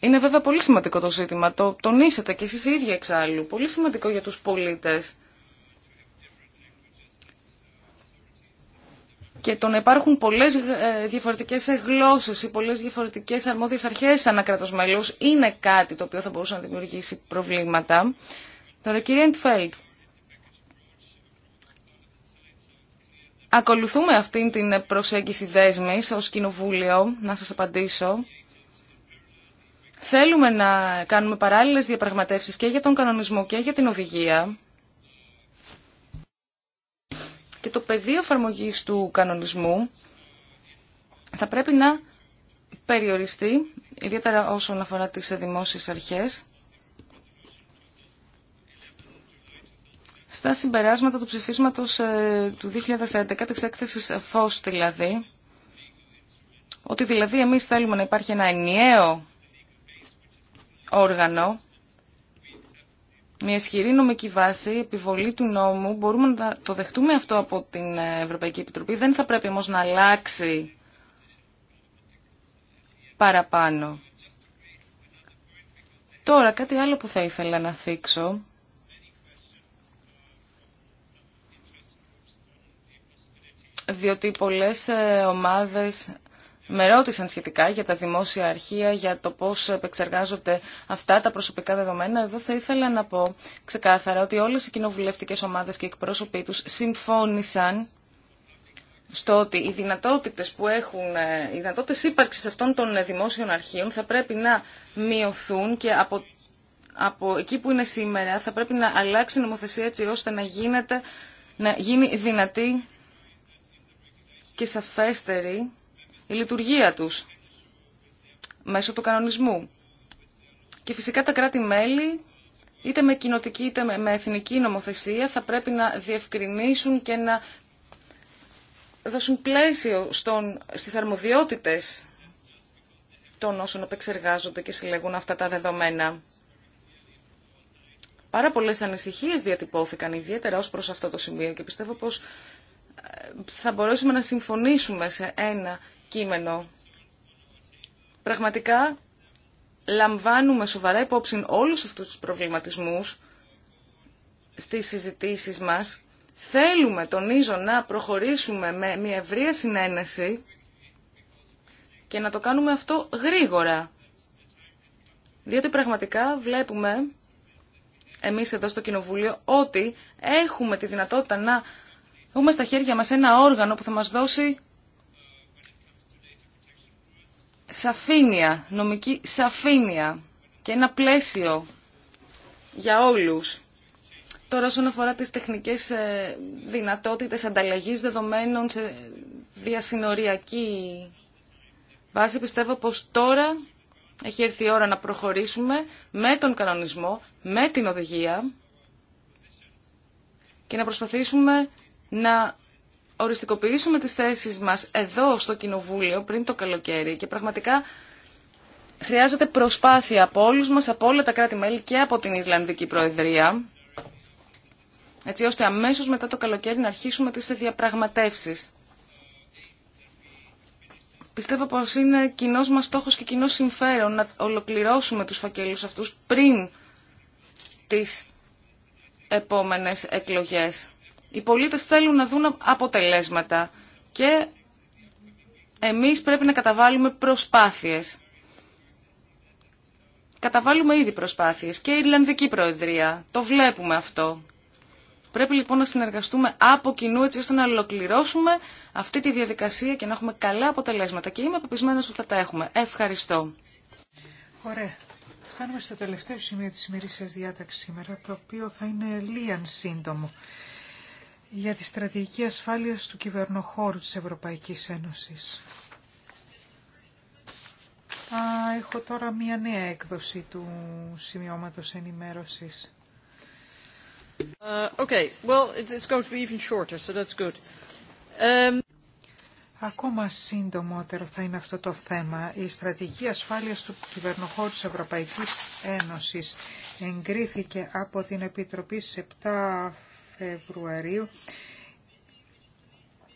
Είναι βέβαια πολύ σημαντικό το ζήτημα, το τονίσατε και εσείς οι ίδιοι εξάλλου, πολύ σημαντικό για τους πολίτες. Και το να υπάρχουν πολλέ ε, διαφορετικέ γλώσσε ή πολλέ διαφορετικέ αρμόδιες αρχέ ανά κράτος είναι κάτι το οποίο θα μπορούσε να δημιουργήσει προβλήματα. Τώρα, κύριε Εντφέλτ, ακολουθούμε αυτήν την προσέγγιση δέσμης ως κοινοβούλιο, να σας απαντήσω. Θέλουμε να κάνουμε παράλληλες διαπραγματεύσεις και για τον κανονισμό και για την οδηγία. Και το πεδίο εφαρμογή του κανονισμού θα πρέπει να περιοριστεί, ιδιαίτερα όσον αφορά τις δημόσιες αρχές, στα συμπεράσματα του ψηφίσματος ε, του 2011, της έκθεσης ΦΟΣ δηλαδή, ότι δηλαδή εμείς θέλουμε να υπάρχει ένα ενιαίο όργανο, μια ισχυρή νομική βάση, επιβολή του νόμου, μπορούμε να το δεχτούμε αυτό από την ε, Ευρωπαϊκή Επιτροπή, δεν θα πρέπει όμως να αλλάξει παραπάνω. Τώρα κάτι άλλο που θα ήθελα να θίξω διότι πολλές ε, ομάδες με ρώτησαν σχετικά για τα δημόσια αρχεία, για το πώς επεξεργάζονται αυτά τα προσωπικά δεδομένα. Εδώ θα ήθελα να πω ξεκάθαρα ότι όλες οι κοινοβουλευτικές ομάδες και οι εκπρόσωποι τους συμφώνησαν στο ότι οι δυνατότητες που έχουν, ε, οι δυνατότητες ύπαρξης αυτών των δημόσιων αρχείων θα πρέπει να μειωθούν και από, από εκεί που είναι σήμερα θα πρέπει να αλλάξει η νομοθεσία έτσι ώστε να, γίνεται, να γίνει δυνατή και σαφέστερη η λειτουργία τους μέσω του κανονισμού. Και φυσικά τα κράτη-μέλη, είτε με κοινοτική είτε με εθνική νομοθεσία, θα πρέπει να διευκρινίσουν και να δώσουν πλαίσιο στον, στις αρμοδιότητες των όσων επεξεργάζονται και συλλέγουν αυτά τα δεδομένα. Πάρα πολλές ανησυχίες διατυπώθηκαν ιδιαίτερα ως προς αυτό το σημείο και πιστεύω πως θα μπορέσουμε να συμφωνήσουμε σε ένα κείμενο. Πραγματικά λαμβάνουμε σοβαρά υπόψη όλους αυτούς τους προβληματισμούς στις συζητήσεις μας. Θέλουμε, τονίζω, να προχωρήσουμε με μια ευρεία συνένεση και να το κάνουμε αυτό γρήγορα. Διότι πραγματικά βλέπουμε εμείς εδώ στο Κοινοβούλιο ότι έχουμε τη δυνατότητα να Έχουμε στα χέρια μας ένα όργανο που θα μας δώσει σαφήνεια, νομική σαφήνεια και ένα πλαίσιο για όλους. Τώρα όσον αφορά τις τεχνικές ε, δυνατότητες ανταλλαγής δεδομένων σε διασυνοριακή βάση, πιστεύω πως τώρα έχει έρθει η ώρα να προχωρήσουμε με τον κανονισμό, με την οδηγία και να προσπαθήσουμε να οριστικοποιήσουμε τις θέσεις μας εδώ στο Κοινοβούλιο πριν το καλοκαίρι και πραγματικά χρειάζεται προσπάθεια από όλους μας, από όλα τα κράτη-μέλη και από την Ιρλανδική Προεδρία έτσι ώστε αμέσως μετά το καλοκαίρι να αρχίσουμε τις διαπραγματεύσεις. Πιστεύω πως είναι κοινό μας στόχος και κοινό συμφέρον να ολοκληρώσουμε τους φακελούς αυτούς πριν τις επόμενες εκλογές. Οι πολίτες θέλουν να δουν αποτελέσματα και εμείς πρέπει να καταβάλουμε προσπάθειες. Καταβάλουμε ήδη προσπάθειες και η Ιρλανδική Προεδρία. Το βλέπουμε αυτό. Πρέπει λοιπόν να συνεργαστούμε από κοινού έτσι ώστε να ολοκληρώσουμε αυτή τη διαδικασία και να έχουμε καλά αποτελέσματα. Και είμαι πεπισμένος ότι θα τα έχουμε. Ευχαριστώ. Ωραία. Φτάνουμε στο τελευταίο σημείο της σημερινής διάταξης σήμερα, το οποίο θα είναι λίγαν σύντομο για τη στρατηγική ασφάλειας του κυβερνοχώρου της Ευρωπαϊκής Ένωσης. έχω τώρα μία νέα έκδοση του σημειώματος ενημέρωσης. Ε, okay. well, it's going to be even shorter, so that's good. Ακόμα σύντομότερο θα είναι αυτό το θέμα. Η στρατηγική ασφάλειας του κυβερνοχώρου της Ευρωπαϊκής Ένωσης εγκρίθηκε από την Επιτροπή σε 7 Φεβρουαρίου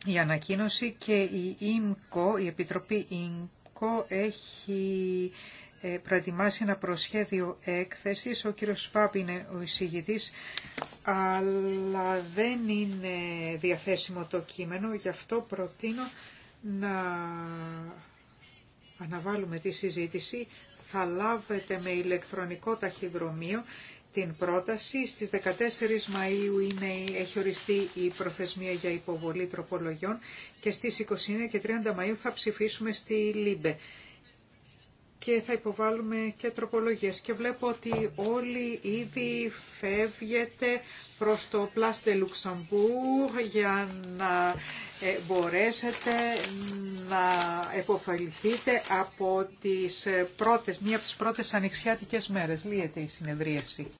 η ανακοίνωση και η ΙΜΚΟ, η Επιτροπή ΙΜΚΟ έχει ε, προετοιμάσει ένα προσχέδιο έκθεσης. Ο κύριος Σφάπ είναι ο εισηγητής, αλλά δεν είναι διαθέσιμο το κείμενο, γι' αυτό προτείνω να αναβάλουμε τη συζήτηση. Θα λάβετε με ηλεκτρονικό ταχυδρομείο την πρόταση. Στις 14 Μαΐου είναι, έχει οριστεί η προθεσμία για υποβολή τροπολογιών και στις 29 και 30 Μαΐου θα ψηφίσουμε στη ΛΥΜΠΕ και θα υποβάλουμε και τροπολογίες. Και βλέπω ότι όλοι ήδη φεύγετε προς το Place de για να ε, μπορέσετε να εποφαληθείτε από τις ε, πρώτες, μία από τις πρώτες ανοιξιάτικες μέρες. Λύεται η συνεδρίαση.